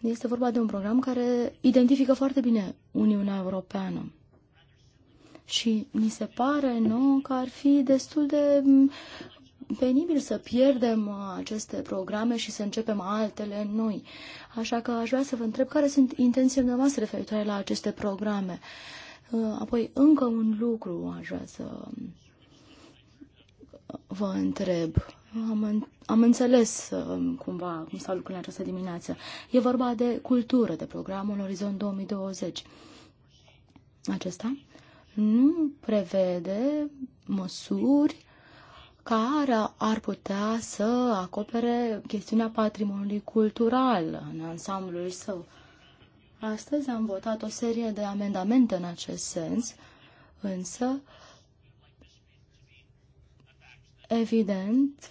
Este vorba de un program care identifică foarte bine Uniunea Europeană. Și mi se pare nu că ar fi destul de penibil să pierdem aceste programe și să începem altele noi. Așa că aș vrea să vă întreb care sunt intențiile noastre referitoare la aceste programe. Uh, apoi, încă un lucru aș vrea să vă întreb. Am, în, am înțeles uh, cumva cum stau lucrurile această dimineață. E vorba de cultură, de programul Orizont 2020. Acesta nu prevede măsuri care ar putea să acopere chestiunea patrimoniului cultural în ansamblul său. Astăzi am votat o serie de amendamente în acest sens, însă, evident,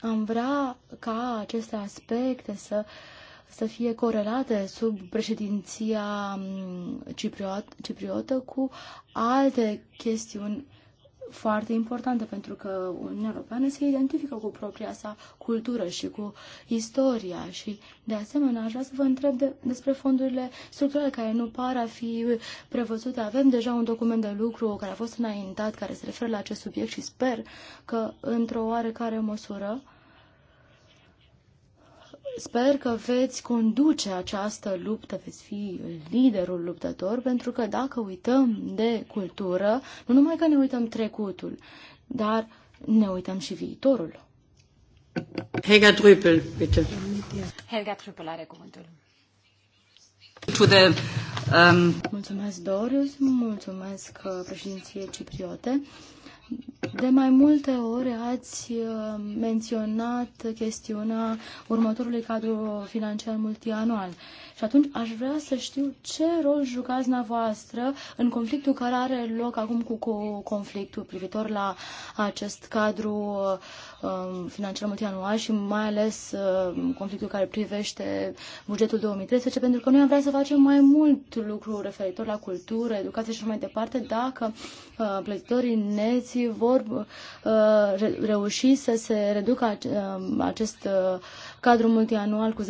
am vrea ca aceste aspecte să uh, să fie corelate sub președinția mm, cipriot, cipriotă cu alte chestiuni foarte importante, pentru că Uniunea Europeană se identifică cu propria sa cultură și cu istoria și, de asemenea, aș vrea să vă întreb de, despre fondurile structurale care nu par a fi prevăzute. Avem deja un document de lucru care a fost înaintat, care se referă la acest subiect și sper că, într-o oarecare măsură, Sper că veți conduce această luptă, veți fi liderul luptător, pentru că dacă uităm de cultură, nu numai că ne uităm trecutul, dar ne uităm și viitorul. Helga Trüppel, bitte. Helga Trüppel are cuvântul. To the, um... Mulțumesc, Dorius, mulțumesc uh, președinției cipriote. De mai multe ori ați uh, menționat chestiunea următorului cadru financiar multianual și atunci aș vrea să știu ce rol jucați dumneavoastră în conflictul care are loc acum cu, cu conflictul privitor la acest cadru um, financiar multianual și mai ales um, conflictul care privește bugetul 2013, pentru că noi am vrea să facem mai mult lucru referitor la cultură, educație și așa mai departe, dacă uh, plătitorii neți vor uh, reuși să se reducă um, acest uh, cadru multianual cu 10%,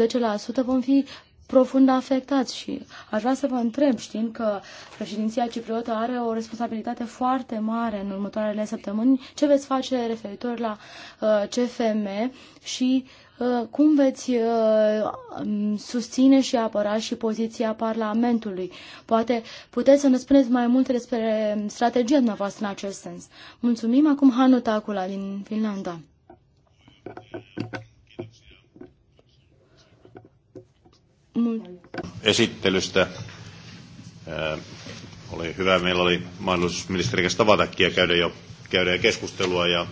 vom fi profund afectați și aș vrea să vă întreb, știind că președinția cipriotă are o responsabilitate foarte mare în următoarele săptămâni, ce veți face referitor la uh, CFM și uh, cum veți uh, susține și apăra și poziția Parlamentului? Poate puteți să ne spuneți mai multe despre strategia dumneavoastră în acest sens. Mulțumim acum Hanu Takula din Finlanda. Esittelystä. oli hyvä. Meillä oli mahdollisuus ministeri kanssa tavatakin ja käydä jo käydä ja keskustelua ja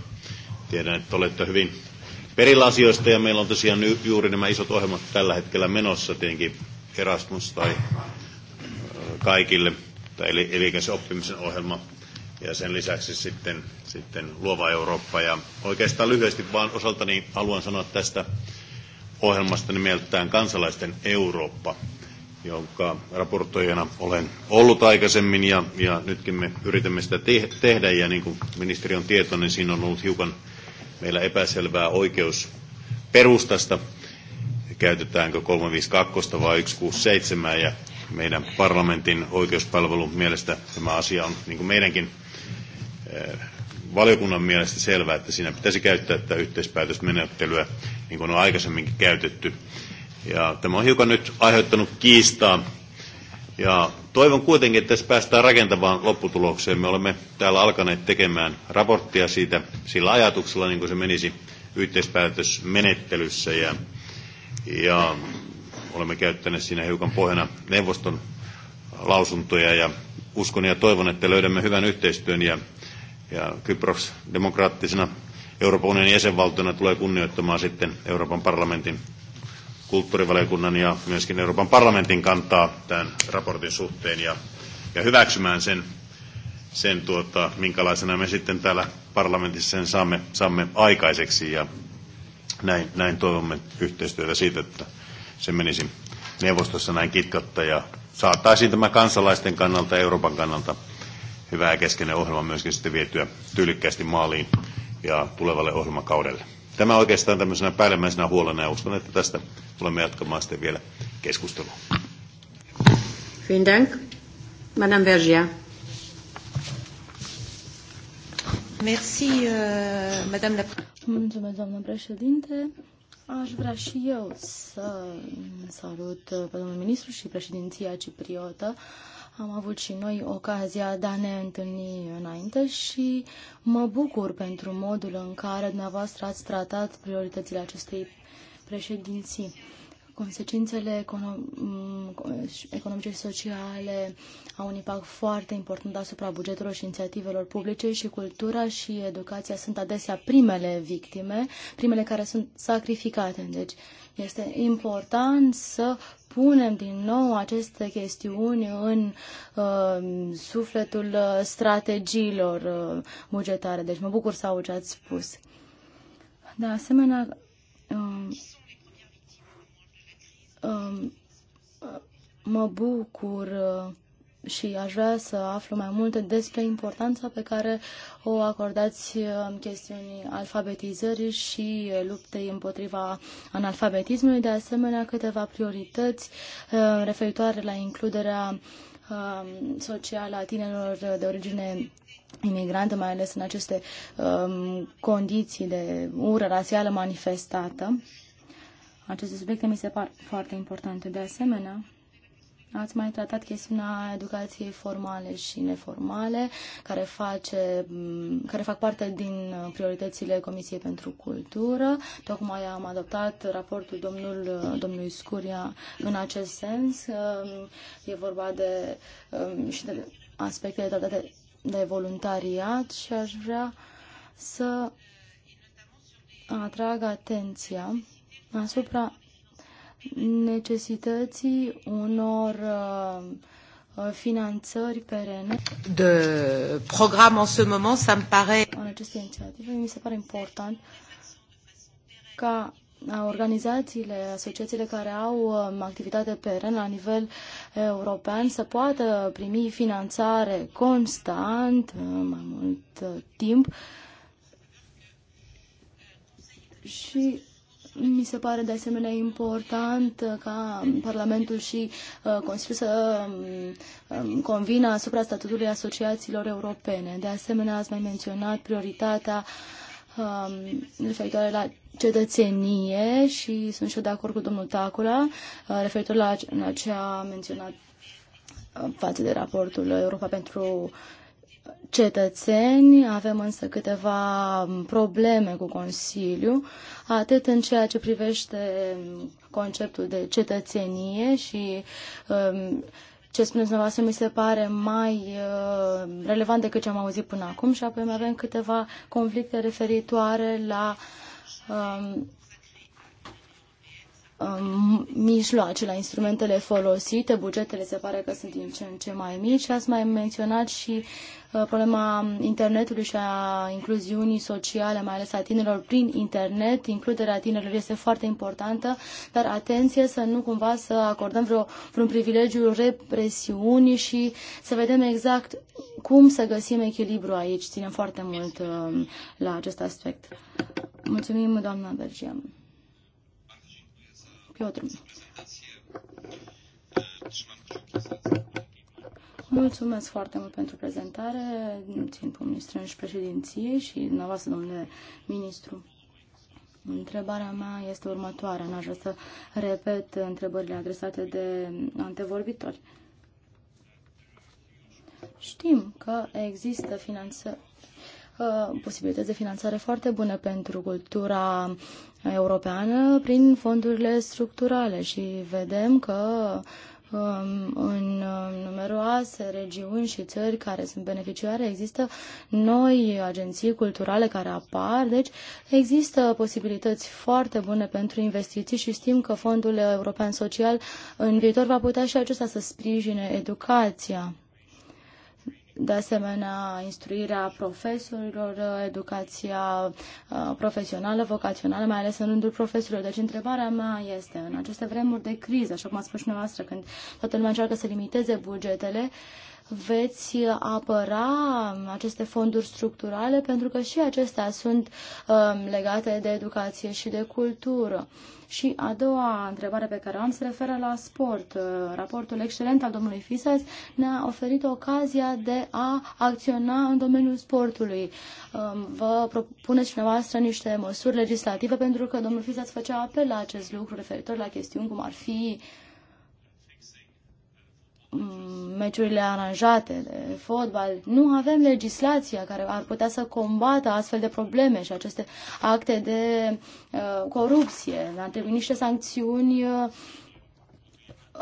tiedän, että olette hyvin perillä asioista ja meillä on tosiaan juuri nämä isot ohjelmat tällä hetkellä menossa tietenkin Erasmus tai kaikille, tai eli, eli oppimisen ohjelma ja sen lisäksi sitten, sitten Luova Eurooppa. Ja oikeastaan lyhyesti vaan osaltani haluan sanoa tästä ohjelmasta nimeltään Kansalaisten Eurooppa, jonka raportoijana olen ollut aikaisemmin ja, ja nytkin me yritämme sitä te- tehdä ja niin kuin ministeri on tietoinen, niin siinä on ollut hiukan meillä epäselvää oikeus perustasta, käytetäänkö 352 vai 167 ja meidän parlamentin oikeuspalvelun mielestä tämä asia on niin kuin meidänkin eh, valiokunnan mielestä selvää, että siinä pitäisi käyttää tätä yhteispäätösmenettelyä, niin kuin on aikaisemminkin käytetty. Ja tämä on hiukan nyt aiheuttanut kiistaa. Ja toivon kuitenkin, että tässä päästään rakentavaan lopputulokseen. Me olemme täällä alkaneet tekemään raporttia siitä sillä ajatuksella, niin kuin se menisi yhteispäätösmenettelyssä. Ja, ja olemme käyttäneet siinä hiukan pohjana neuvoston lausuntoja ja uskon ja toivon, että löydämme hyvän yhteistyön ja ja Kypros demokraattisena Euroopan unionin jäsenvaltiona tulee kunnioittamaan sitten Euroopan parlamentin kulttuurivaliokunnan ja myöskin Euroopan parlamentin kantaa tämän raportin suhteen ja, ja hyväksymään sen, sen tuota, minkälaisena me sitten täällä parlamentissa sen saamme, saamme aikaiseksi ja näin, näin toivomme yhteistyötä siitä, että se menisi neuvostossa näin kitkatta ja saataisiin tämä kansalaisten kannalta ja Euroopan kannalta hyvä ja keskeinen ohjelma myöskin sitten vietyä tyylikkäästi maaliin ja tulevalle ohjelmakaudelle. Tämä oikeastaan tämmöisenä päällimmäisenä huolena ja uskon, että tästä tulemme jatkamaan sitten vielä keskustelua. Vielen Dank. Madame Vergia. Merci, uh, Madame la Mulțumesc, doamnă președinte. Aș vrea și eu să salut pe domnul ministru și președinția cipriotă. Uh, am avut și noi ocazia de a ne întâlni înainte și mă bucur pentru modul în care dumneavoastră ați tratat prioritățile acestei președinții. Consecințele mm, economice și sociale au un impact foarte important asupra bugetelor și inițiativelor publice și cultura și educația sunt adesea primele victime, primele care sunt sacrificate. Deci, uh, este important să punem din nou aceste chestiuni în uh, sufletul uh, strategiilor uh, bugetare. Deci mă bucur să au ce ați spus. De asemenea, uh, uh, mă bucur uh, și aș vrea să aflu mai multe despre importanța pe care o acordați um, chestiunii alfabetizării și luptei împotriva analfabetismului, de asemenea câteva priorități um, referitoare la includerea um, socială a tinerilor de origine imigrantă, mai ales în aceste condiții de ură rasială manifestată. Aceste subiecte mi se par foarte importante. De asemenea, Ați mai tratat chestiunea educației formale și neformale, care, face, care fac parte din prioritățile Comisiei pentru Cultură. Tocmai am adoptat raportul domnul, domnului Scuria în acest sens. E vorba de și de aspectele tratate de voluntariat și aș vrea să atrag atenția asupra necesității unor uh, finanțări perene. De program în ce moment, ça me paraît... În aceste inițiative, mi se pare important ca uh, organizațiile, asociațiile care au um, activitate perenă la nivel european să poată primi finanțare constant, mai mult uh, timp, și mi se pare de asemenea important ca Parlamentul și uh, Consiliul să um, um, convină asupra statutului asociațiilor europene. De asemenea, ați mai menționat prioritatea um, referitoare la cetățenie și sunt și eu de acord cu domnul Tacula uh, referitor la, ceea ce a menționat uh, față de raportul Europa pentru cetățeni, avem însă câteva probleme cu Consiliu, atât în ceea ce privește conceptul de cetățenie și um, ce spuneți dumneavoastră mi se pare mai uh, relevant decât ce am auzit până acum și apoi mai avem câteva conflicte referitoare la um, um, mijloace, la instrumentele folosite, bugetele se pare că sunt din ce în ce mai mici. Ați mai menționat și uh, problema internetului și a incluziunii sociale, mai ales a tinerilor prin internet. Includerea tinerilor este foarte importantă, dar atenție să nu cumva să acordăm vreo, vreun privilegiu represiunii și să vedem exact cum să găsim echilibru aici. Ținem foarte mult um, la acest aspect. Mulțumim, doamna Bergiam. Piotr. Mulțumesc foarte mult pentru prezentare. Țin pumnii strânși președinției și dumneavoastră, domnule ministru. Întrebarea mea este următoarea. N-aș vrea să repet întrebările adresate de antevorbitori. Știm că există finanță, Uh, posibilități de finanțare foarte bune pentru cultura europeană prin fondurile structurale și vedem că um, în uh, numeroase regiuni și țări care sunt beneficiare există noi agenții culturale care apar, deci există posibilități foarte bune pentru investiții și știm că Fondul European Social în viitor va putea și acesta să sprijine educația de asemenea instruirea profesorilor, educația uh, profesională, vocațională, mai ales în rândul profesorilor. Deci întrebarea mea este, în aceste vremuri de criză, așa cum a spus și noastră, când toată lumea încearcă să limiteze bugetele, uh, veți apăra aceste fonduri structurale, pentru că și acestea sunt um, legate de educație și de cultură. Și a doua întrebare pe care o am se referă la sport. Uh, raportul excelent al domnului Fisas ne-a oferit ocazia de a acționa în domeniul sportului. Um, vă propuneți și dumneavoastră niște măsuri legislative pentru că domnul Fisas făcea apel la acest lucru referitor la chestiuni cum ar fi uh, Mm, meciurile aranjate de fotbal. Nu avem legislația care ar putea să combată astfel de probleme și aceste acte de uh, corupție. Ar trebui niște sancțiuni uh,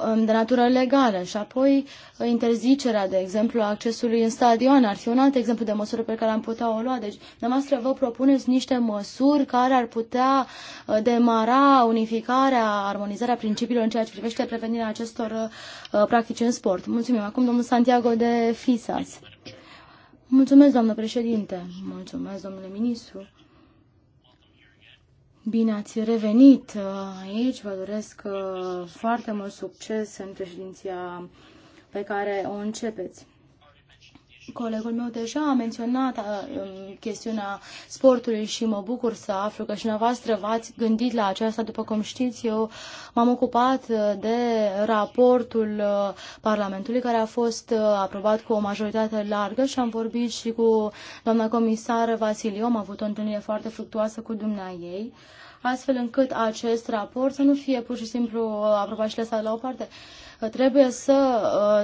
Um, de natură legală și apoi uh, interzicerea, de exemplu, a accesului în stadion, ar fi un alt exemplu de măsură pe care am putea o lua. Deci, dumneavoastră vă propuneți niște măsuri care ar putea uh, demara unificarea, armonizarea principiilor în ceea ce privește prevenirea acestor uh, practici în sport. Mulțumim. Acum domnul Santiago de Fisas. Mulțumesc, doamnă președinte. Mulțumesc, domnule ministru. Bine ați revenit uh, aici, vă doresc uh, foarte mult succes în președinția pe care o începeți. Colegul meu deja a menționat uh, um, chestiunea sportului și mă bucur să aflu că și dumneavoastră v-ați gândit la aceasta. După cum știți, eu m-am ocupat de raportul Parlamentului care a fost aprobat cu o majoritate largă și am vorbit și cu doamna comisar Vasiliu. Am avut o întâlnire foarte fructuoasă cu dumneavoastră ei astfel încât acest raport să nu fie pur și simplu uh, aprobat și lăsat la o parte. Uh, trebuie să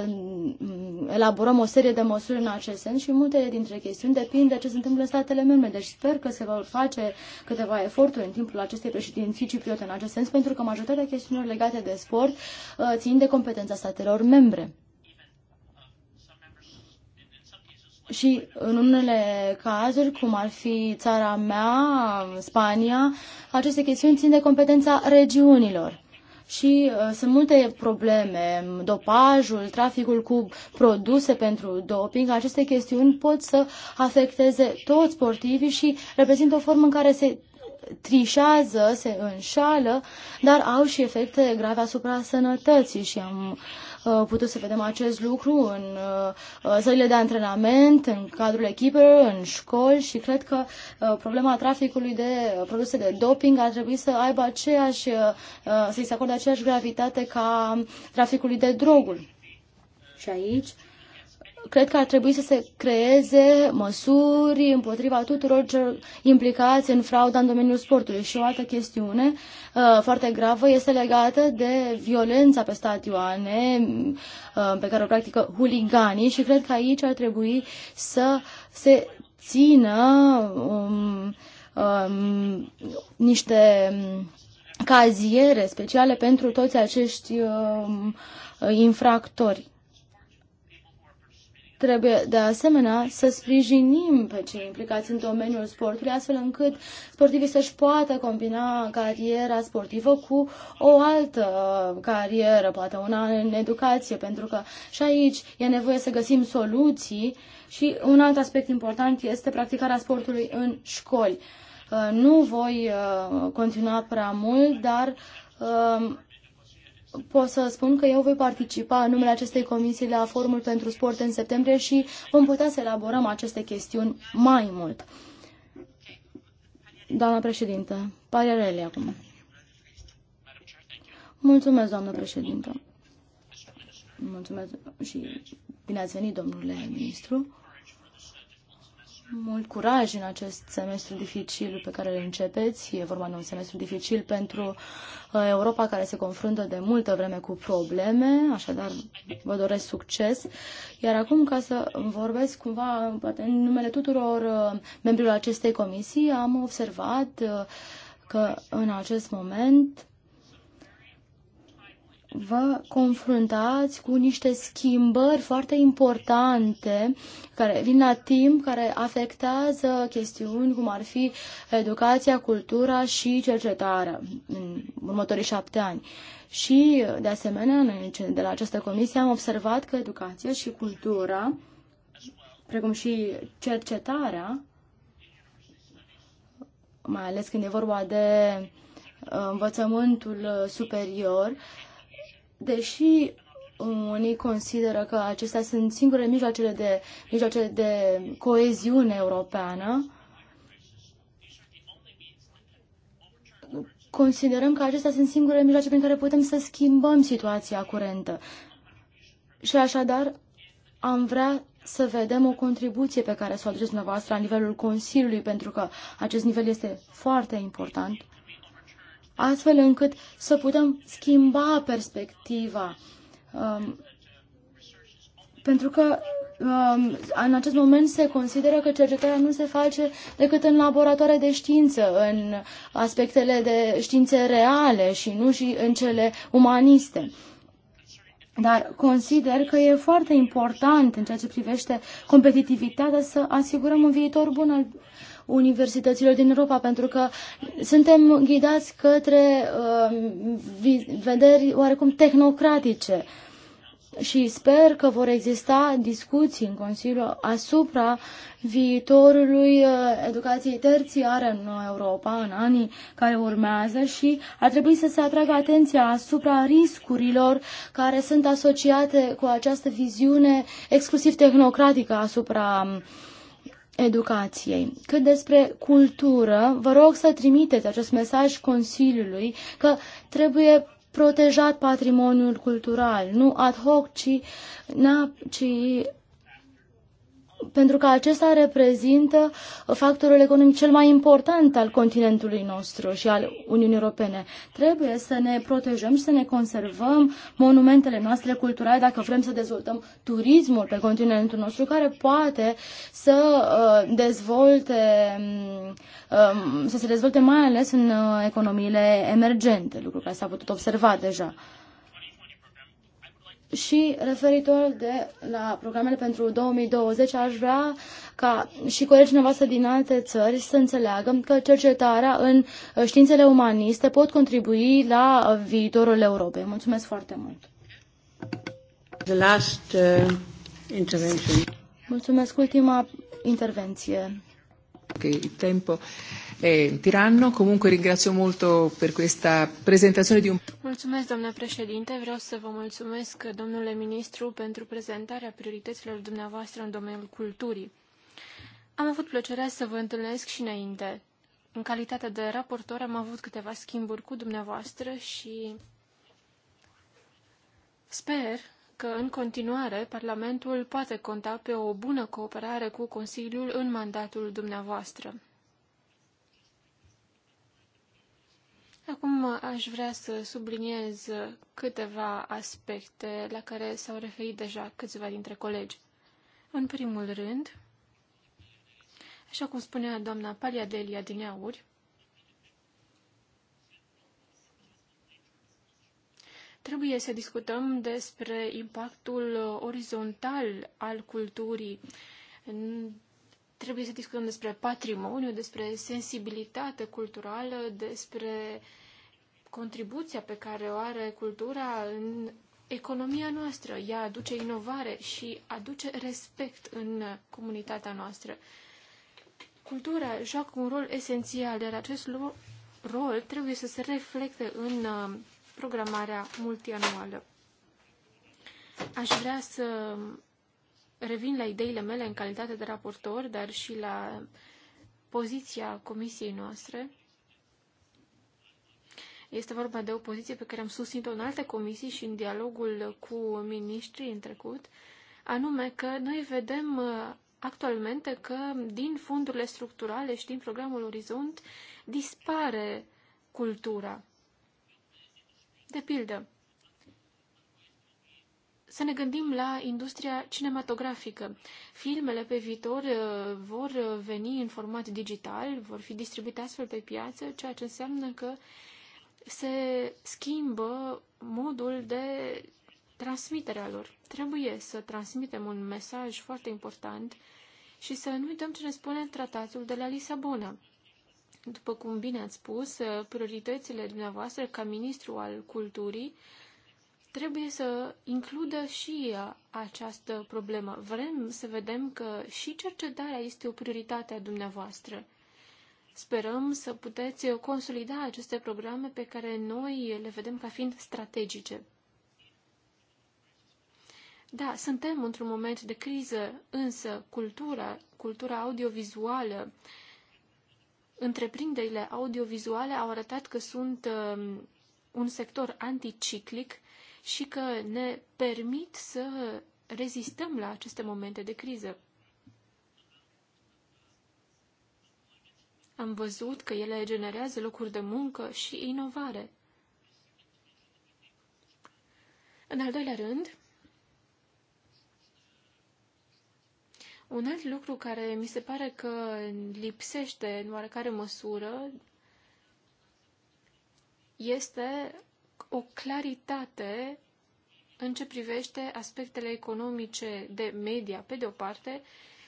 uh, elaborăm o serie de măsuri în acest sens și multe dintre chestiuni depind de ce se întâmplă în statele membre. Deci sper că se vor face câteva eforturi în timpul acestei președinții cipriote în acest sens, pentru că majoritatea chestiunilor legate de sport țin de competența statelor membre. și în unele cazuri, cum ar fi țara mea, Spania, aceste chestiuni țin de competența regiunilor. Și uh, sunt multe probleme, dopajul, traficul cu produse pentru doping, aceste chestiuni pot să afecteze toți sportivii și reprezintă o formă în care se trișează, se înșală, dar au și efecte grave asupra sănătății și am Uh, putut să vedem acest lucru în uh, uh, zările de antrenament, în cadrul echipelor, în școli și cred că problema traficului de produse de doping ar trebui să aibă aceeași, să-i se acorde aceeași gravitate ca traficului de droguri. Și aici cred că ar trebui să se creeze măsuri împotriva tuturor celor implicați în frauda în domeniul sportului. Și o altă chestiune uh, foarte gravă este legată de violența pe stadioane uh, pe care o practică huliganii și cred că aici ar trebui să se țină um, um, niște caziere speciale pentru toți acești um, infractori. Trebuie de asemenea să sprijinim pe cei implicați în domeniul sportului, astfel încât sportivii să-și poată combina cariera sportivă cu o altă carieră, poate una în educație, pentru că și aici e nevoie să găsim soluții și un alt aspect important este practicarea sportului în școli. Uh, nu voi uh, continua prea mult, dar uh, pot să spun că eu voi participa în numele acestei comisii la Forumul pentru Sport în septembrie și vom putea să elaborăm aceste chestiuni mai mult. Doamna președintă, parerele acum. Mulțumesc, doamnă președintă. Mulțumesc și bine ați venit, domnule ministru mult curaj în acest semestru dificil pe care îl începeți. E vorba de un semestru dificil pentru uh, Europa care se confruntă de multă vreme cu probleme, așadar vă doresc succes. Iar acum, ca să vorbesc cumva poate în numele tuturor uh, membrilor acestei comisii, am observat uh, că în acest moment vă confruntați cu niște schimbări foarte importante care vin la timp, care afectează chestiuni cum ar fi educația, cultura și cercetarea în următorii șapte ani. Și, de asemenea, de la această comisie am observat că educația și cultura, precum și cercetarea, mai ales când e vorba de uh, învățământul superior, Deși uh, unii consideră că acestea sunt singurele mijloacele de, mijloacele de coeziune europeană, considerăm că acestea sunt singurele mijloace prin care putem să schimbăm situația curentă. Și așadar, am vrea să vedem o contribuție pe care să o aduceți dumneavoastră la nivelul Consiliului, pentru că acest nivel este foarte important astfel încât să putem schimba perspectiva. Um, pentru că um, în acest moment se consideră că cercetarea nu se face decât în laboratoare de știință, în aspectele de științe reale și nu și în cele umaniste. Dar consider că e foarte important în ceea ce privește competitivitatea să asigurăm un viitor bun al universităților din Europa, pentru că suntem ghidați către uh, vederi oarecum tehnocratice. Și sper că vor exista discuții în Consiliu asupra viitorului uh, educației terțiare în Europa în anii care urmează și ar trebui să se atragă atenția asupra riscurilor care sunt asociate cu această viziune exclusiv tehnocratică asupra uh, educației. Cât despre cultură, vă rog să trimiteți acest mesaj Consiliului că trebuie protejat patrimoniul cultural, nu ad hoc, ci, na, ci pentru că acesta reprezintă factorul economic cel mai important al continentului nostru și al Uniunii Europene. Trebuie să ne protejăm și să ne conservăm monumentele noastre culturale dacă vrem să dezvoltăm turismul pe continentul nostru, care poate să uh, dezvolte, um, să se dezvolte mai ales în uh, economiile emergente, lucru care s-a putut observa deja. Și referitor de la programele pentru 2020, aș vrea ca și colegii noastre din alte țări să înțeleagă că cercetarea în uh, științele umaniste pot contribui la uh, viitorul Europei. Mulțumesc foarte mult! The last, uh, intervention. Mulțumesc, ultima intervenție. Ok, tempo eh, tiranno. Comunque ringrazio molto per questa presentazione di un... Mulțumesc, doamna președinte. Vreau să vă mulțumesc, domnule ministru, pentru prezentarea priorităților dumneavoastră în domeniul culturii. Am avut plăcerea să vă întâlnesc și înainte. În calitate de raportor am avut câteva schimburi cu dumneavoastră și sper că în continuare Parlamentul poate conta pe o bună cooperare cu Consiliul în mandatul dumneavoastră. Acum aș vrea să subliniez câteva aspecte la care s-au referit deja câțiva dintre colegi. În primul rând, așa cum spunea doamna Paliadelia din Auri, trebuie să discutăm despre impactul orizontal al culturii Trebuie să discutăm despre patrimoniu, despre sensibilitate culturală, despre contribuția pe care o are cultura în economia noastră. Ea aduce inovare și aduce respect în comunitatea noastră. Cultura joacă un rol esențial, iar acest rol trebuie să se reflecte în uh, programarea multianuală. Aș vrea să revin la ideile mele în calitate de raportor, dar și la poziția comisiei noastre. Este vorba de o poziție pe care am susținut-o în alte comisii și în dialogul cu miniștrii în trecut, anume că noi vedem uh, actualmente că din fondurile structurale și din programul Orizont dispare cultura. De pildă, să ne gândim la industria cinematografică. Filmele pe viitor uh, vor uh, veni în format digital, vor fi distribuite astfel pe piață, ceea ce înseamnă că se schimbă modul de transmitere a lor. Trebuie să transmitem un mesaj foarte important și să nu uităm ce ne spune tratatul de la Lisabona. După cum bine ați spus, uh, prioritățile dumneavoastră ca ministru al culturii trebuie să includă și această problemă. Vrem să vedem că și cercetarea este o prioritate a dumneavoastră. Sperăm să puteți consolida aceste programe pe care noi le vedem ca fiind strategice. Da, suntem într-un moment de criză, însă cultura, cultura audiovizuală, întreprinderile audiovizuale au arătat că sunt um, un sector anticiclic și că ne permit să rezistăm la aceste momente de criză. Am văzut că ele generează locuri de muncă și inovare. În al doilea rând, un alt lucru care mi se pare că lipsește în oarecare măsură este o claritate în ce privește aspectele economice de media, pe de o parte,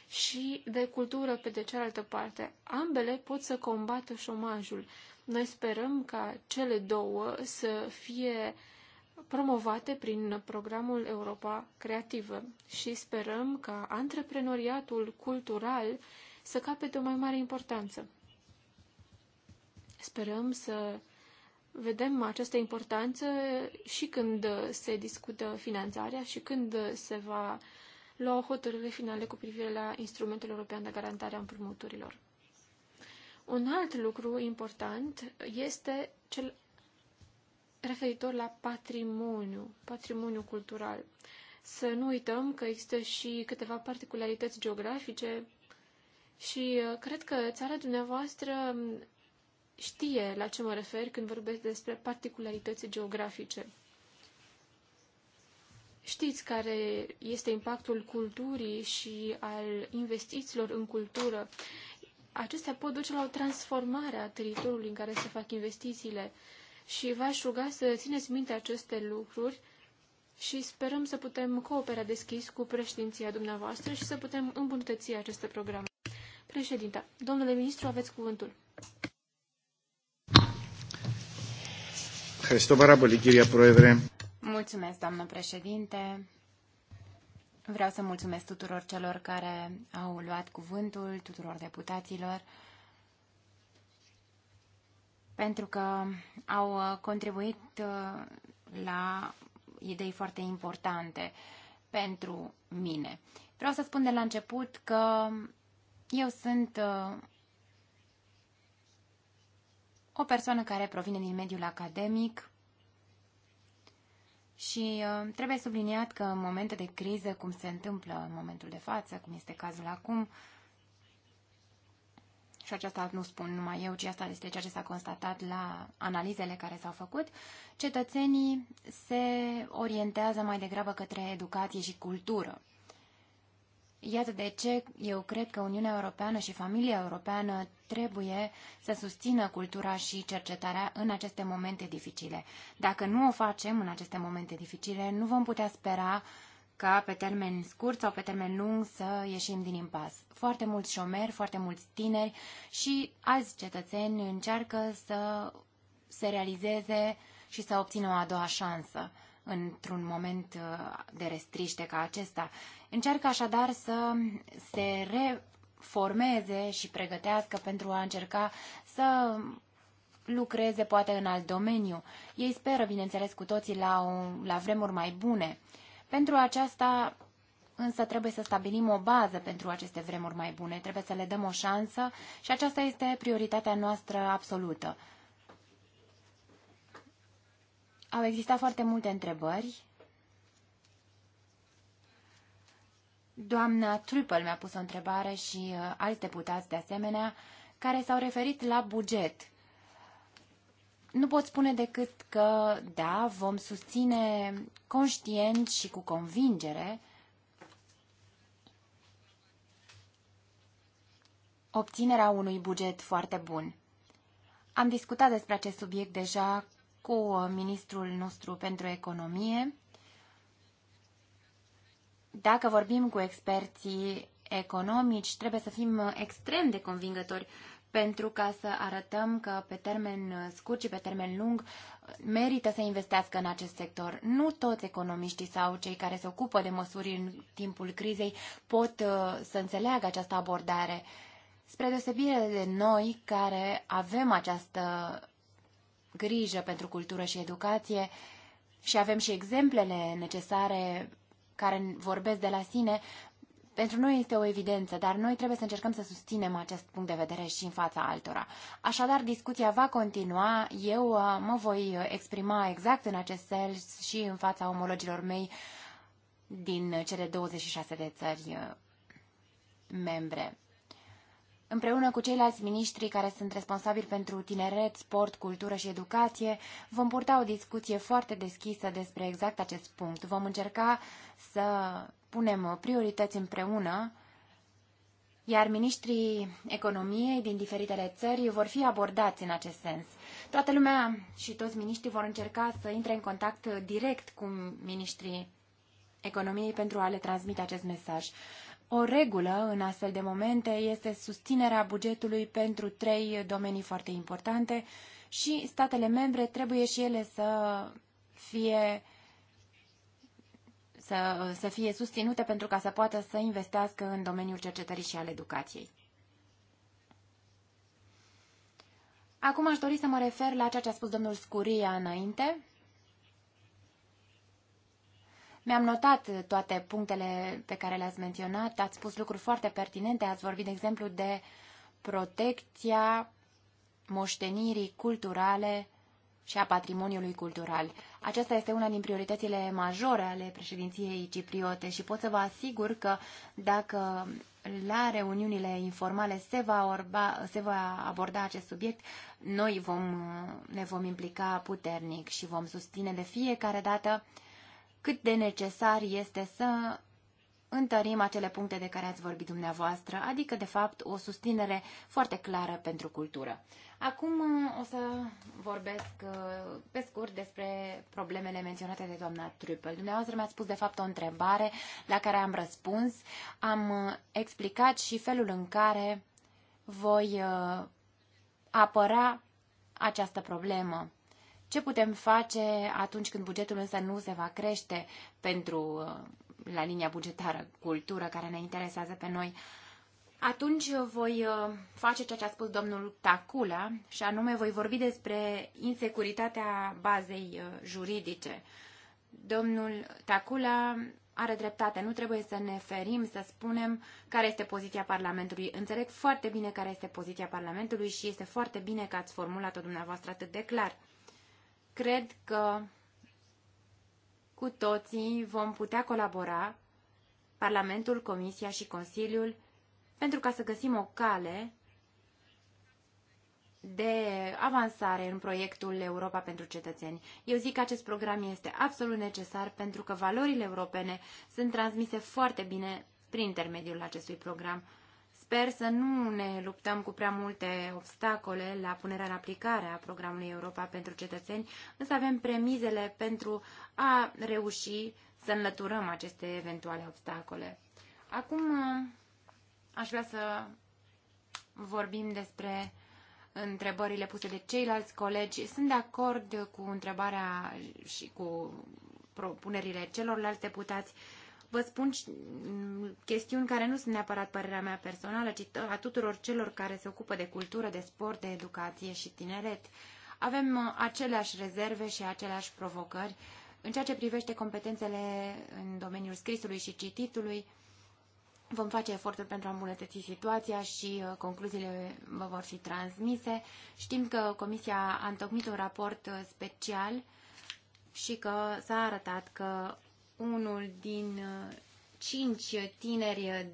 și de cultură, pe de cealaltă parte. Ambele pot să combată șomajul. Noi sperăm ca cele două să fie promovate prin programul Europa Creativă și sperăm ca antreprenoriatul cultural să capete o mai mare importanță. Sperăm să vedem această importanță și când se discută finanțarea și când se va lua o hotărâre finală cu privire la instrumentul european de garantare a împrumuturilor. Un alt lucru important este cel referitor la patrimoniu, patrimoniu cultural. Să nu uităm că există și câteva particularități geografice și uh, cred că țara dumneavoastră știe la ce mă refer când vorbesc despre particularități geografice. Știți care este impactul culturii și al investițiilor în cultură. Acestea pot duce la o transformare a teritoriului în care se fac investițiile și v-aș ruga să țineți minte aceste lucruri și sperăm să putem coopera deschis cu președinția dumneavoastră și să putem îmbunătăți aceste programe. Președinta, domnule ministru, aveți cuvântul. Ευχαριστώ πάρα πολύ, κυρία Πρόεδρε. Mulțumesc, doamnă președinte. Vreau să mulțumesc tuturor celor care au luat cuvântul, tuturor deputaților, pentru că au uh, contribuit uh, la idei foarte importante pentru mine. Vreau să spun de la început că eu sunt uh, o persoană care provine din mediul academic și uh, trebuie subliniat că în momente de criză, cum se întâmplă în momentul de față, cum este cazul acum, și aceasta nu spun numai eu, ci asta este ceea ce s-a constatat la analizele care s-au făcut, cetățenii se orientează mai degrabă către educație și cultură. Iată de ce eu cred că Uniunea Europeană și familia europeană trebuie să susțină cultura și cercetarea în aceste momente dificile. Dacă nu o facem în aceste momente dificile, nu vom putea spera ca pe termen scurt sau pe termen lung să ieșim din impas. Foarte mulți șomeri, foarte mulți tineri și alți cetățeni încearcă să se realizeze și să obțină o a doua șansă într-un moment uh, de restriște ca acesta. Încearcă așadar să se reformeze și pregătească pentru a încerca să lucreze poate în alt domeniu. Ei speră, bineînțeles, cu toții la, o, la vremuri mai bune. Pentru aceasta însă trebuie să stabilim o bază pentru aceste vremuri mai bune, trebuie să le dăm o șansă și aceasta este prioritatea noastră absolută. Au existat foarte multe întrebări. Doamna Trupel mi-a pus o întrebare și uh, alți deputați de asemenea care s-au referit la buget. Nu pot spune decât că, da, vom susține conștient și cu convingere obținerea unui buget foarte bun. Am discutat despre acest subiect deja cu uh, ministrul nostru pentru economie. Dacă vorbim cu experții economici, trebuie să fim uh, extrem de convingători pentru ca să arătăm că pe termen uh, scurt și pe termen lung merită să investească în acest sector. Nu toți economiștii sau cei care se ocupă de măsuri în timpul crizei pot să înțeleagă această abordare. Spre deosebire de noi care avem această grijă pentru cultură și educație și avem și exemplele necesare care vorbesc de la sine, pentru noi este o evidență, dar noi trebuie să încercăm să susținem acest punct de vedere și în fața altora. Așadar, discuția va continua. Eu uh, mă voi exprima exact în acest sens și în fața omologilor mei din cele 26 de țări uh, membre. Împreună cu ceilalți miniștri care sunt responsabili pentru tineret, sport, cultură și educație, vom purta o discuție foarte deschisă despre exact acest punct. Vom încerca să punem priorități împreună, iar miniștrii economiei din diferitele țări vor fi abordați în acest sens. Toată lumea și toți miniștrii vor încerca să intre în contact direct cu miniștrii economiei pentru a le transmite acest mesaj. O regulă în astfel de momente este susținerea bugetului pentru trei domenii foarte importante și statele membre trebuie și ele să fie să, să fie susținute pentru ca să poată să investească în domeniul cercetării și al educației. Acum aș dori să mă refer la ceea ce a spus domnul Scuria înainte mi-am notat toate punctele pe care le-ați menționat, ați spus lucruri foarte pertinente, ați vorbit, de exemplu, de protecția moștenirii culturale și a patrimoniului cultural. Aceasta este una din prioritățile majore ale președinției cipriote și pot să vă asigur că dacă la reuniunile informale se va, orba, se va aborda acest subiect, noi vom, ne vom implica puternic și vom susține de fiecare dată uh, cât de necesar este să întărim acele puncte de care ați vorbit dumneavoastră, adică, de fapt, o susținere foarte clară pentru cultură. Acum uh, o să vorbesc uh, pe scurt despre problemele menționate de doamna Trupel. Dumneavoastră mi-ați spus, de fapt, o întrebare la care am răspuns. Am uh, explicat și felul în care voi apăra această problemă ce putem face atunci când bugetul însă nu se va crește pentru uh, la linia bugetară cultură care ne interesează pe noi? Atunci voi uh, face ceea ce a spus domnul Tacula și anume voi vorbi despre insecuritatea bazei uh, juridice. Domnul Tacula are dreptate, nu trebuie să ne ferim să spunem care este poziția Parlamentului. Înțeleg foarte bine care este poziția Parlamentului și este foarte bine că ați formulat-o dumneavoastră atât de clar. Cred că cu toții vom putea colabora, Parlamentul, Comisia și Consiliul, pentru ca să găsim o cale de avansare în proiectul Europa pentru cetățeni. Eu zic că acest program este absolut necesar pentru că valorile europene sunt transmise foarte bine prin intermediul acestui program. Sper să nu ne luptăm cu prea multe obstacole la punerea în aplicare a programului Europa pentru cetățeni, însă avem premizele pentru a reuși să înlăturăm aceste eventuale obstacole. Acum aș vrea să vorbim despre întrebările puse de ceilalți colegi. Sunt de acord cu întrebarea și cu propunerile celorlalți deputați vă spun mm, chestiuni care nu sunt neapărat părerea mea personală, ci a tuturor celor care se ocupă de cultură, de sport, de educație și tineret. Avem uh, aceleași rezerve și aceleași provocări în ceea ce privește competențele în domeniul scrisului și cititului. Vom face eforturi pentru a îmbunătăți situația și uh, concluziile vă vor fi transmise. Știm că Comisia a întocmit un raport uh, special și că s-a arătat că unul din uh, cinci tineri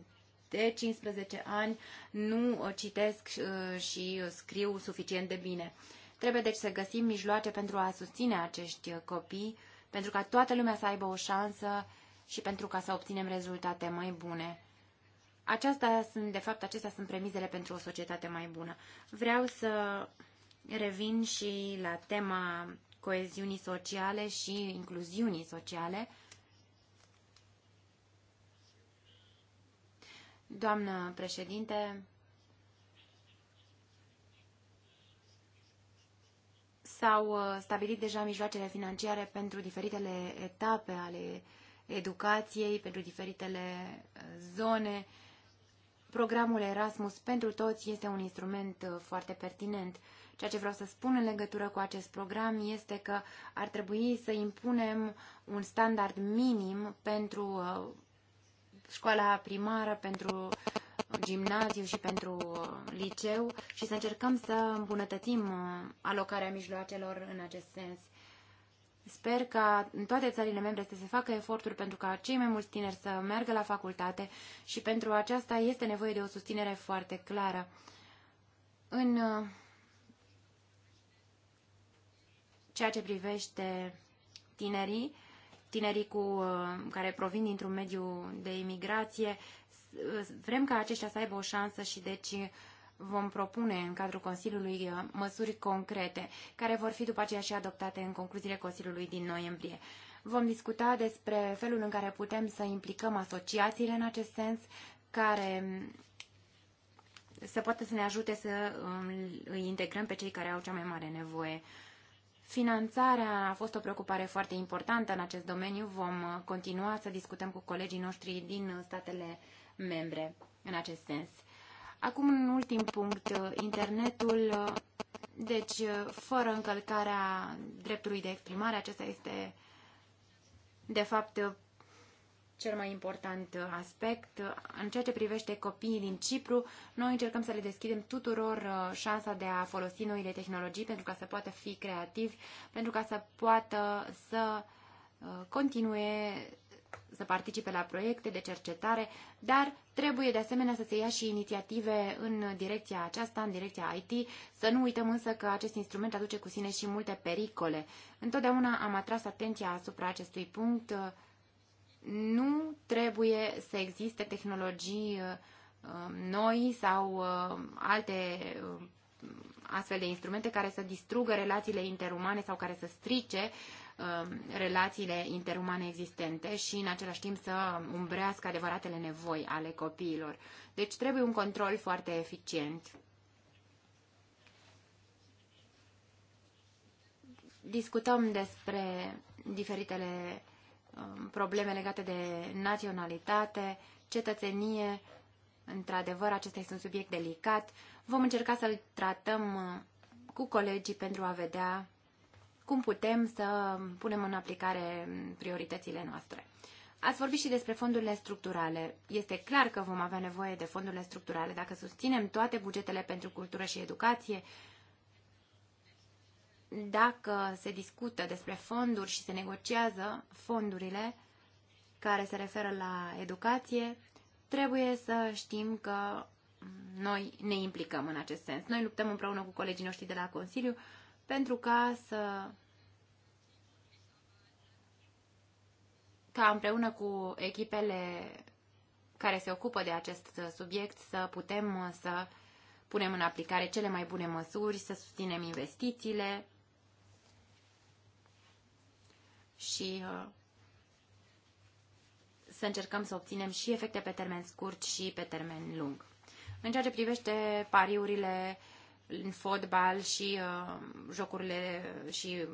de 15 ani nu uh, citesc uh, și scriu suficient de bine. Trebuie deci să găsim mijloace pentru a susține acești copii, pentru ca toată lumea să aibă o șansă și pentru ca să obținem rezultate mai bune. Aceasta sunt, de fapt, acestea sunt premizele pentru o societate mai bună. Vreau să revin și la tema coeziunii sociale și incluziunii sociale. Doamnă președinte, s-au uh, stabilit deja mijloacele financiare pentru diferitele etape ale educației, pentru diferitele uh, zone. Programul Erasmus pentru toți este un instrument uh, foarte pertinent. Ceea ce vreau să spun în legătură cu acest program este că ar trebui să impunem un standard minim pentru școala primară, pentru gimnaziu și pentru liceu și să încercăm să îmbunătățim uh, alocarea mijloacelor în acest sens. Sper ca în toate țările membre să se facă eforturi pentru ca cei mai mulți tineri să meargă la facultate și pentru aceasta este nevoie de o susținere foarte clară. În uh, ceea ce privește tinerii, tinerii cu, uh, care provin dintr-un mediu de imigrație. Uh, vrem ca aceștia să aibă o șansă și deci vom propune în cadrul Consiliului uh, măsuri concrete, care vor fi după aceea și adoptate în concluziile Consiliului din noiembrie. Vom discuta despre felul în care putem să implicăm asociațiile în acest sens, care să poată să ne ajute să um, îi integrăm pe cei care au cea mai mare nevoie Finanțarea a fost o preocupare foarte importantă în acest domeniu. Vom uh, continua să discutăm cu colegii noștri din uh, statele membre în acest sens. Acum, un ultim punct, uh, internetul, deci fără încălcarea dreptului de exprimare, acesta este de fapt cel mai important uh, aspect. În ceea ce privește copiii din Cipru, noi încercăm să le deschidem tuturor uh, șansa de a folosi noile tehnologii pentru ca să poată fi creativi, pentru ca să poată să uh, continue să participe la proiecte de cercetare, dar trebuie de asemenea să se ia și inițiative în direcția aceasta, în direcția IT. Să nu uităm însă că acest instrument aduce cu sine și multe pericole. Întotdeauna am atras atenția asupra acestui punct nu trebuie să existe tehnologii uh, um, noi sau uh, alte uh, astfel de instrumente care să distrugă relațiile interumane sau care să strice um, relațiile interumane existente și în același timp să umbrească adevăratele nevoi ale copiilor. Deci trebuie un control foarte eficient. Discutăm despre diferitele Um, probleme legate de naționalitate, cetățenie. Într-adevăr, acesta este un subiect delicat. Vom încerca să-l tratăm uh, cu colegii pentru a vedea cum putem să punem în aplicare um, prioritățile noastre. Ați vorbit și despre fondurile structurale. Este clar că vom avea nevoie de fondurile structurale. Dacă susținem toate bugetele pentru cultură și educație, dacă se discută despre fonduri și se negociază fondurile care se referă la educație, trebuie să știm că noi ne implicăm în acest sens. Noi luptăm împreună cu colegii noștri de la Consiliu pentru ca să ca împreună cu echipele care se ocupă de acest subiect să putem să punem în aplicare cele mai bune măsuri, să susținem investițiile și uh, să încercăm să obținem și efecte pe termen scurt și pe termen lung. În ceea ce privește pariurile în fotbal și uh, jocurile și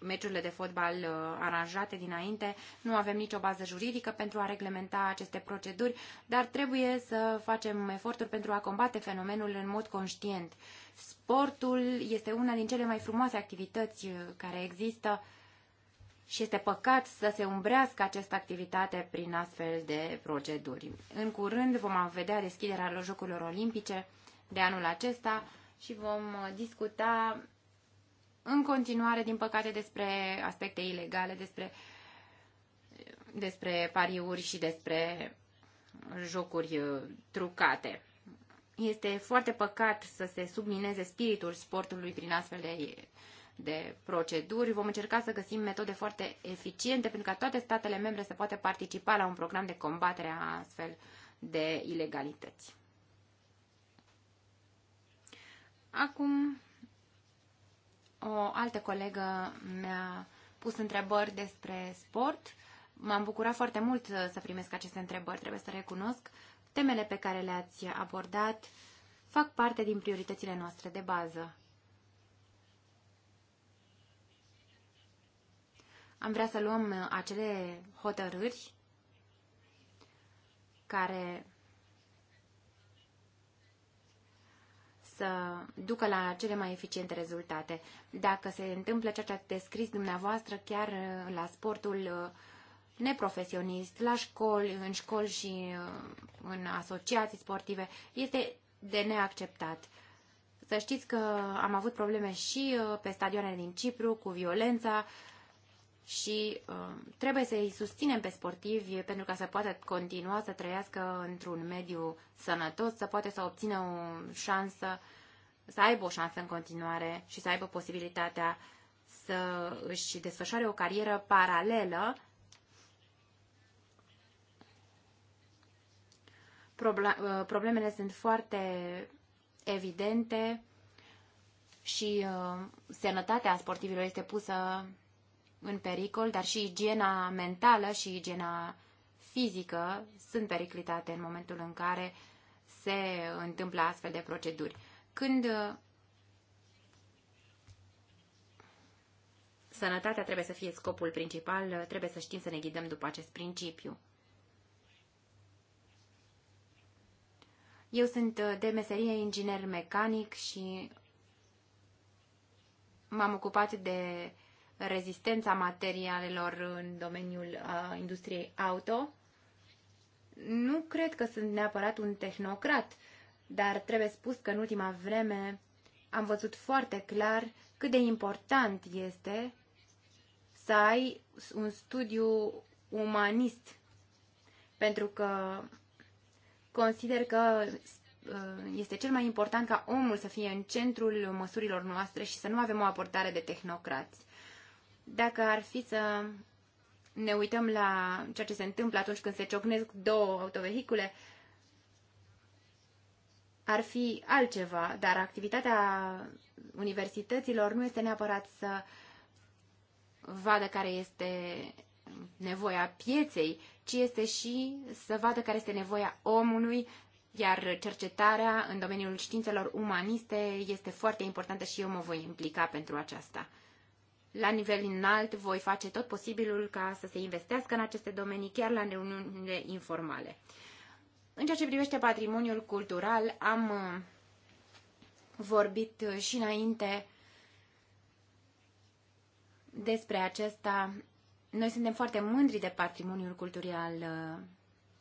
meciurile de fotbal uh, aranjate dinainte, nu avem nicio bază juridică pentru a reglementa aceste proceduri, dar trebuie să facem eforturi pentru a combate fenomenul în mod conștient. Uh, Sportul este una din cele mai frumoase activități uh, care există și este păcat să se umbrească această activitate prin astfel de proceduri. În curând vom vedea deschiderea Jocurilor Olimpice de anul acesta și vom uh, discuta în continuare, din păcate, despre aspecte ilegale, despre, despre pariuri și despre jocuri uh, trucate. Este foarte păcat să se submineze spiritul sportului prin astfel de, de proceduri. Vom încerca să găsim metode foarte eficiente pentru ca toate statele membre să poată participa la un program de combatere a astfel de ilegalități. Acum, o altă colegă mi-a pus întrebări despre sport. M-am bucurat foarte mult să primesc aceste întrebări, trebuie să recunosc. Uh, Temele pe care le-ați abordat fac parte din prioritățile noastre de bază. Am vrea să luăm acele hotărâri care să ducă la cele mai eficiente rezultate. Dacă se întâmplă ceea ce ați descris dumneavoastră chiar la sportul uh, neprofesionist, la școli, în școli și uh, în asociații sportive, este de neacceptat. Să știți că am avut probleme și uh, pe stadioanele din Cipru cu violența și uh, trebuie să îi susținem pe sportivi pentru ca să poată continua să trăiască într-un mediu sănătos, să poată să obțină o șansă, să aibă o șansă în continuare și să aibă posibilitatea să își desfășoare o carieră paralelă Uh, problemele sunt foarte evidente și uh, sănătatea sportivilor este pusă în pericol, dar și igiena mentală și igiena fizică sunt periclitate în momentul în care se întâmplă astfel de proceduri. Când uh, sănătatea trebuie să fie scopul principal, trebuie să știm să ne ghidăm după acest principiu. Eu sunt uh, de meserie inginer mecanic și m-am ocupat de rezistența materialelor în domeniul uh, industriei auto. Nu cred că sunt neapărat un tehnocrat, dar trebuie spus că în ultima vreme am văzut foarte clar cât de important este să ai un studiu umanist, pentru că Consider că uh, este cel mai important ca omul să fie în centrul măsurilor noastre și să nu avem o aportare de tehnocrați. Dacă ar fi să ne uităm la ceea ce se întâmplă atunci când se ciocnesc două autovehicule, ar fi altceva, dar activitatea universităților nu este neapărat să vadă care este nevoia pieței, ci este și să vadă care este nevoia omului, iar cercetarea în domeniul științelor umaniste este foarte importantă și eu mă voi implica pentru aceasta. La nivel înalt voi face tot posibilul ca să se investească în aceste domenii, chiar la reuniunile informale. În ceea ce privește patrimoniul cultural, am uh, vorbit și înainte despre acesta noi suntem foarte mândri de patrimoniul cultural uh,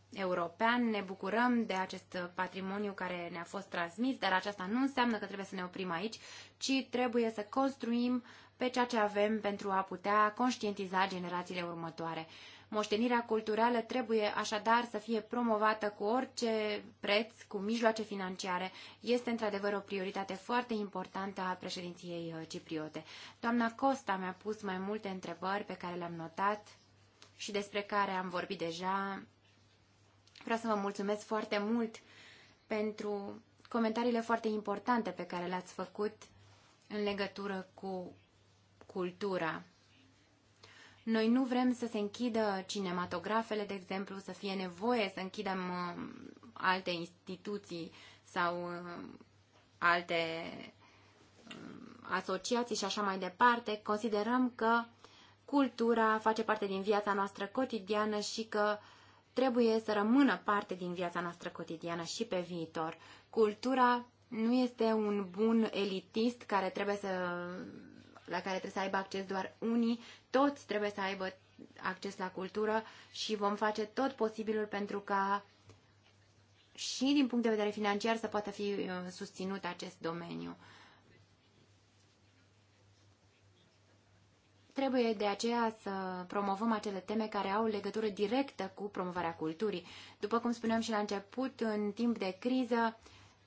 european, ne bucurăm de acest patrimoniu care ne-a fost transmis, dar aceasta nu înseamnă că trebuie să ne oprim aici, ci trebuie să construim pe ceea ce avem pentru a putea conștientiza generațiile următoare. Moștenirea culturală trebuie așadar să fie promovată cu orice preț, cu mijloace financiare. Este într-adevăr o prioritate foarte importantă a președinției uh, cipriote. Doamna Costa mi-a pus mai multe întrebări pe care le-am notat și despre care am vorbit deja. Vreau să vă mulțumesc foarte mult pentru comentariile foarte importante pe care le-ați făcut în legătură cu cultura. Noi nu vrem să se închidă cinematografele, de exemplu, să fie nevoie să închidem uh, alte instituții sau uh, alte uh, asociații și așa mai departe. Considerăm că cultura face parte din viața noastră cotidiană și că trebuie să rămână parte din viața noastră cotidiană și pe viitor. Cultura nu este un bun elitist care trebuie să la care trebuie să aibă acces doar unii, toți trebuie să aibă acces la cultură și vom face tot posibilul pentru ca și din punct de vedere financiar să poată fi uh, susținut acest domeniu. Trebuie de aceea să promovăm acele teme care au legătură directă cu promovarea culturii. După cum spuneam și la început, în timp de criză,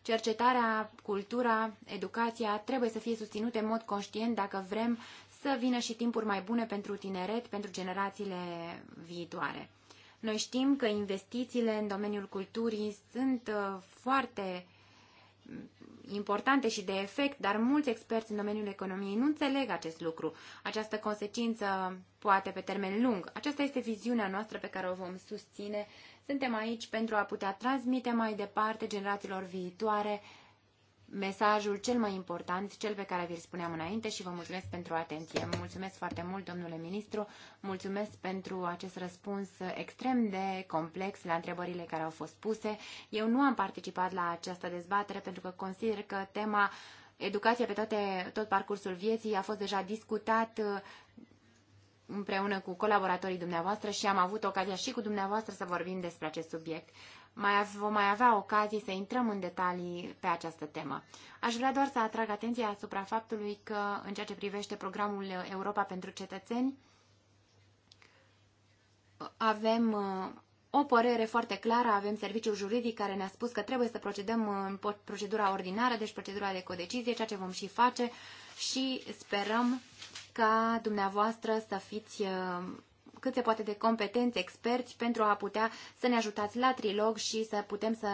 Cercetarea, cultura, educația trebuie să fie susținute în mod conștient dacă vrem să vină și timpuri mai bune pentru tineret, pentru generațiile viitoare. Noi știm că investițiile în domeniul culturii sunt uh, foarte mm, importante și de efect, dar mulți experți în domeniul economiei nu înțeleg acest lucru, această consecință poate pe termen lung. Aceasta este viziunea noastră pe care o vom susține suntem aici pentru a putea transmite mai departe generațiilor viitoare mesajul cel mai important, cel pe care vi-l spuneam înainte și vă mulțumesc pentru atenție. Mulțumesc foarte mult, domnule ministru, mulțumesc pentru acest răspuns extrem de complex la întrebările care au fost puse. Eu nu am participat la această dezbatere pentru că consider că tema educația pe toate, tot parcursul vieții a fost deja discutat împreună cu colaboratorii dumneavoastră și am avut ocazia și cu dumneavoastră să vorbim despre acest subiect. Mai, vom mai avea ocazii să intrăm în detalii pe această temă. Aș vrea doar să atrag atenția asupra faptului că, în ceea ce privește programul Europa pentru cetățeni, avem uh, o părere foarte clară, avem serviciul juridic care ne-a spus că trebuie să procedăm în procedura ordinară, deci procedura de codecizie, ceea ce vom și face și sperăm ca dumneavoastră să fiți uh, cât se poate de competenți experți pentru a putea să ne ajutați la trilog și să putem să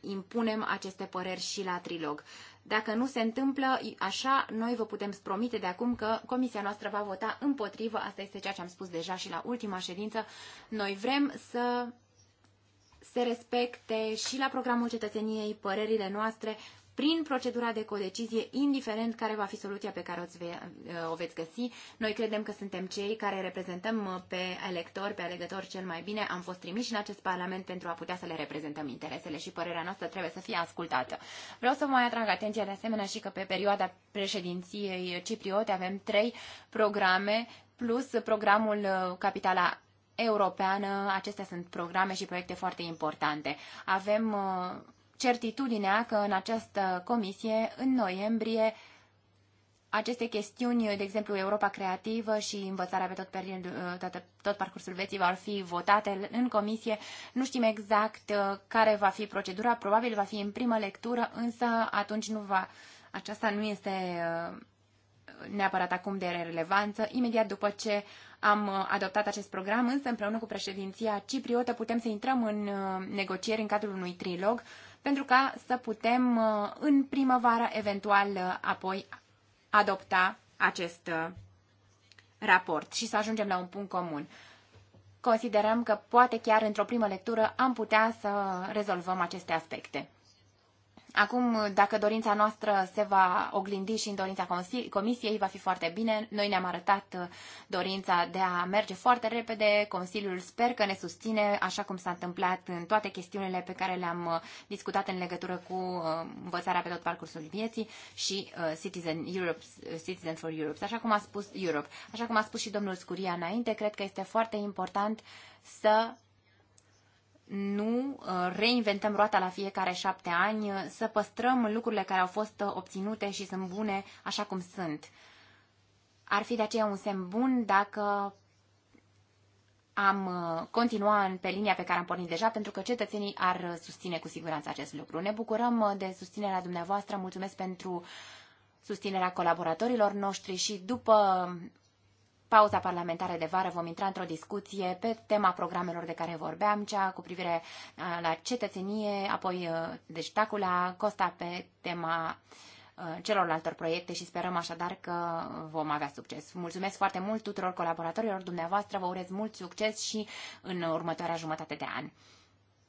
impunem aceste păreri și la trilog. Dacă nu se întâmplă așa, noi vă putem promite de acum că comisia noastră va vota împotrivă. Asta este ceea ce am spus deja și la ultima ședință. Noi vrem să se respecte și la programul cetățeniei părerile noastre, prin procedura de codecizie, indiferent care va fi soluția pe care o uh, veți găsi. Noi credem că suntem cei care reprezentăm uh, pe elector, pe alegător cel mai bine. Am fost trimiși în acest Parlament pentru a putea să le reprezentăm interesele și părerea noastră trebuie să fie ascultată. Vreau să vă mai atrag atenția de asemenea și că pe perioada președinției cipriote avem trei programe plus programul uh, Capitala Europeană. Acestea sunt programe și proiecte foarte importante. Avem certitudinea că în această comisie, în noiembrie, aceste chestiuni, de exemplu Europa Creativă și învățarea pe tot, period, tot, tot parcursul vieții vor fi votate în comisie. Nu știm exact uh, care va fi procedura, probabil va fi în primă lectură, însă atunci nu va, aceasta nu este uh, neapărat acum de relevanță. Imediat după ce am uh, adoptat acest program, însă împreună cu președinția cipriotă putem să intrăm în negocieri în cadrul unui trilog pentru ca să putem uh, în primăvară eventual uh, apoi adopta acest uh, raport și să ajungem la un punct comun. Considerăm că poate chiar într-o primă lectură am putea să rezolvăm aceste aspecte. Acum, dacă dorința noastră se va oglindi și în dorința Comisiei, va fi foarte bine. Noi ne-am arătat uh, dorința de a merge foarte repede. Consiliul sper că ne susține, așa cum s-a întâmplat în toate chestiunile pe care le-am uh, discutat în legătură cu uh, învățarea pe tot parcursul vieții și Citizen, Europe, Citizen for Europe, așa cum a spus Europe. Așa cum a spus și domnul Scuria înainte, cred că este foarte important să nu uh, reinventăm roata la fiecare șapte ani, uh, să păstrăm lucrurile care au fost uh, obținute și sunt bune așa cum sunt. Ar fi de aceea un semn bun dacă am continua pe linia pe care am pornit deja, pentru că cetățenii ar susține cu siguranță acest lucru. Ne bucurăm de susținerea dumneavoastră, mulțumesc pentru susținerea colaboratorilor noștri și după pauza parlamentară de vară vom intra într-o discuție pe tema programelor de care vorbeam, cea cu privire la cetățenie, apoi deci tacula, Costa pe tema celorlaltor proiecte și sperăm așadar că vom avea succes. Mulțumesc foarte mult tuturor colaboratorilor dumneavoastră, vă urez mult succes și în următoarea jumătate de an.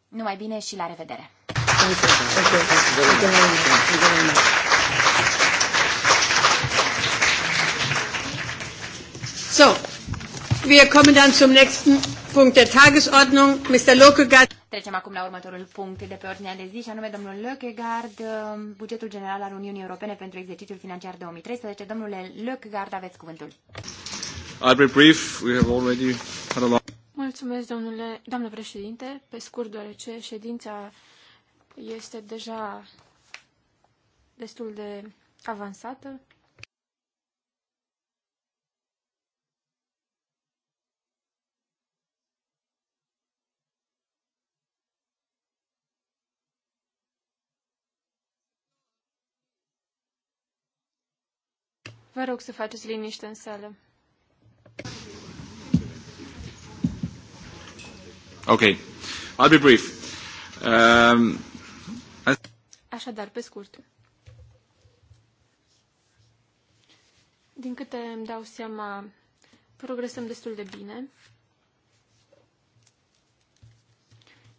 Numai bine și la revedere! Thank you. Thank you. Thank you. Thank you. Thank you. Wir kommen dann zum nächsten Punkt der Tagesordnung. Mr. Trecem acum la următorul punct de pe ordinea de zi, și anume domnul Lökegaard, um, bugetul general al Uniunii Europene pentru exercițiul financiar 2013. Domnule Lökegaard, aveți cuvântul. I'll be brief. We have already had a lot. Mulțumesc, domnule, doamnă președinte. Pe scurt, deoarece ședința este deja destul de avansată, Vă rog să faceți liniște în sală. Ok. I'll be brief. Um, I... Așadar, pe scurt. Din câte îmi dau seama, progresăm destul de bine.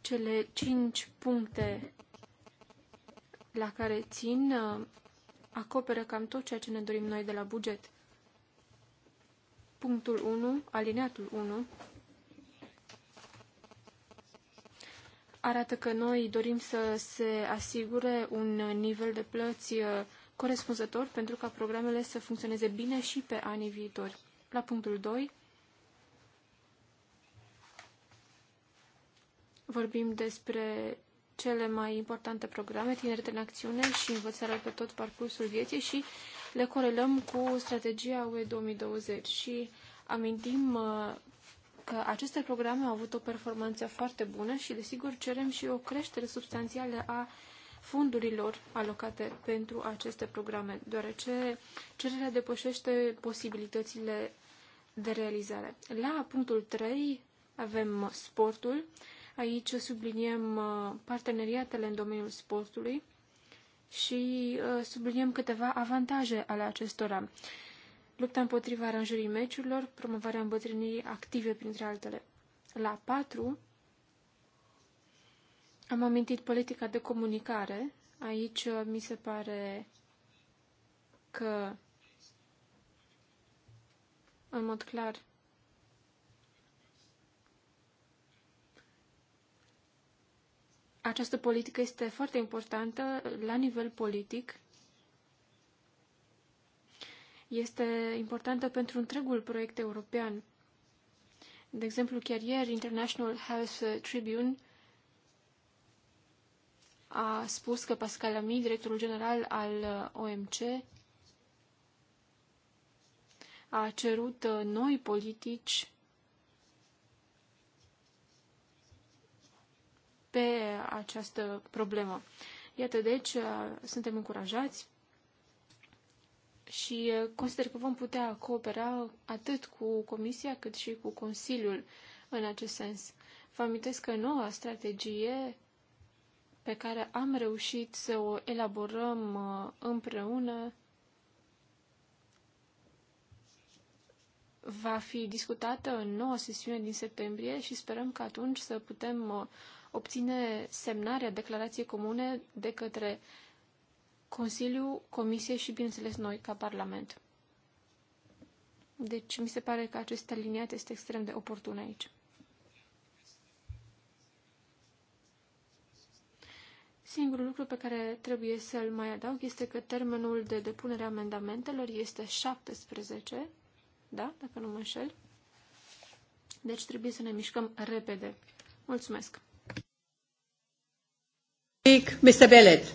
Cele cinci puncte la care țin uh, acoperă cam tot ceea ce ne dorim noi de la buget. Punctul 1, alineatul 1, arată că noi dorim să se asigure un nivel de plăți uh, corespunzător pentru ca programele să funcționeze bine și pe anii viitori. La punctul 2 vorbim despre cele mai importante programe, Tineret în Acțiune și Învățarea pe tot parcursul vieții și le corelăm cu strategia UE 2020 și amintim uh, că aceste programe au avut o performanță foarte bună și, desigur, cerem și o creștere substanțială a fondurilor alocate pentru aceste programe, deoarece cererea depășește posibilitățile de realizare. La punctul 3 avem sportul. Aici subliniem uh, parteneriatele în domeniul sportului și uh, subliniem câteva avantaje ale acestora. Lupta împotriva aranjării meciurilor, promovarea îmbătrânirii active, printre altele. La 4, am amintit politica de comunicare. Aici uh, mi se pare că, în mod clar, Această politică este foarte importantă la nivel politic. Este importantă pentru întregul proiect european. De exemplu, chiar ieri International House Tribune a spus că Pascal Ami, directorul general al uh, OMC, a cerut uh, noi politici pe această problemă. Iată, deci, uh, suntem încurajați și uh, consider că vom putea coopera atât cu Comisia cât și cu Consiliul în acest sens. Vă amintesc că noua strategie pe care am reușit să o elaborăm uh, împreună va fi discutată în noua sesiune din septembrie și sperăm că atunci să putem obține semnarea declarației comune de către Consiliu, Comisie și, bineînțeles, noi ca Parlament. Deci, mi se pare că acest aliniat este extrem de oportun aici. Singurul lucru pe care trebuie să-l mai adaug este că termenul de depunere a amendamentelor este 17, da, dacă nu mă înșel. Deci trebuie să ne mișcăm repede. Mulțumesc! Mr. Bellet.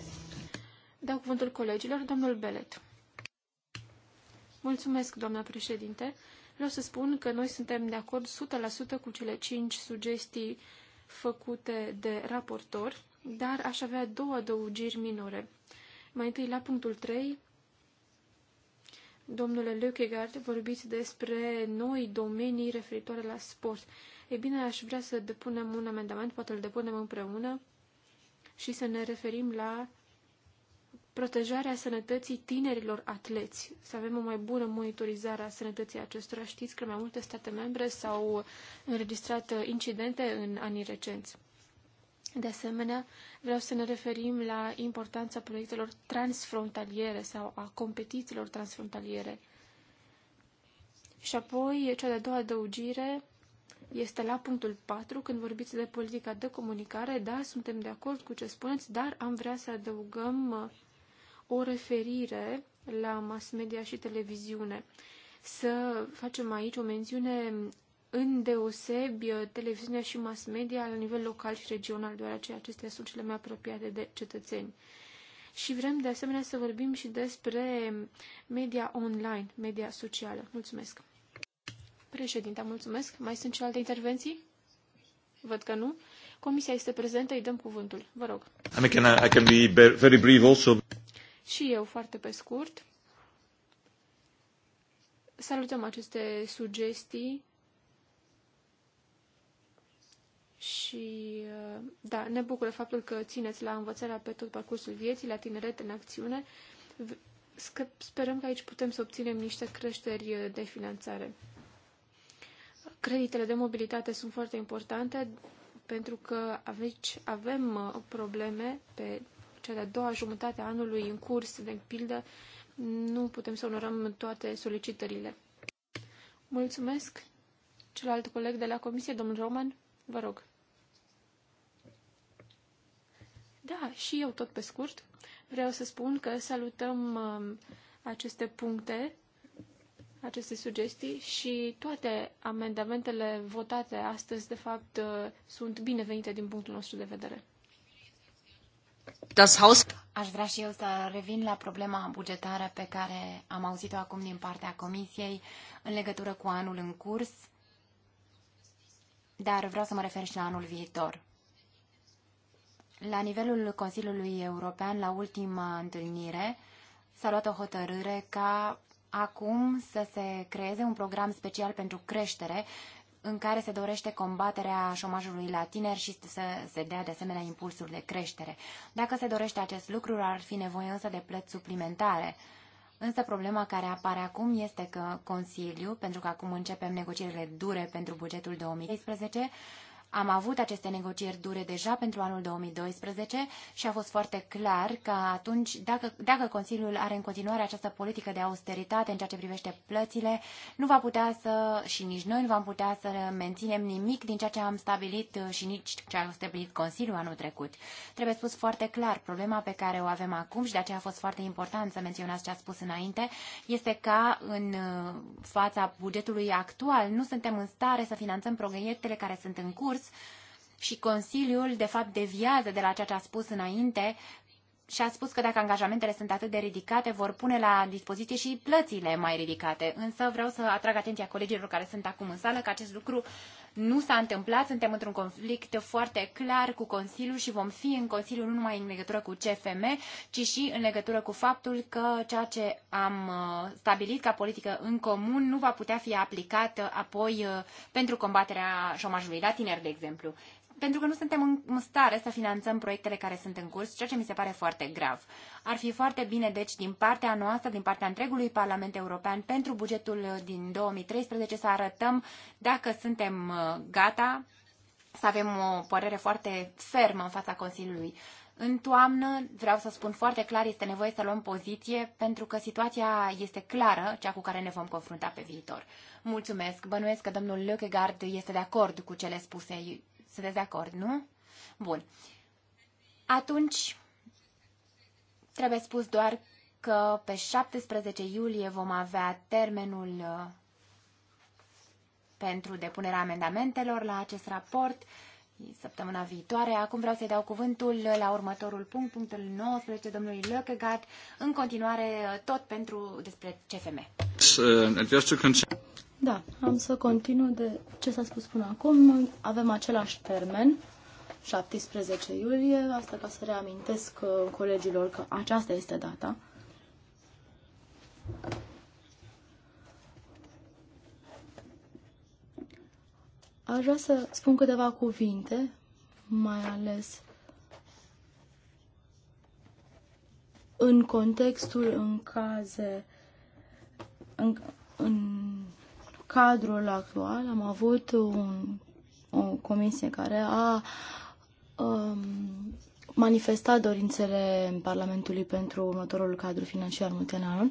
Dau cuvântul colegilor, domnul Belet. Mulțumesc, doamna președinte. Vreau să spun că noi suntem de acord 100% cu cele cinci sugestii făcute de raportor, dar aș avea două adăugiri minore. Mai întâi, la punctul 3, domnule Leuchegard, vorbiți despre noi domenii referitoare la sport. Ei bine, aș vrea să depunem un amendament, poate îl depunem împreună, și să ne referim la protejarea sănătății tinerilor atleți, să avem o mai bună monitorizare a sănătății acestora. Știți că mai multe state membre s-au înregistrat incidente în anii recenți. De asemenea, vreau să ne referim la importanța proiectelor transfrontaliere sau a competițiilor transfrontaliere. Și apoi, cea de-a doua adăugire este la punctul 4, când vorbiți de politica de comunicare. Da, suntem de acord cu ce spuneți, dar am vrea să adăugăm uh, o referire la mass media și televiziune. Să facem aici o mențiune în deosebi uh, televiziunea și mass media la nivel local și regional, deoarece acestea sunt cele mai apropiate de cetățeni. Și vrem de asemenea să vorbim și despre media online, media socială. Mulțumesc! Președinte, mulțumesc. Mai sunt și alte intervenții? Văd că nu. Comisia este prezentă, îi dăm cuvântul. Vă rog. I can, I can be very brief also. Și eu, foarte pe scurt. Salutăm aceste sugestii și, uh, da, ne bucură faptul că țineți la învățarea pe tot parcursul vieții, la tineret în acțiune. Sperăm că aici putem să obținem niște creșteri de finanțare. Creditele de mobilitate sunt foarte importante pentru că aici avem uh, probleme pe cea de-a doua jumătate a anului în curs, de pildă, nu putem să onorăm toate solicitările. Mulțumesc. Celălalt coleg de la comisie, domnul Roman, vă rog. Da, și eu tot pe scurt. Vreau să spun că salutăm uh, aceste puncte aceste sugestii și toate amendamentele votate astăzi, de fapt, uh, sunt binevenite din punctul nostru de vedere. Das Haus... Aș vrea și eu să revin la problema bugetară pe care am auzit-o acum din partea Comisiei în legătură cu anul în curs, dar vreau să mă refer și la anul viitor. La nivelul Consiliului European, la ultima întâlnire, s-a luat o hotărâre ca acum să se creeze un program special pentru creștere în care se dorește combaterea șomajului la tineri și să se dea de asemenea impulsuri de creștere. Dacă se dorește acest lucru, ar fi nevoie însă de plăți suplimentare. Însă problema care apare acum este că Consiliul, pentru că acum începem negocierile dure pentru bugetul 2016. Am avut aceste negocieri dure deja pentru anul 2012 și a fost foarte clar că atunci, dacă, dacă Consiliul are în continuare această politică de austeritate în ceea ce privește plățile, nu va putea să, și nici noi nu vom putea să menținem nimic din ceea ce am stabilit și nici ce a stabilit Consiliul anul trecut. Trebuie spus foarte clar, problema pe care o avem acum și de aceea a fost foarte important să menționați ce a spus înainte, este ca în uh, fața bugetului actual nu suntem în stare să finanțăm proiectele care sunt în curs și Consiliul, de fapt, deviază de la ceea ce a spus înainte și a spus că dacă angajamentele sunt atât de ridicate, vor pune la dispoziție și plățile mai ridicate. Însă vreau să atrag atenția colegilor care sunt acum în sală că acest lucru nu s-a întâmplat, suntem într-un conflict foarte clar cu Consiliul și vom fi în Consiliu nu numai în legătură cu CFM, ci și în legătură cu faptul că ceea ce am uh, stabilit ca politică în comun nu va putea fi aplicată uh, apoi uh, pentru combaterea șomajului la tineri, de exemplu pentru că nu suntem în stare să finanțăm proiectele care sunt în curs, ceea ce mi se pare foarte grav. Ar fi foarte bine, deci, din partea noastră, din partea întregului Parlament European, pentru bugetul din 2013, să arătăm dacă suntem uh, gata să avem o părere foarte fermă în fața Consiliului. În toamnă, vreau să spun foarte clar, este nevoie să luăm poziție pentru că situația este clară, cea cu care ne vom confrunta pe viitor. Mulțumesc. Bănuiesc că domnul Lökegard este de acord cu cele spuse sunteți de acord, nu? Bun. Atunci, trebuie spus doar că pe 17 iulie vom avea termenul uh, pentru depunerea amendamentelor la acest raport săptămâna viitoare. Acum vreau să-i dau cuvântul la următorul punct, punctul 19, domnului Lökegaard, în continuare uh, tot pentru despre CFM. Da, am să continu de ce s-a spus până acum. Avem același termen, 17 iulie, asta ca să reamintesc uh, colegilor că aceasta este data. Aș vrea să spun câteva cuvinte, mai ales în contextul în, caze, în, în cadrul actual am avut un, o comisie care a um, manifestat dorințele Parlamentului pentru următorul cadru financiar multianual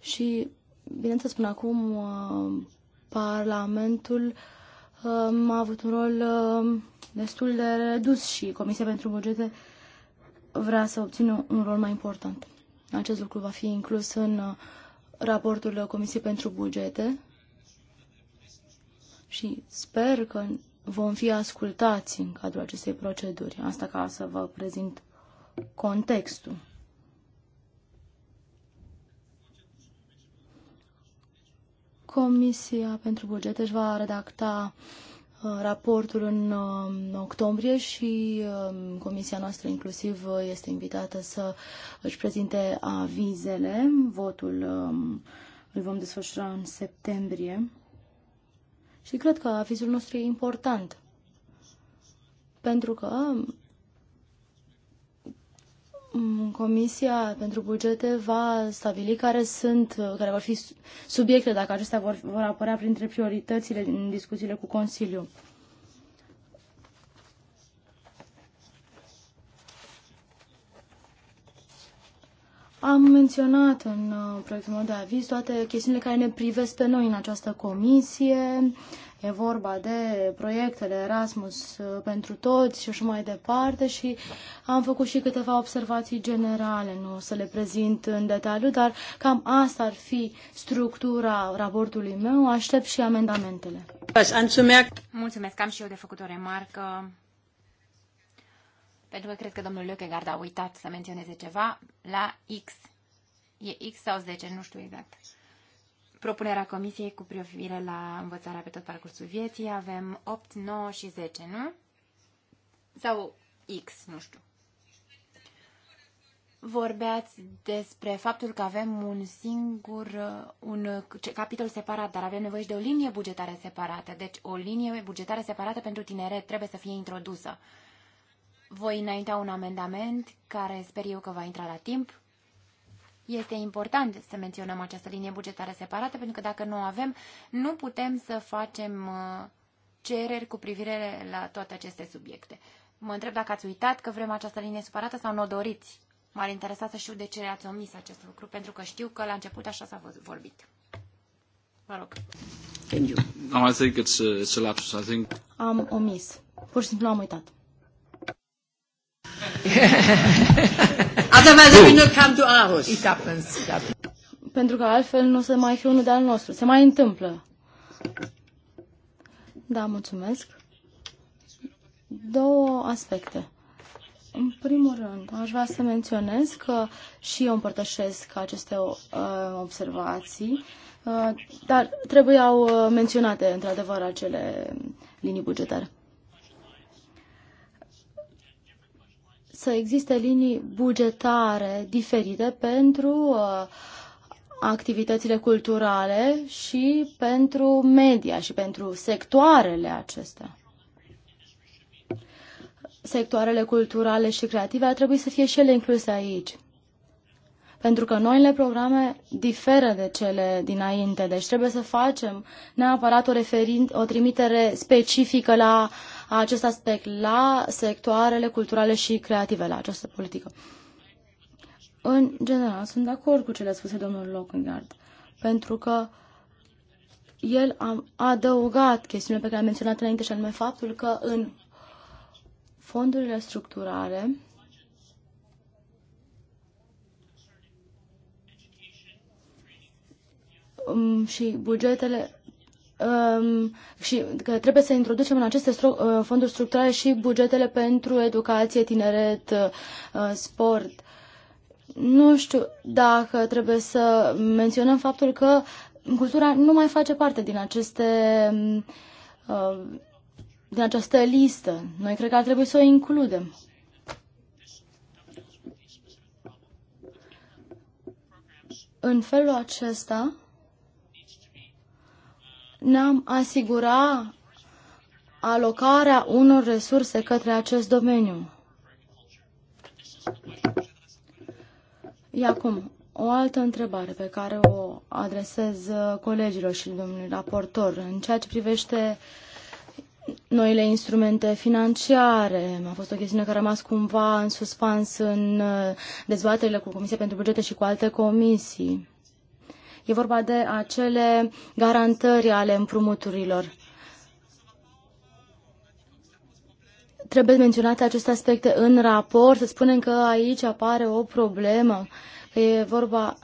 și, bineînțeles, până acum uh, Parlamentul um, a avut un rol um, destul de redus și Comisia pentru Bugete vrea să obțină un rol mai important. Acest lucru va fi inclus în uh, raportul Comisiei pentru Bugete și sper că vom fi ascultați în cadrul acestei proceduri. Asta ca să vă prezint contextul. Comisia pentru bugete își va redacta uh, raportul în uh, octombrie și um, comisia noastră inclusiv uh, este invitată să își prezinte avizele. Votul um, îl vom desfășura în septembrie. Și cred că avizul nostru e important. Pentru că mm, Comisia pentru bugete va stabili care sunt, care vor fi subiecte, dacă acestea vor, vor apărea printre prioritățile în discuțiile cu Consiliu. Am menționat în uh, proiectul meu de aviz toate chestiunile care ne privesc pe noi în această comisie. E vorba de proiectele Erasmus uh, pentru toți și așa mai departe și am făcut și câteva observații generale, nu o să le prezint în detaliu, dar cam asta ar fi structura raportului meu. Aștept și amendamentele. Mulțumesc, am și eu de făcut o remarcă pentru că cred că domnul Leuchegard a uitat să menționeze ceva, la X. E X sau 10, nu știu exact. Propunerea comisiei cu privire la învățarea pe tot parcursul vieții avem 8, 9 și 10, nu? Sau X, nu știu. Vorbeați despre faptul că avem un singur un capitol separat, dar avem nevoie și de o linie bugetară separată. Deci o linie bugetară separată pentru tineret trebuie să fie introdusă. Uh, voi înainta un amendament care sper eu că va intra la timp. Este important să menționăm această linie bugetară separată, pentru că dacă nu o avem, nu putem să facem uh, cereri cu privire la toate aceste subiecte. Mă întreb dacă ați uitat că vrem această linie separată sau nu o doriți. M-ar interesa să știu de ce ați omis acest lucru, pentru că știu că la început așa s-a vorbit. Vă rog. Thank you. No, I think it's a, uh, it's a lapsus. I think... Am omis. Pur și simplu am uitat. Otherwise we will come to ours. It it happens. Pentru că altfel nu se mai fi unul de al nostru. Se mai întâmplă. Da, mulțumesc. Două aspecte. În primul rând, aș vrea să menționez că și eu împărtășesc aceste uh, observații, uh, dar trebuiau uh, menționate, într-adevăr, acele linii bugetare. să existe linii bugetare diferite pentru uh, activitățile culturale și pentru media și pentru sectoarele acestea. Sectoarele culturale și creative ar trebui să fie și ele incluse aici. Pentru că noile programe diferă de cele dinainte, deci trebuie să facem neapărat o, referin, o trimitere specifică la uh, acest aspect la sectoarele culturale și creative, la această politică. În general, sunt de acord cu cele spuse domnul Lockingard, pentru că el a adăugat chestiunea pe care am menționat înainte și anume faptul că în fondurile structurale um, și bugetele um, și că trebuie să introducem în aceste stru- uh, fonduri structurale și bugetele pentru educație, tineret, uh, sport. Nu știu dacă trebuie să menționăm faptul că cultura nu mai face parte din aceste um, uh, din această listă. Noi cred că ar trebui să o includem. În felul acesta, ne-am asigura alocarea unor resurse către acest domeniu. Iacum, o altă întrebare pe care o adresez uh, colegilor și domnului raportor în ceea ce privește noile instrumente financiare. A fost o chestiune care a rămas cumva în suspans în uh, dezbaterile cu Comisia pentru Bugete și cu alte comisii. E vorba de acele garantări ale împrumuturilor. Trebuie menționate aceste aspecte în raport. Să spunem că aici apare o problemă. e vorba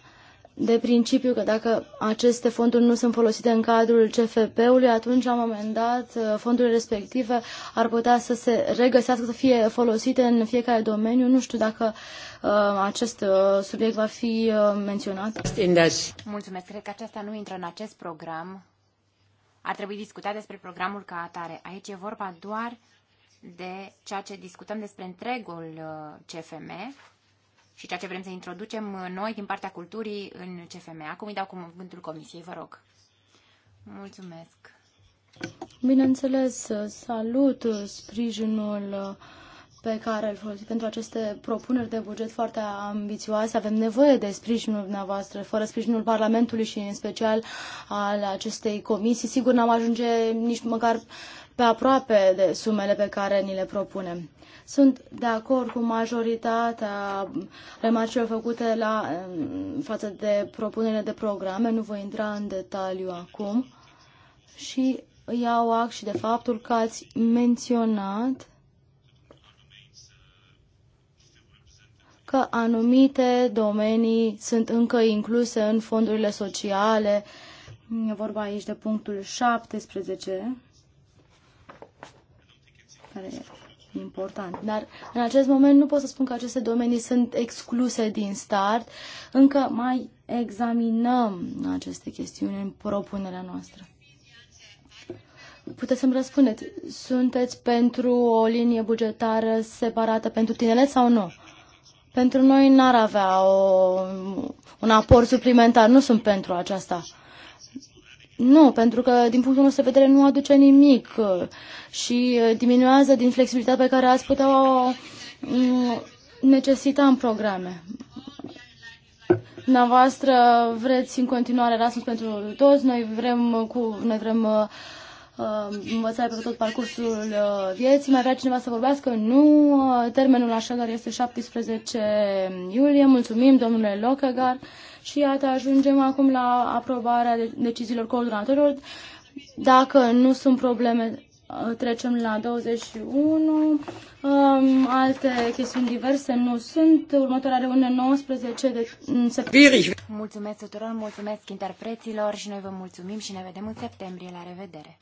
de principiu că dacă aceste fonduri nu sunt folosite în cadrul CFP-ului, atunci la un moment dat uh, fondurile respective ar putea să se regăsească, să fie folosite în fiecare domeniu. Nu știu dacă uh, acest uh, subiect va fi uh, menționat. Mulțumesc. Cred că aceasta nu intră în acest program. Ar trebui discutat despre programul ca atare. Aici e vorba doar de ceea ce discutăm despre întregul uh, CFM și ceea ce vrem să introducem uh, noi din partea culturii în CFM. Acum îi dau cuvântul Comisiei, vă rog. Mulțumesc. Bineînțeles, salut sprijinul pe care îl folosim pentru aceste propuneri de buget foarte ambițioase. Avem nevoie de sprijinul dumneavoastră. Fără sprijinul Parlamentului și în special al acestei comisii, sigur n-am ajunge nici măcar pe aproape de sumele pe care ni le propunem. Sunt de acord cu majoritatea remarcilor făcute la, față de propunerea de programe, nu voi intra în detaliu acum și iau act și de faptul că ați menționat că anumite domenii sunt încă incluse în fondurile sociale. E vorba aici de punctul 17, care important. Dar în acest moment nu pot să spun că aceste domenii sunt excluse din start. Încă mai examinăm aceste chestiuni în propunerea noastră. Puteți să-mi răspundeți, sunteți pentru o linie bugetară separată pentru tinele sau nu? Pentru noi n-ar avea o, un aport suplimentar, nu sunt pentru aceasta. Nu, pentru că din punctul nostru de vedere nu aduce nimic uh, și uh, diminuează din flexibilitatea pe care ați putea o mm, necesita în programe. Dumneavoastră vreți în continuare Erasmus pentru toți, noi vrem, uh, cu, noi vrem uh, învățare pe tot parcursul uh, vieții. Mai vrea cineva să vorbească? Nu. termenul așadar este 17 iulie. Mulțumim, domnule Locăgar și iată ajungem acum la aprobarea deciziilor coordonatorilor. Dacă nu sunt probleme, uh, trecem la 21. Um, alte chestiuni diverse nu sunt. Următoarea reuniune 19 de septembrie. Mulțumesc tuturor, mulțumesc interpreților și noi vă mulțumim și ne vedem în septembrie. La revedere!